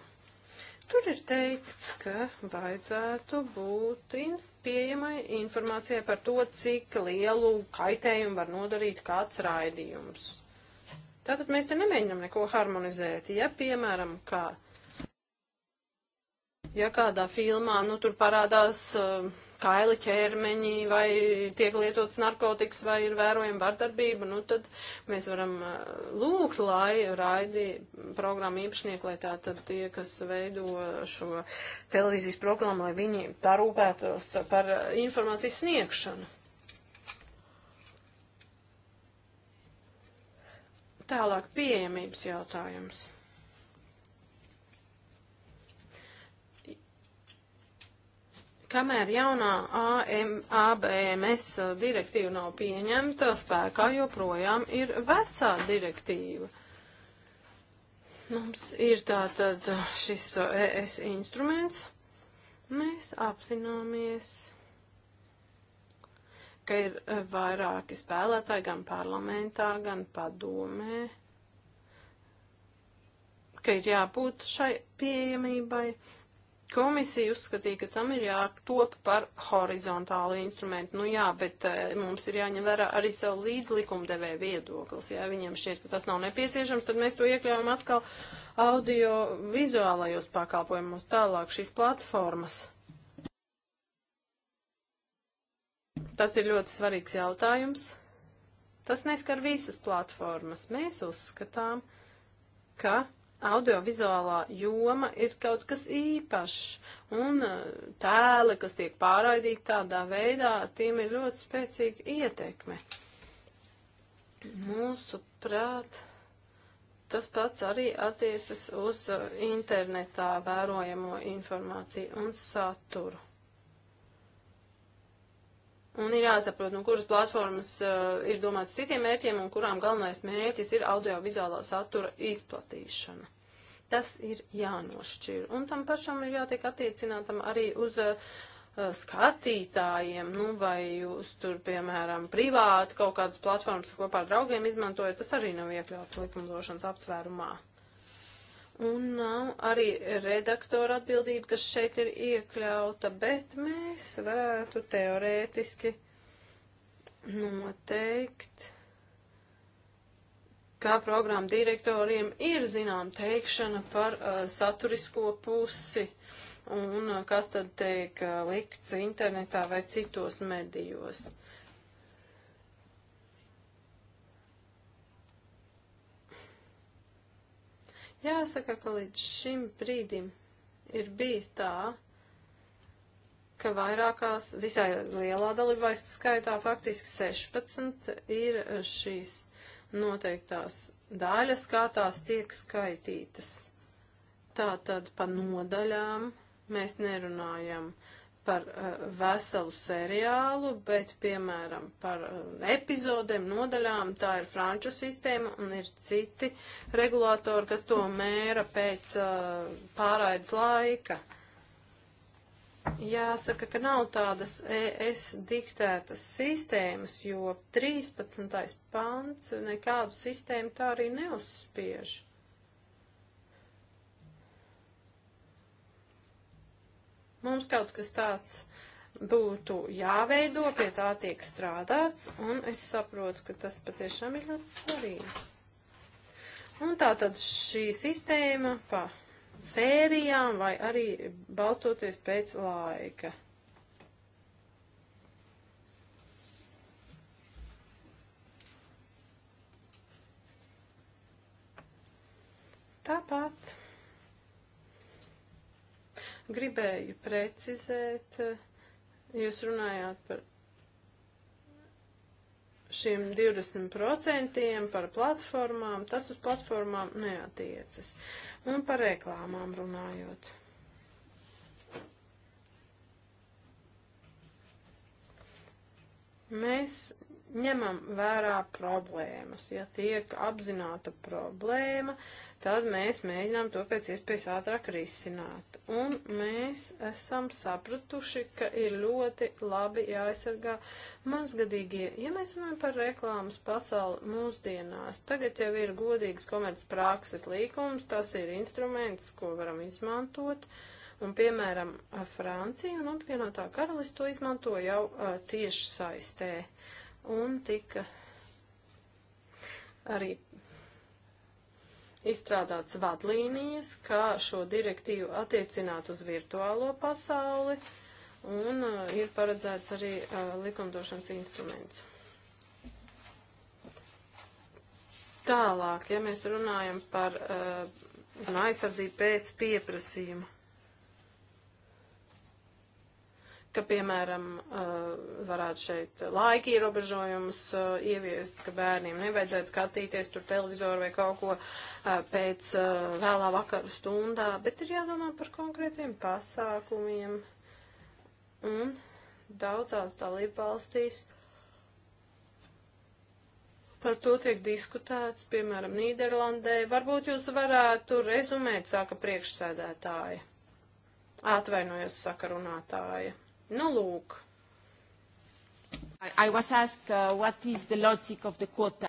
Tur ir teikts, ka vajadzētu būt pieejamai informācijai par to, cik lielu kaitējumu var nodarīt kāds raidījums. Tātad mēs te nemēģinam neko harmonizēt. Ja, piemēram, kā, ja kādā filmā, nu, tur parādās uh, kaili ķermeņi vai tiek lietots narkotikas vai ir vērojama vardarbība, nu tad mēs varam lūgt, lai raidi programmu īpašnieki, lai tā tad tie, kas veido šo televīzijas programmu, lai viņi parūpētos par informācijas sniegšanu. Tālāk pieejamības jautājums. Kamēr jaunā AM, ABMS uh, direktīva nav pieņemta, spēkā joprojām ir vecā direktīva. Mums ir tātad šis uh, ES instruments. Mēs apzināmies, ka ir uh, vairāki spēlētāji gan parlamentā, gan padomē, ka ir jābūt šai pieejamībai. Komisija uzskatīja, ka tam ir jātop par horizontālu instrumentu. Nu jā, bet eh, mums ir jāņem vērā arī savu līdzlikumdevēju viedoklis. Ja viņiem šķiet, ka tas nav nepieciešams, tad mēs to iekļaujam atkal audio vizuālajos pakalpojumos tālāk šīs platformas. Tas ir ļoti svarīgs jautājums. Tas neskar visas platformas. Mēs uzskatām, ka audiovizuālā joma ir kaut kas īpašs, un uh, tēli, kas tiek pārraidīti tādā veidā, tiem ir ļoti spēcīga ietekme. Mūsu prāt, tas pats arī attiecas uz uh, internetā vērojamo informāciju un saturu. Un ir jāsaprot, nu, kuras platformas uh, ir domātas citiem mērķiem un kurām galvenais mērķis ir audiovizuālā satura izplatīšana. Tas ir jānošķir. Un tam pašam ir jātiek attiecinātam arī uz uh, skatītājiem, nu, vai jūs tur, piemēram, privāti kaut kādas platformas kopā ar draugiem izmantojat, tas arī nav iekļauts likumdošanas aptvērumā. Un nav arī redaktora atbildība, kas šeit ir iekļauta, bet mēs varētu teorētiski noteikt, kā programmu direktoriem ir zinām teikšana par uh, saturisko pusi un uh, kas tad tiek uh, likts internetā vai citos medijos. Uh, Jāsaka, ka līdz šim brīdim ir bijis tā, ka vairākās, visai lielā dalībvalstu skaitā, faktiski 16 ir šīs noteiktās daļas, kā tās tiek skaitītas. Tātad pa nodaļām mēs nerunājam uh, par uh, veselu seriālu, bet, piemēram, par uh, epizodēm, nodaļām, tā ir franču sistēma un ir citi regulātori, kas to mēra pēc uh, pārraides laika. Jāsaka, ka nav tādas ES diktētas sistēmas, jo 13. pants nekādu sistēmu tā arī neuzspiež. Mums kaut kas tāds būtu jāveido, pie tā tiek strādāts, un es saprotu, ka tas patiešām ir ļoti svarīgi. Un tā tad šī sistēma pa sērijām vai arī balstoties pēc laika. Tāpat Gribēju precizēt, jūs runājāt par šiem 20% par platformām, tas uz platformām neatiecas. Un par reklāmām runājot. Mēs ņemam vērā problēmas. Ja tiek apzināta problēma, tad mēs mēģinām to pēc iespējas ātrāk risināt. Un mēs esam sapratuši, ka ir ļoti labi jāaizsargā mazgadīgie. Ja mēs runājam par reklāmas pasauli mūsdienās, tagad jau ir godīgs komerc prakses līkums, tas ir instruments, ko varam izmantot. Un, piemēram, Francija un apvienotā karalists to izmanto jau uh, tieši saistē. Uh, un tika arī izstrādāts vadlīnijas, kā šo direktīvu attiecināt uz virtuālo pasauli, un uh, ir paredzēts arī uh, likumdošanas instruments. Tālāk, ja mēs runājam par uh, aizsardzību pēc pieprasījuma. ka, piemēram, uh, varētu šeit laika ierobežojumus uh, ieviest, ka bērniem nevajadzētu skatīties tur televizoru vai kaut ko uh, pēc vēlā vakara stundā, bet ir jādomā par konkrētiem pasākumiem. Un daudzās dalību valstīs par to tiek diskutēts, piemēram, Nīderlandē. Varbūt jūs varētu rezumēt, saka priekšsēdētāja. Atvainojos, saka runātāja. Nu, lūk. I, I was asked uh, what is the logic of the quota.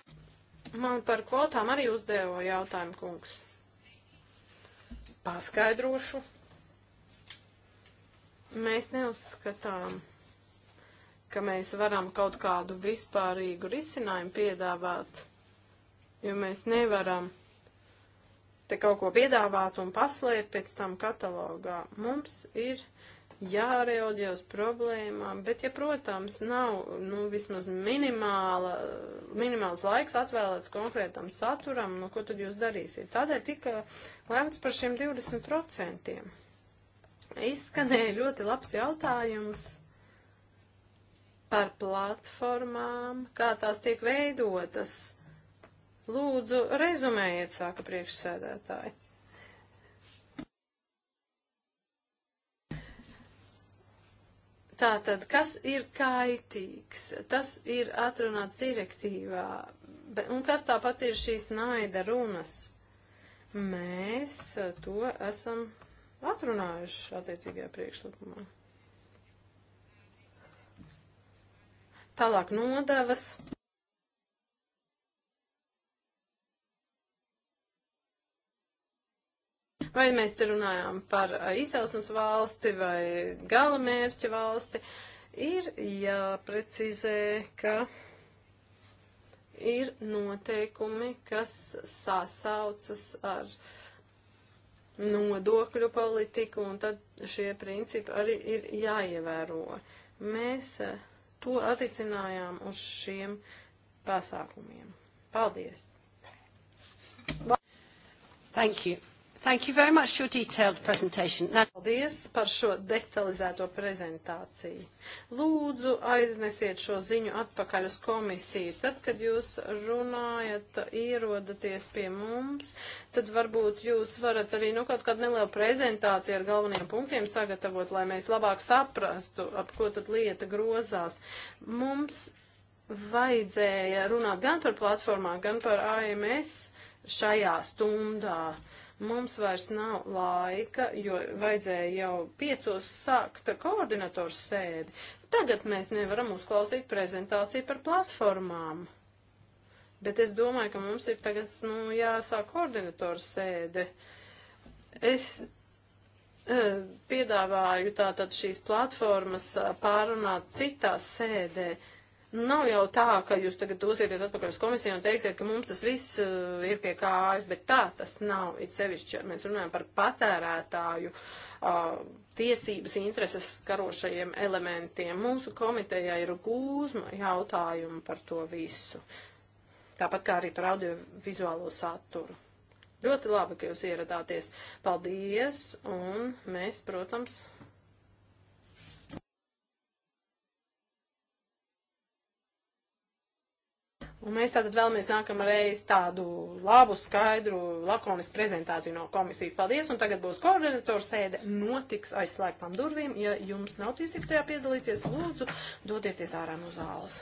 Man par kvotām arī uzdeva jautājumu kungs. Paskaidrošu. Mēs neuzskatām, ka mēs varam kaut kādu vispārīgu risinājumu piedāvāt, jo mēs nevaram te kaut ko piedāvāt un paslēpt pēc tam katalogā. Mums ir uh, jāreaģē uz problēmām, bet, ja, protams, nav, nu, vismaz minimāla, minimāls laiks atvēlēts konkrētam saturam, nu, ko tad jūs darīsiet? Tādēļ tika lēmts par šiem 20%. Izskanēja ļoti labs jautājums par platformām, kā tās tiek veidotas. Lūdzu, rezumējiet, sāka priekšsēdētāji. Tātad, kas ir kaitīgs? Tas ir atrunāts direktīvā. Be, un kas tāpat ir šīs naida runas? Mēs to esam atrunājuši attiecīgajā priekšlikumā. Tālāk nodevas. Vai mēs te runājām par izcelsmes valsti vai galamērķa valsti, ir jāprecizē, ka ir noteikumi, kas sasaucas ar nodokļu politiku, un tad šie principi arī ir jāievēro. Mēs to atticinājām uz šiem pasākumiem. Paldies! Thank you. Thank you very much for your detailed presentation. Now... Paldies par šo detalizēto prezentāciju. Lūdzu, aiznesiet šo ziņu atpakaļ uz komisiju. Tad, kad jūs runājat, ierodaties pie mums, tad varbūt jūs varat arī nu, kaut kādu nelielu prezentāciju ar galvenajiem punktiem sagatavot, lai mēs labāk saprastu, ap ko tad lieta grozās. Mums vajadzēja runāt gan par platformām, gan par AMS šajā stundā. Uh, Mums vairs nav laika, jo vajadzēja jau piecos sākt koordinatoru sēdi. Tagad mēs nevaram uzklausīt prezentāciju par platformām. Bet es domāju, ka mums ir tagad nu, jāsāk koordinatoru sēde. Es e, piedāvāju tātad šīs platformas pārunāt citā sēdē. Uh, Nav jau tā, ka jūs tagad dosieties atpakaļ uz komisiju un teiksiet, ka mums tas viss uh, ir pie kājas, bet tā tas nav. It sevišķi, ja mēs runājam par patērētāju uh, tiesības intereses karošajiem elementiem. Mūsu komitejā ir gūzma jautājumu par to visu. Tāpat kā arī par audiovizuālo saturu. Ļoti labi, ka jūs ieradāties. Paldies, un mēs, protams, Un mēs tātad vēlamies nākamreiz tādu labu, skaidru, lakonisku prezentāciju no komisijas. Paldies, un tagad būs koordinators sēde, notiks aizslēgtām durvīm. Ja jums nav tiesības tajā piedalīties, lūdzu, dodieties ārā no zāles.